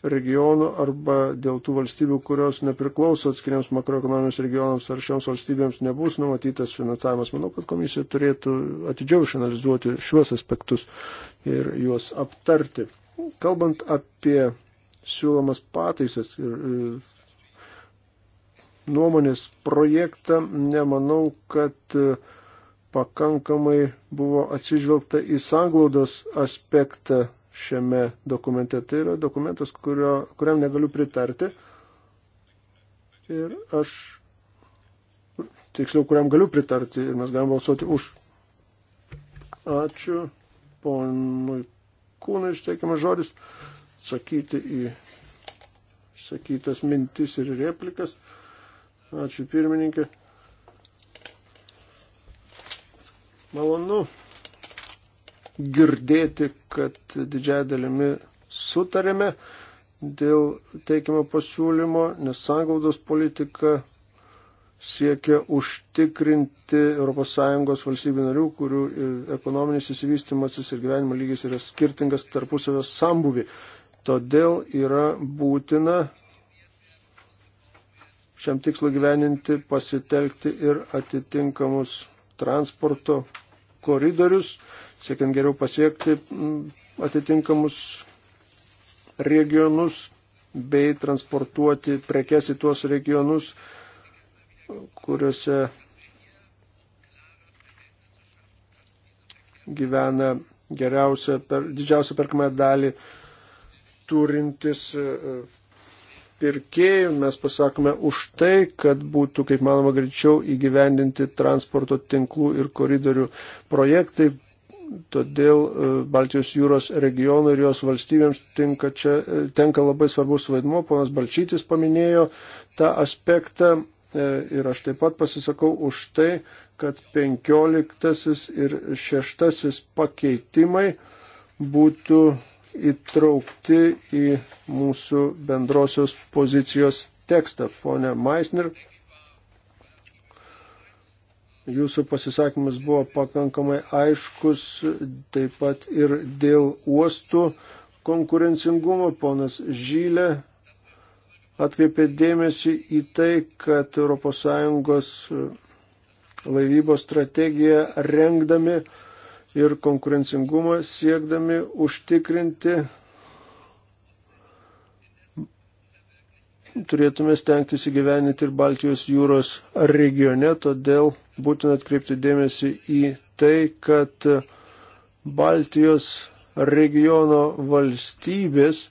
regionų arba dėl tų valstybių, kurios nepriklauso atskiriams makroekonomijos regionams ar šioms valstybėms nebus numatytas finansavimas. Manau, kad komisija turėtų atidžiau išanalizuoti šiuos aspektus ir juos aptarti. Kalbant apie siūlomas pataisas ir e, nuomonės projektą, nemanau, kad e, pakankamai buvo atsižvelgta į sanglaudos aspektą šiame dokumente. Tai yra dokumentas, kurio, kuriam negaliu pritarti. Ir aš, tiksliau, kuriam galiu pritarti ir mes galime balsuoti už. Ačiū ponui Kūnui išteikiamas žodis sakyti į išsakytas mintis ir replikas. Ačiū pirmininkė. Malonu girdėti, kad didžiai dalimi sutarėme dėl teikiamo pasiūlymo, nes sąnglaudos politika siekia užtikrinti ES valstybių narių, kurių ekonominis įsivystimasis ir gyvenimo lygis yra skirtingas tarpusavio sambuvi. Todėl yra būtina šiam tikslu gyveninti, pasitelkti ir atitinkamus transporto koridorius, siekiant geriau pasiekti atitinkamus regionus bei transportuoti prekes į tuos regionus, kuriuose gyvena geriausia, per, didžiausia perkamą dalį turintis e, e, pirkėjų. Mes pasakome už tai, kad būtų kaip manoma greičiau įgyvendinti transporto tinklų ir koridorių projektai, Todėl e, Baltijos jūros regionui ir jos valstybėms tinka čia, e, tenka labai svarbus vaidmuo. Ponas Balčytis paminėjo tą aspektą e, ir aš taip pat pasisakau už tai, kad penkioliktasis ir šeštasis pakeitimai būtų įtraukti į mūsų bendrosios pozicijos tekstą. Pone Maisner jūsų pasisakymas buvo pakankamai aiškus, taip pat ir dėl uostų konkurencingumo. Ponas Žylė atkreipė dėmesį į tai, kad ES laivybos strategiją rengdami ir konkurencingumą siekdami užtikrinti turėtume stengtis įgyveninti ir Baltijos jūros regione, todėl būtina atkreipti dėmesį į tai, kad Baltijos regiono valstybės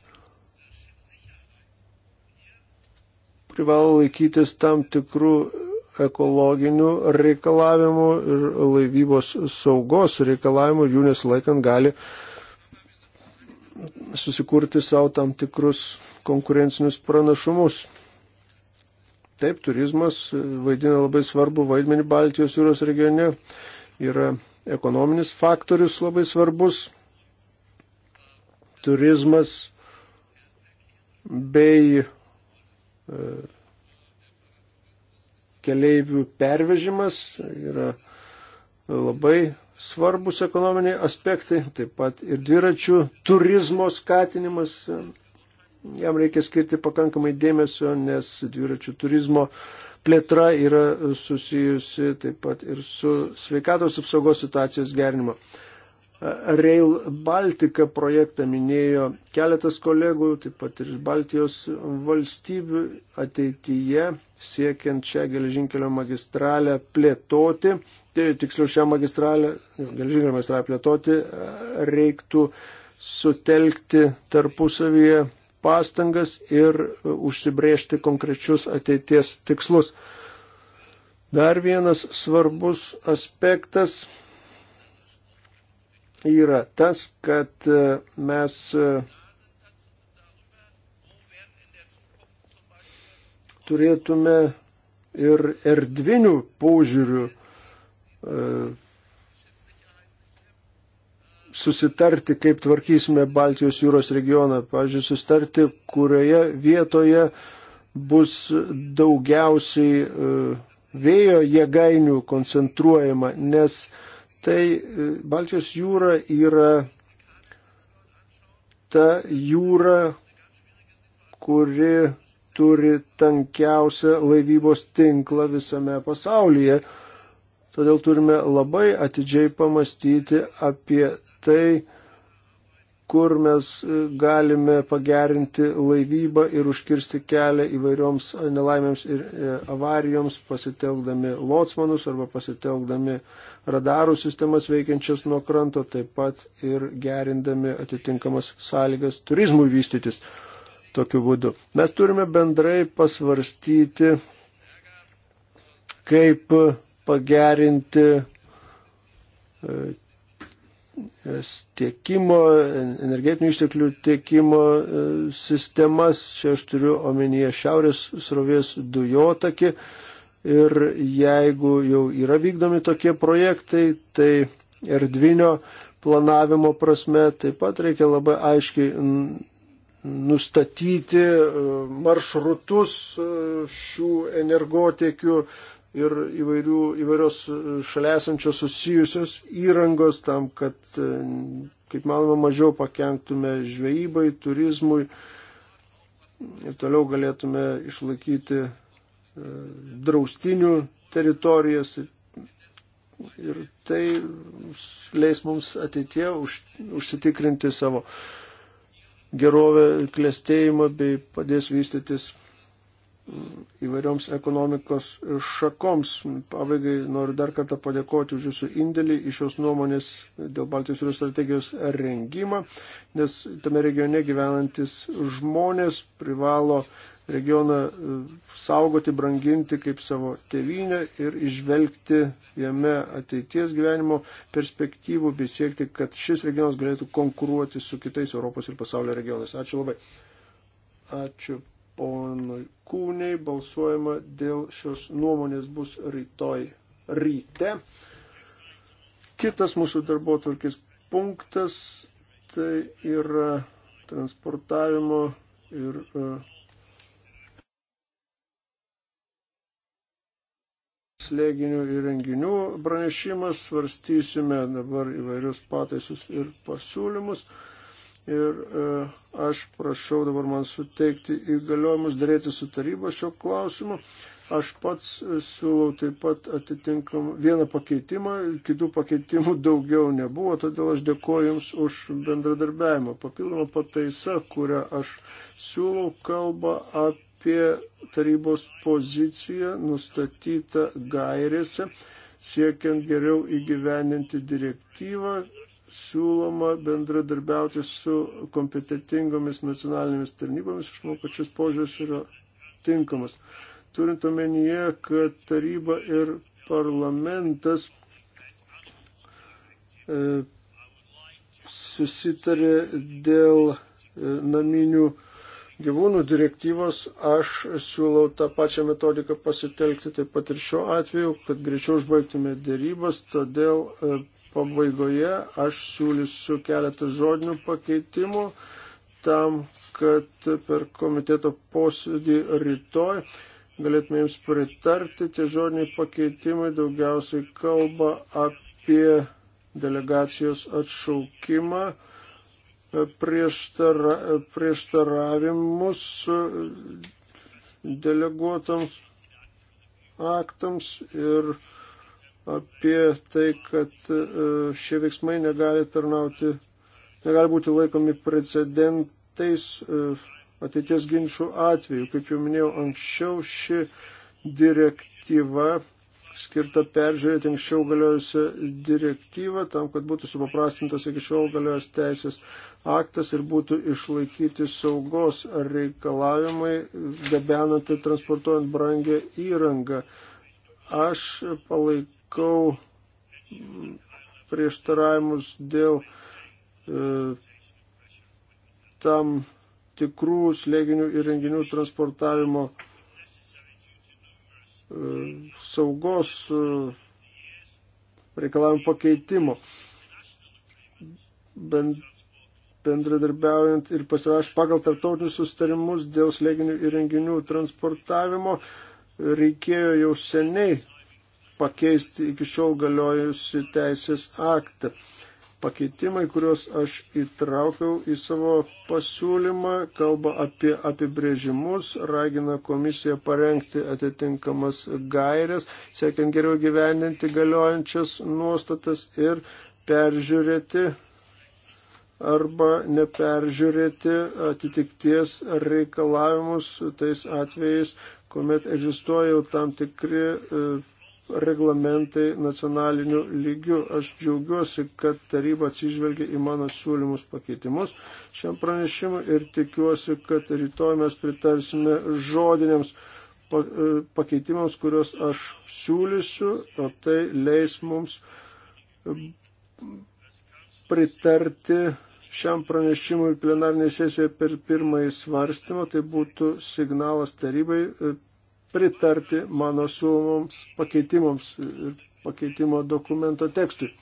privalo laikytis tam tikrų ekologinių reikalavimų ir laivybos saugos reikalavimų ir jų nesilaikant gali susikurti savo tam tikrus konkurencinius pranašumus. Taip, turizmas vaidina labai svarbu vaidmenį Baltijos jūros regione, yra ekonominis faktorius labai svarbus. Turizmas bei e, keleivių pervežimas yra labai svarbus ekonominiai aspektai, taip pat ir dviračių turizmo skatinimas jam reikia skirti pakankamai dėmesio, nes dviračių turizmo plėtra yra susijusi taip pat ir su sveikatos apsaugos situacijos gerinimo. Rail Baltica projektą minėjo keletas kolegų, taip pat ir iš Baltijos valstybių ateityje, siekiant šią geležinkelio magistralę plėtoti, tai, tiksliau šią magistralę, geležinkelio magistralę plėtoti, reiktų sutelkti tarpusavyje pastangas ir e, užsibriežti konkrečius ateities tikslus. Dar vienas svarbus aspektas yra tas, kad e, mes e, turėtume ir erdvinių požiūrių susitarti, kaip tvarkysime Baltijos jūros regioną. Pavyzdžiui, susitarti, kurioje vietoje bus daugiausiai e, vėjo jėgainių koncentruojama, nes tai e, Baltijos jūra yra ta jūra, kuri turi tankiausią laivybos tinklą visame pasaulyje. Todėl turime labai atidžiai pamastyti apie tai, kur mes e, galime pagerinti laivybą ir užkirsti kelią įvairioms e, nelaimėms ir e, avarijoms, pasitelkdami lotsmanus arba pasitelkdami radarų sistemas veikiančias nuo kranto, taip pat ir gerindami atitinkamas sąlygas turizmui vystytis tokiu būdu. Mes turime bendrai pasvarstyti, kaip pagerinti tiekimo, energetinių išteklių tiekimo e, sistemas. Čia aš turiu omenyje šiaurės srovės dujotakį. Ir jeigu jau yra vykdomi tokie projektai, tai erdvinio planavimo prasme taip pat reikia labai aiškiai nustatyti e, maršrutus e, šių energotiekių ir įvairių, įvairios e, šalia esančios susijusios įrangos tam, kad, e, kaip manoma, mažiau pakenktume žvejybai, turizmui ir toliau galėtume išlaikyti e, draustinių teritorijas ir tai leis mums ateitie už, užsitikrinti savo gerovę, klėstėjimą bei padės vystytis įvairioms ekonomikos šakoms. Pabaigai noriu dar kartą padėkoti už jūsų indėlį iš jos nuomonės dėl Baltijos jūros strategijos rengimą, nes tame regione gyvenantis žmonės privalo regioną e, saugoti, branginti kaip savo tevinę ir išvelgti jame ateities gyvenimo perspektyvų bei siekti, kad šis regionas galėtų konkuruoti su kitais Europos ir pasaulio regionais. Ačiū labai. Ačiū ponui Kūniai. Balsuojama dėl šios nuomonės bus rytoj ryte. Kitas mūsų darbo tvarkės punktas tai yra transportavimo ir e, slėginių įrenginių pranešimas. Svarstysime dabar įvairius pataisus ir pasiūlymus. Ir e, aš prašau dabar man suteikti įgaliojimus daryti su taryba šio klausimu. Aš pats e, siūlau taip pat atitinkamą vieną pakeitimą, kitų pakeitimų daugiau nebuvo, todėl aš dėkoju Jums už bendradarbiavimą. Papildoma pataisa, kurią aš siūlau, kalba apie tarybos poziciją nustatytą gairėse, siekiant geriau įgyveninti direktyvą siūloma bendradarbiauti su kompetitingomis nacionalinėmis tarnybomis. Aš manau, kad šis požiūris yra tinkamas. Turint omenyje, kad taryba ir parlamentas e, susitarė dėl e, naminių e, gyvūnų direktyvos, aš siūlau tą pačią metodiką pasitelkti taip pat ir šiuo atveju, kad greičiau užbaigtume dėrybas, todėl e, pabaigoje aš siūlysiu keletą žodinių pakeitimų tam, kad per komiteto posėdį rytoj galėtume jums pritarti. Tie žodiniai pakeitimai daugiausiai kalba apie delegacijos atšaukimą prieštara, prieštaravimus deleguotams aktams ir apie tai, kad e, šie veiksmai negali tarnauti, negali būti laikomi precedentais e, ateities ginčių atveju. Kaip jau minėjau anksčiau, ši direktyva skirta peržiūrėti anksčiau galiojusią direktyvą tam, kad būtų supaprastintas iki šiol galiojęs teisės aktas ir būtų išlaikyti saugos reikalavimai, gabenant ir transportuojant brangę įrangą. Aš palaikau prieštaravimus dėl e, tam tikrų slėginių įrenginių transportavimo saugos e, reikalavimų pakeitimo. Bend, bendradarbiaujant ir pasirašant pagal tarptautinius sustarimus dėl slėginių įrenginių transportavimo, reikėjo jau seniai pakeisti iki šiol galiojusi teisės aktą. Pakeitimai, kuriuos aš įtraukiau į savo pasiūlymą, kalba apie apibrėžimus, ragina komisiją parengti atitinkamas gairias, siekiant geriau gyveninti galiojančias nuostatas ir peržiūrėti arba neperžiūrėti atitikties reikalavimus tais atvejais, kuomet egzistuoja jau tam tikri e, reglamentai nacionaliniu lygiu. Aš džiaugiuosi, kad taryba atsižvelgia į mano siūlymus pakeitimus šiam pranešimui ir tikiuosi, kad rytoj mes pritarsime žodiniams e, pakeitimams, kuriuos aš siūlysiu, o tai leis mums pritarti šiam pranešimui plenarnėje sesijoje per pirmąjį svarstymą, tai būtų signalas tarybai e, pritarti mano siūlomoms pakeitimams ir pakeitimo dokumento tekstui.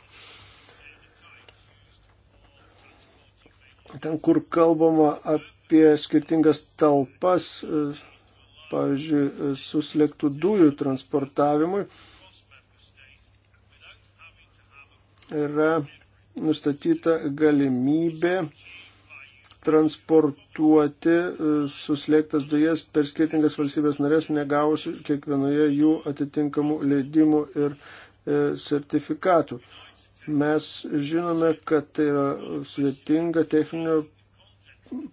Ten, kur kalbama apie skirtingas talpas, pavyzdžiui, suslėgtų dujų transportavimui, yra nustatyta galimybė transportuoti e, suslėgtas dujas per skirtingas valstybės narės, negavus kiekvienoje jų atitinkamų leidimų ir e, sertifikatų. Mes žinome, kad tai yra sudėtinga techninio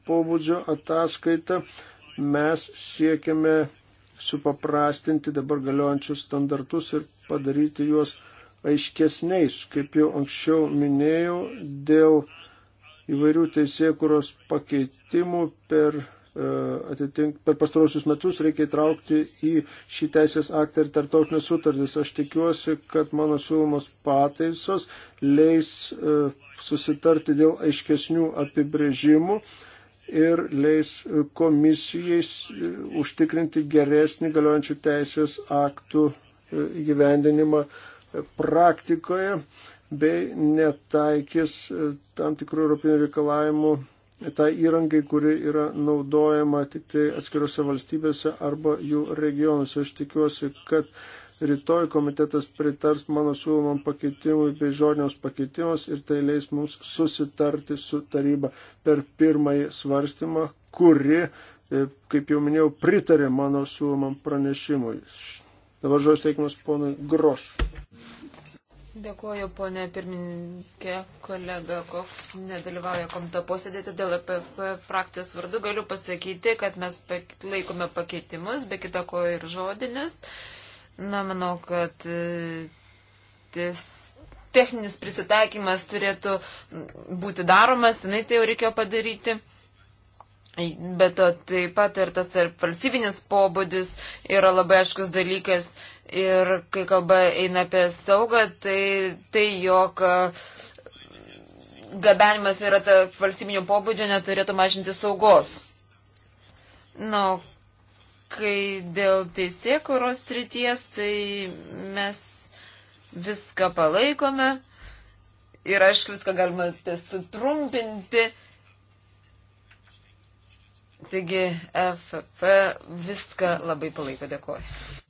pobūdžio ataskaita. Mes siekiame supaprastinti dabar galiojančius standartus ir padaryti juos aiškesniais. Kaip jau anksčiau minėjau, dėl uh, įvairių teisėkuros pakeitimų per, e, atitink, per pastarosius metus reikia įtraukti į šį teisės aktą ir tartautinės sutartys. Aš tikiuosi, kad mano siūlomos pataisos leis e, susitarti dėl aiškesnių apibrėžimų ir leis e, komisijai užtikrinti geresnį galiojančių teisės aktų įgyvendinimą praktikoje. Uh, bei netaikys e, tam tikrų europinių reikalavimų tai įrangai, kuri yra naudojama tik tai atskirose valstybėse arba jų regionuose. Aš tikiuosi, kad rytoj komitetas pritars mano siūlomam pakeitimui bei žodiniams pakeitimas ir tai leis mums susitarti su taryba per pirmąjį svarstymą, kuri, e, kaip jau minėjau, pritarė mano siūlomam pranešimui. Dabar žodis teikimas ponui Groš. Dėkuoju, ponė pirmininkė, kolega Koks nedalyvauja komito posėdėje, todėl apie frakcijos vardu galiu pasakyti, kad mes laikome pakeitimus, be kita ko ir žodinius. Na, manau, kad e, ties, techninis prisitaikymas turėtų būti daromas, jinai tai jau reikėjo padaryti. Bet to taip pat ir tas tarp valstybinis pobūdis yra labai aiškus dalykas Ir kai kalba eina apie saugą, tai, tai jog e, gabenimas yra tarp valstybinio pobūdžio neturėtų mažinti saugos. Na, kai dėl teisėkuros srities, tai mes viską palaikome ir aišku viską galima sutrumpinti. Taigi FFP viską labai palaiko, dėkoju.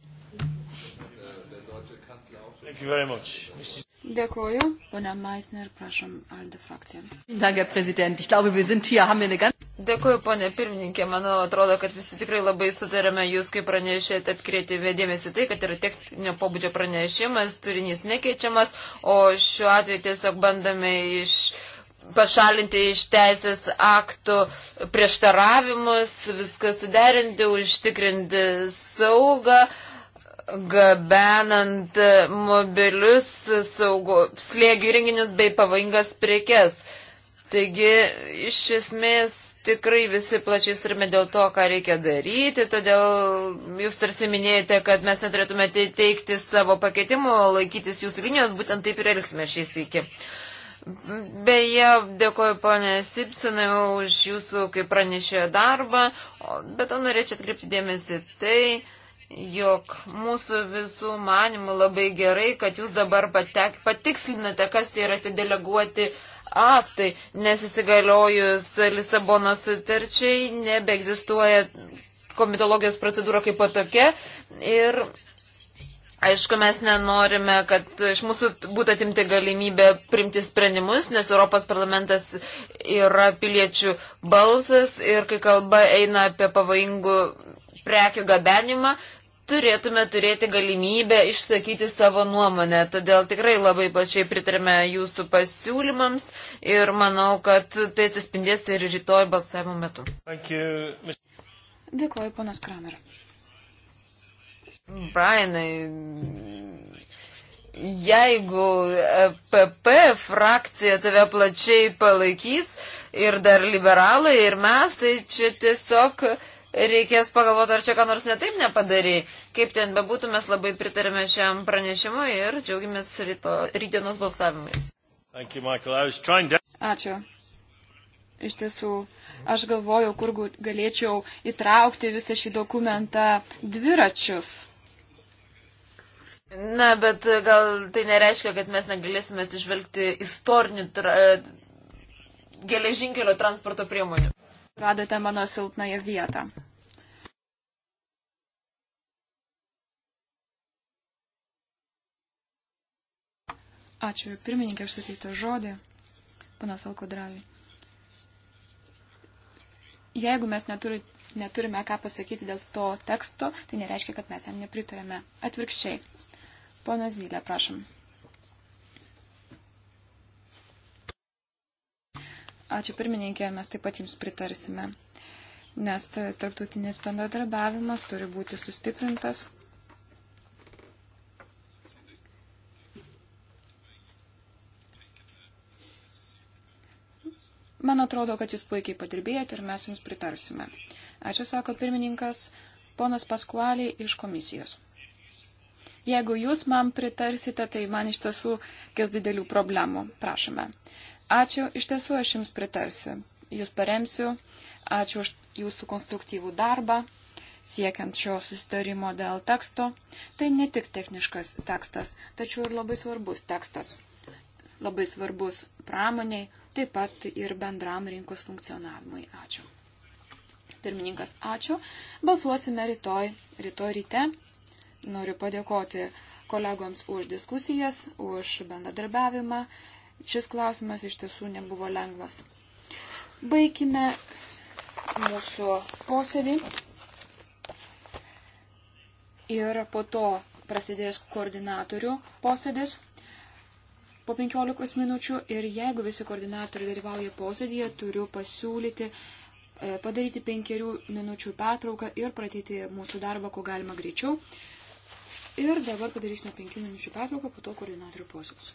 Dėkuoju, ponia Meisner, prašom, Alde frakcija. Dėkuoju, ponė pirmininkė, manau, atrodo, kad visi tikrai labai sutarėme, jūs kaip pranešėte atkreipti vėdėmėsi tai, kad yra techninio pobūdžio pranešimas, turinys nekeičiamas, o šiuo atveju tiesiog bandome iš pašalinti iš teisės aktų prieštaravimus, viską suderinti, užtikrinti saugą, gabenant mobilius saugo, slėgių įrenginius bei pavojingas prekes. Taigi, iš esmės, tikrai visi plačiai turime dėl to, ką reikia daryti, todėl jūs tarsi minėjote, kad mes neturėtume teikti savo pakeitimų, laikytis jūsų linijos, būtent taip ir elgsime šį sėkį. Beje, dėkoju ponė Sipsinai už jūsų kaip pranešėjo darbą, bet to norėčiau atkreipti dėmesį tai, jog mūsų visų manimų labai gerai, kad jūs dabar patek, patikslinate, kas tai yra tie deleguoti aktai, nes įsigaliojus Lisabono sutarčiai nebeegzistuoja komitologijos procedūra kaip patokia ir Aišku, mes nenorime, kad iš mūsų būtų atimti galimybę primti sprendimus, nes Europos parlamentas yra piliečių balsas ir kai kalba eina apie pavojingų prekių gabenimą, turėtume turėti galimybę išsakyti savo nuomonę. Todėl tikrai labai plačiai pritarėme jūsų pasiūlymams ir manau, kad tai atsispindės ir rytoj balsavimo metu. Dėkuoju, ponas Kramer. Brianai, jeigu PP e frakcija tave plačiai palaikys ir dar liberalai ir mes, tai čia tiesiog reikės pagalvoti, ar čia ką nors netaip nepadarė. Kaip ten bebūtų, mes labai pritarėme šiam pranešimui ir džiaugiamės ryto, rydienos balsavimais. You, Ačiū. Iš tiesų, aš galvojau, kur galėčiau įtraukti visą šį dokumentą dviračius. Na, bet gal tai nereiškia, kad mes negalėsime atsižvelgti istorinių tra... geležinkelio transporto priemonių radote mano silpnąją vietą. Ačiū pirmininkė, aš suteiktą žodį, panas Alkodravi. Jeigu mes neturi, neturime ką pasakyti dėl to teksto, tai nereiškia, kad mes jam nepritarėme. Atvirkščiai. Ponas Zylė, prašom. Ačiū pirmininkė, mes taip pat jums pritarsime, nes tarptautinis bendradarbiavimas turi būti sustiprintas. Man atrodo, kad jūs puikiai padirbėjote ir mes jums pritarsime. Ačiū, sako pirmininkas, ponas Paskualiai iš komisijos. Jeigu jūs man pritarsite, tai man iš tiesų kils didelių problemų. Prašome. Ačiū, iš tiesų aš Jums pritarsiu. Jūs paremsiu. Ačiū už Jūsų konstruktyvų darbą, siekiant šio sustarimo dėl teksto. Tai ne tik techniškas tekstas, tačiau ir labai svarbus tekstas. Labai svarbus pramoniai, taip pat ir bendram rinkos funkcionavimui. Ačiū. Pirmininkas, ačiū. Balsuosime rytoj, rytoj ryte. Noriu padėkoti kolegoms už diskusijas, už bendradarbiavimą Šis klausimas iš tiesų nebuvo lengvas. Baigime mūsų posėdį ir po to prasidės koordinatorių posėdis po 15 minučių ir jeigu visi koordinatoriai dalyvauja posėdėje, turiu pasiūlyti e, padaryti penkerių minučių pertrauką ir pradėti mūsų darbą, kuo galima greičiau. Ir dabar padarysime penkių minučių pertrauką, po to koordinatorių posėdis.